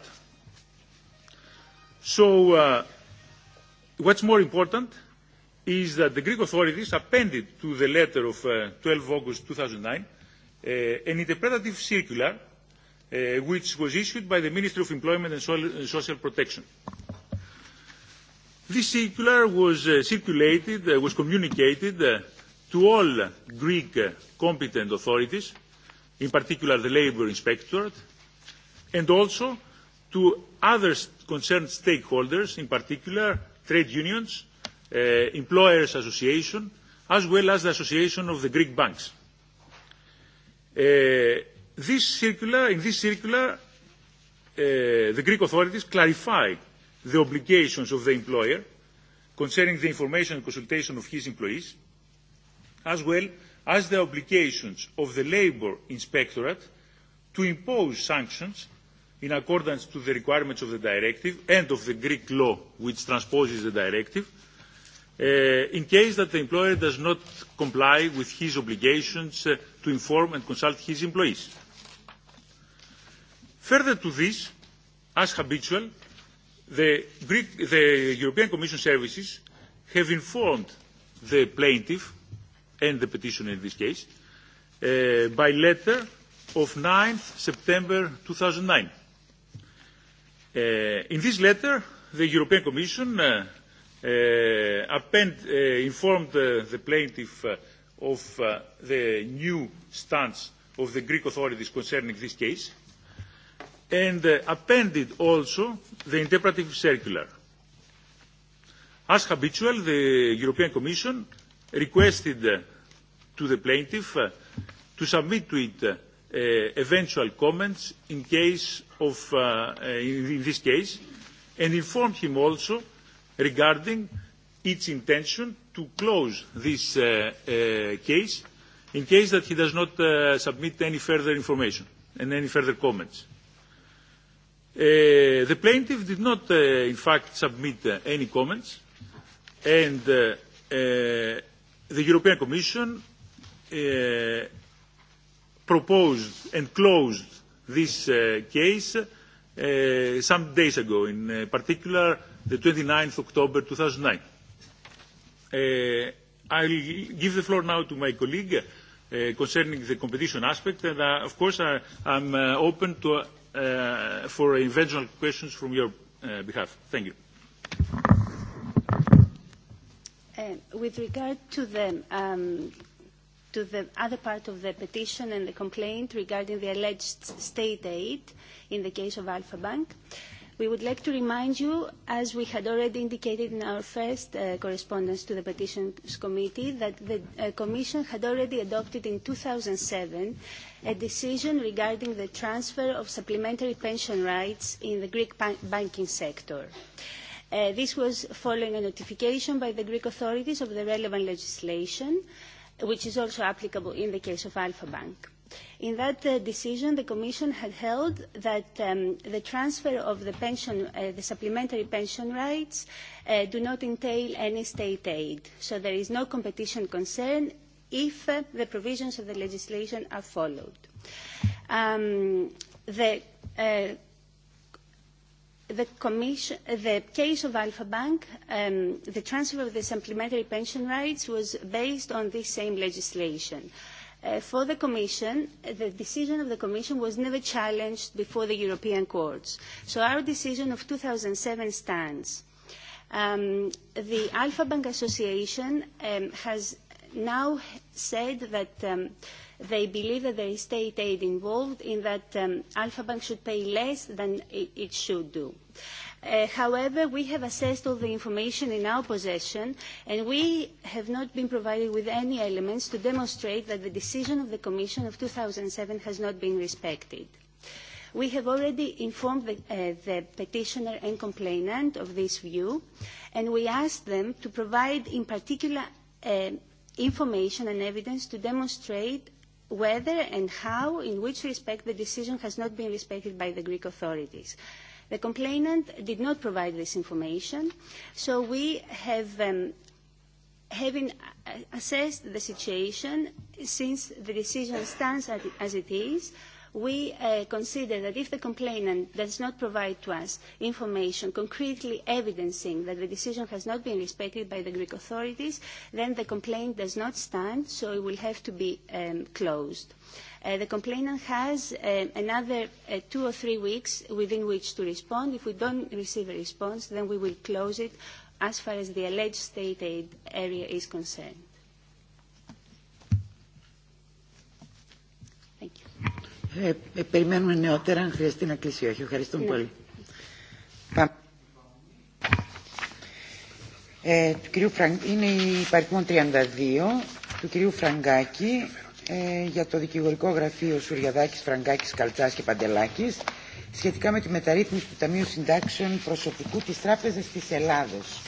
So What's more important is that the Greek authorities appended to the letter of uh, 12 August 2009 uh, an interpretative circular uh, which was issued by the Ministry of Employment and, Sol and Social Protection. This circular was uh, circulated, uh, was communicated uh, to all Greek uh, competent authorities, in particular the Labour Inspectorate, and also to other concerned stakeholders, in particular trade unions, uh, employers association, as well as the association of the Greek banks. Uh, this circular, in this circular, uh, the Greek authorities clarified the obligations of the employer concerning the information and consultation of his employees, as well as the obligations of the labour inspectorate to impose sanctions in accordance to the requirements of the directive and of the Greek law which transposes the directive, in case that the employer does not comply with his obligations to inform and consult his employees. Further to this, as habitual, the, Greek, the European Commission services have informed the plaintiff and the petitioner in this case by letter of 9th September 2009 in this letter, the European Commission informed the plaintiff of the new stance of the Greek authorities concerning this case and appended also the interpretive circular. As habitual, the European Commission requested to the plaintiff to submit to it eventual comments in case of in this case and inform him also regarding its intention to close this case in case that he does not submit any further information and any further comments. The plaintiff did not, in fact, submit any comments, and the European Commission proposed and closed this case some days ago, in particular the 29th October 2009. Uh, I'll give the floor now to my colleague concerning the competition aspect, and of course I, I'm uh, open to, uh, for eventual questions from your uh, behalf. Thank you. With regard to the to the other part of the petition and the complaint regarding the alleged state aid in the case of Alpha Bank. We would like to remind you, as we had already indicated in our first uh, correspondence to the Petitions Committee, that the uh, Commission had already adopted in 2007 a decision regarding the transfer of supplementary pension rights in the Greek banking sector. Uh, this was following a notification by the Greek authorities of the relevant legislation which is also applicable in the case of Alpha Bank. In that decision, the Commission had held that the transfer of the pension, uh the supplementary pension rights, uh do not entail any state aid. So there is no competition concern if the provisions of the legislation are followed. the the, commission, the case of Alpha Bank, um, the transfer of the supplementary pension rights was based on this same legislation. Uh, for the Commission, the decision of the Commission was never challenged before the European courts. So our decision of 2007 stands. Um, the Alpha Bank Association um, has now said that um, They believe that there is state aid involved in that um, Alpha Bank should pay less than it, it should do. Uh, however, we have assessed all the information in our possession and we have not been provided with any elements to demonstrate that the decision of the Commission of 2007 has not been respected. We have already informed the, uh, the petitioner and complainant of this view, and we asked them to provide in particular uh, information and evidence to demonstrate whether and how, in which respect the decision has not been respected by the Greek authorities. The complainant did not provide this information, so we have, um, having assessed the situation since the decision stands as it is, we consider that if the complainant does not provide to us information concretely evidencing that the decision has not been respected by the Greek authorities, then the complaint does not stand, so it will have to be closed. the complainant has another two or three weeks within which to respond. If we don't receive a response, then we will close it as far as the alleged state aid area is concerned. Ε, ε, περιμένουμε νεότερα αν χρειαστεί να κλείσει όχι. Ευχαριστούμε ναι. πολύ. Ε, του κυρίου Φραγ... Είναι η υπαριθμό 32 του κυρίου Φραγκάκη ε, για το δικηγορικό γραφείο Σουριαδάκης, Φραγκάκης, Καλτσάς και Παντελάκης σχετικά με τη μεταρρύθμιση του Ταμείου Συντάξεων Προσωπικού της Τράπεζας της Ελλάδος.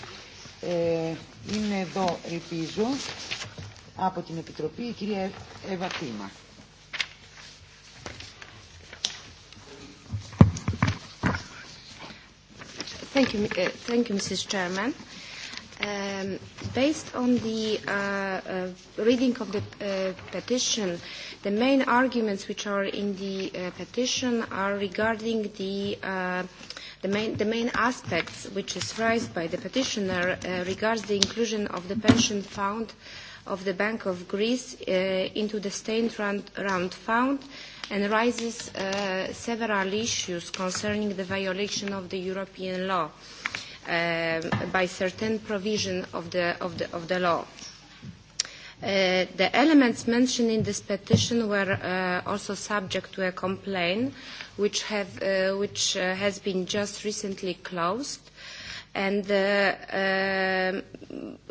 Ε, είναι εδώ, ελπίζω, από την Επιτροπή η κυρία Εύα Πήμα. Thank you, uh, thank you Mrs. Chairman. Um, based on the uh, uh, reading of the uh, petition, the main arguments which are in the uh, petition are regarding the uh, The main, the main aspects which is raised by the petitioner uh, regards the inclusion of the pension fund uh, of the Bank of Greece uh, into the State round, round Fund and raises uh, several issues concerning the violation of the European law uh, by certain provision of the, of the, of the law. Uh, the elements mentioned in this petition were uh, also subject to a complaint which, have, uh, which uh, has been just recently closed and uh,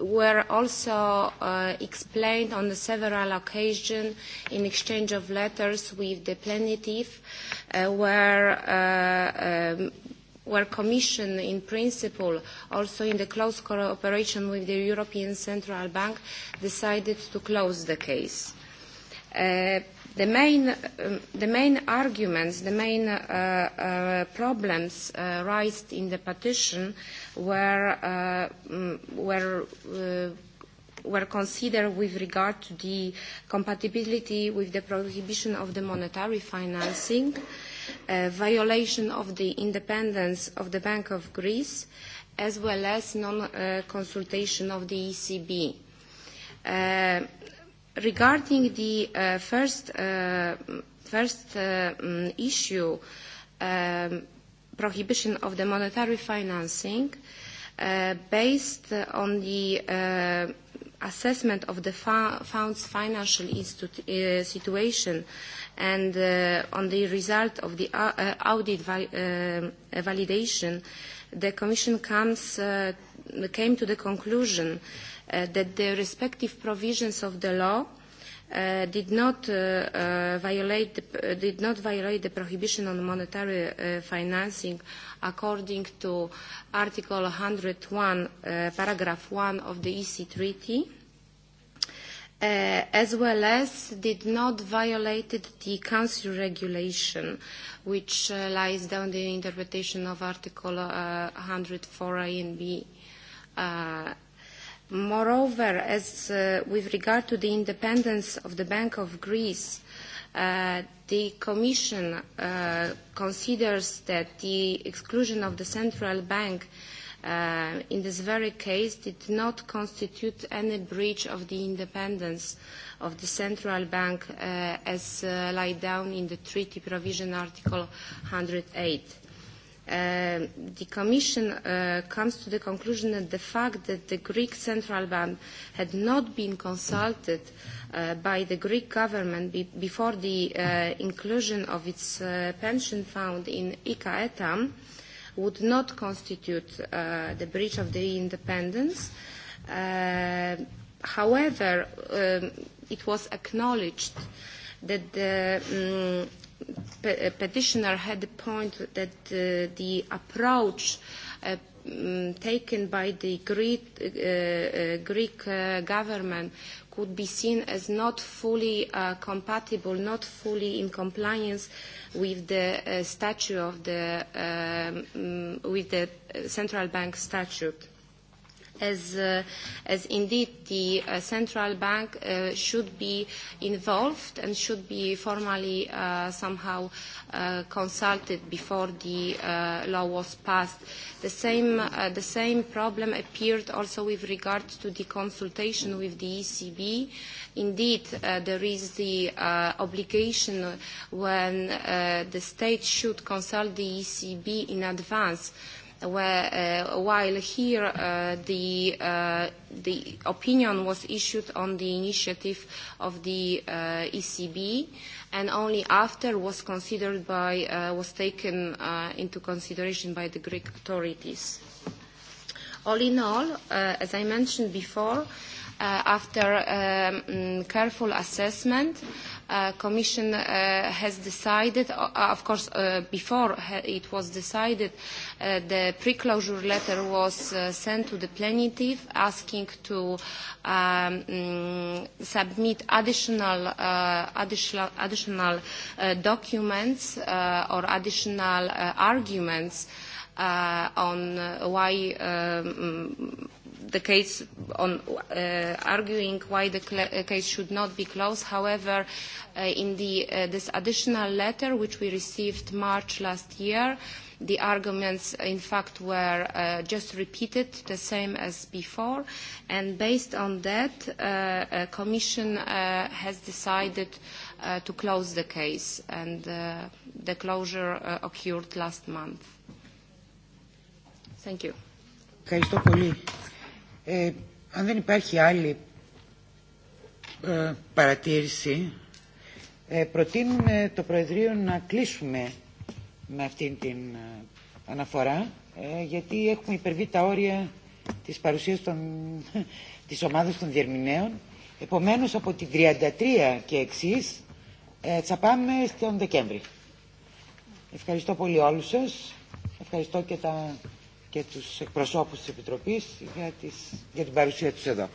were also explained on several occasions in exchange of letters with the plaintiff, where where Commission in principle, also in the close cooperation with the European Central Bank, decided to close the case. The main, the main arguments, the main problems raised in the petition were, uh, were, uh, were considered with regard to the compatibility with the prohibition of the monetary financing, uh, violation of the independence of the Bank of Greece, as well as non-consultation of the ECB. Uh, regarding the uh, first, uh, first uh, issue, um, prohibition of the monetary financing uh, based on the uh, assessment of the fund's financial situation and on the result of the audit validation, the Commission came to the conclusion that the respective provisions of the law did not uh, violate the, did not violate the prohibition on monetary uh, financing according to Article 101, uh, paragraph 1 of the EC Treaty, uh, as well as did not violate the Council regulation, which uh, lies down the interpretation of Article uh, 104 A and B. Uh, Moreover, as uh, with regard to the independence of the Bank of Greece, uh, the Commission uh, considers that the exclusion of the central bank uh, in this very case did not constitute any breach of the independence of the central bank uh, as uh, laid down in the treaty provision article 108 the Commission uh, comes to the conclusion that the fact that the Greek Central Bank had not been consulted uh, by the Greek government be before the uh, inclusion of its uh, pension fund in ICA ETAM would not constitute uh, the breach of the independence. Uh, however, um, it was acknowledged that the um, petitioner had the point that uh, the approach uh, taken by the Greek, uh, Greek uh, government could be seen as not fully uh, compatible, not fully in compliance with the uh, statute of the, uh, um, with the central bank statute as, uh, as indeed the uh, central bank uh, should be involved and should be formally uh, somehow uh, consulted before the uh, law was passed. The same, uh, the same problem appeared also with regard to the consultation with the ECB. Indeed, uh, there is the uh, obligation when uh, the state should consult the ECB in advance where, uh, while here uh, the, uh, the opinion was issued on the initiative of the uh, ECB and only after was considered by, uh, was taken uh, into consideration by the Greek authorities. All in all, uh, as I mentioned before, uh, after um, careful assessment, uh, the Commission uh, has decided, uh, of course, uh, before it was decided, uh, the pre-closure letter was uh, sent to the plaintiff asking to um, submit additional, uh, additional, additional uh, documents uh, or additional uh, arguments uh, on why um, the case on uh, arguing why the cl case should not be closed. However, uh, in the, uh, this additional letter which we received March last year, the arguments in fact were uh, just repeated the same as before and based on that uh, uh, commission uh, has decided uh, to close the case and uh, the closure uh, occurred last month. Thank you. Ευχαριστώ πολύ. Ε, αν δεν υπάρχει άλλη ε, παρατήρηση, ε, προτείνουμε το Προεδρείο να κλείσουμε με αυτήν την αναφορά, ε, γιατί έχουμε υπερβεί τα όρια της παρουσίας των, της ομάδας των διερμηνέων. Επομένως, από την 33 και εξής, ε, θα πάμε στον Δεκέμβρη. Ευχαριστώ πολύ όλους σας. Ευχαριστώ και τα και τους εκπροσώπους της Επιτροπής για, τις, για την παρουσία τους εδώ.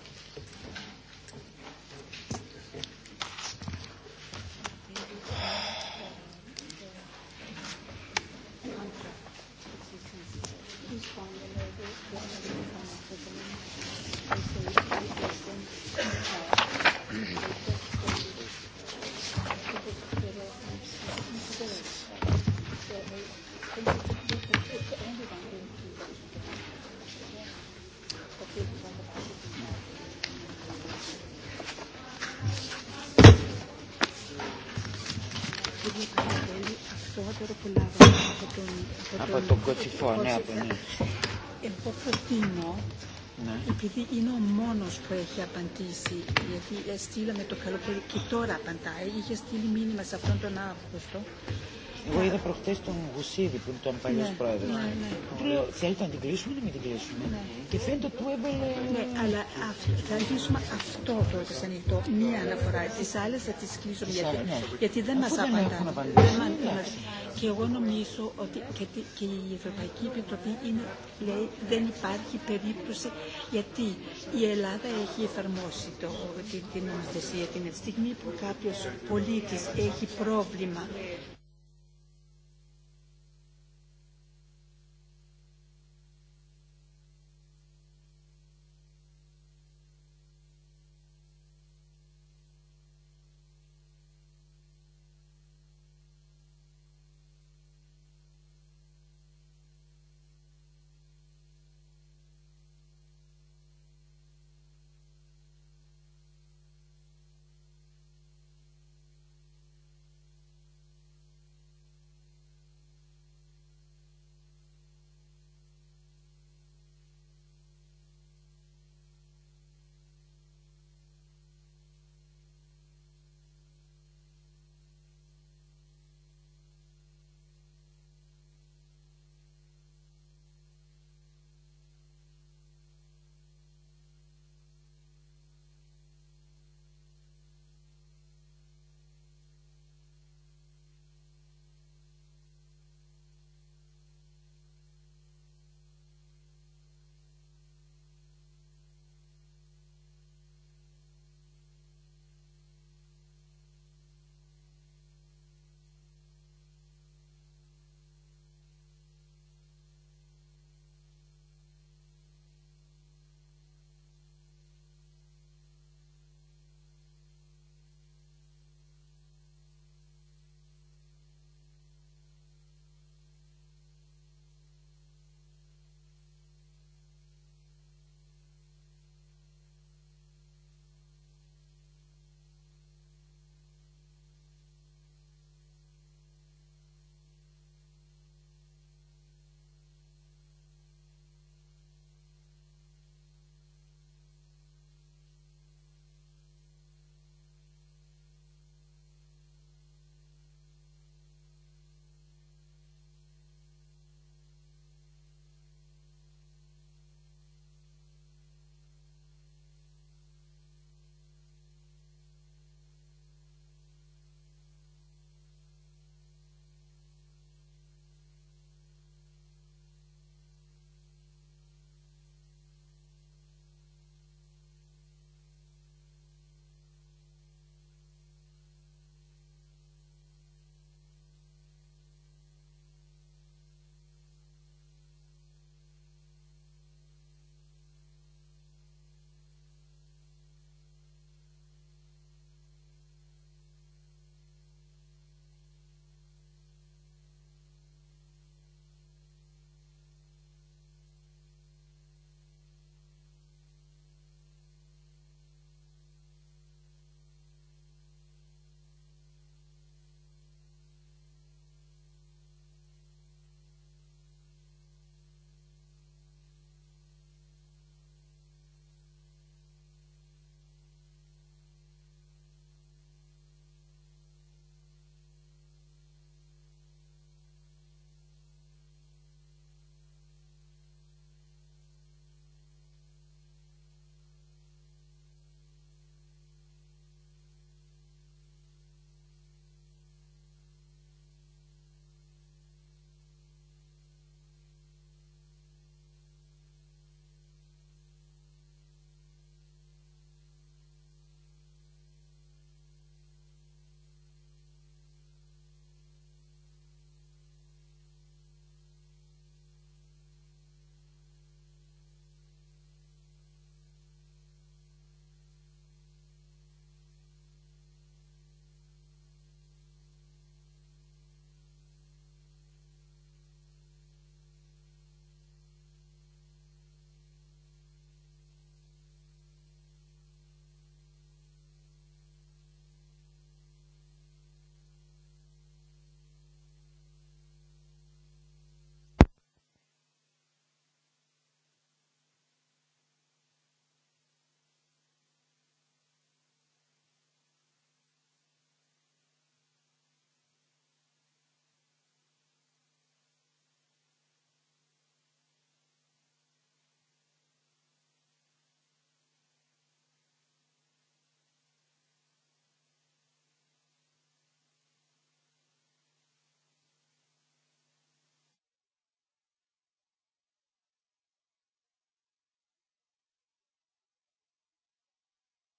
ναι, από ναι. Εγώ προτείνω, ναι. επειδή είναι ο μόνο που έχει απαντήσει, γιατί στείλαμε το καλοκαίρι και τώρα απαντάει, είχε στείλει μήνυμα σε αυτόν τον Αύγουστο, Εγώ είδα προχτέ τον Γουσίδη που είναι τον παλιό ναι, πρόεδρο. Ναι, ναι. Του λέω, θέλετε να την κλείσουμε ή να μην την κλείσουμε. Ναι. Και φαίνεται του έβαλε. Ναι, αλλά θα κλείσουμε αυτό πρώτα σαν ανοιχτό. Μία αναφορά. Τι άλλε θα τι κλείσουμε γιατί, ναι. γιατί δεν μα απαντάνε. Και εγώ νομίζω ότι και, και η Ευρωπαϊκή Επιτροπή είναι, λέει δεν υπάρχει περίπτωση γιατί η Ελλάδα έχει εφαρμόσει το, την, την νομοθεσία την στιγμή που κάποιο πολίτη έχει πρόβλημα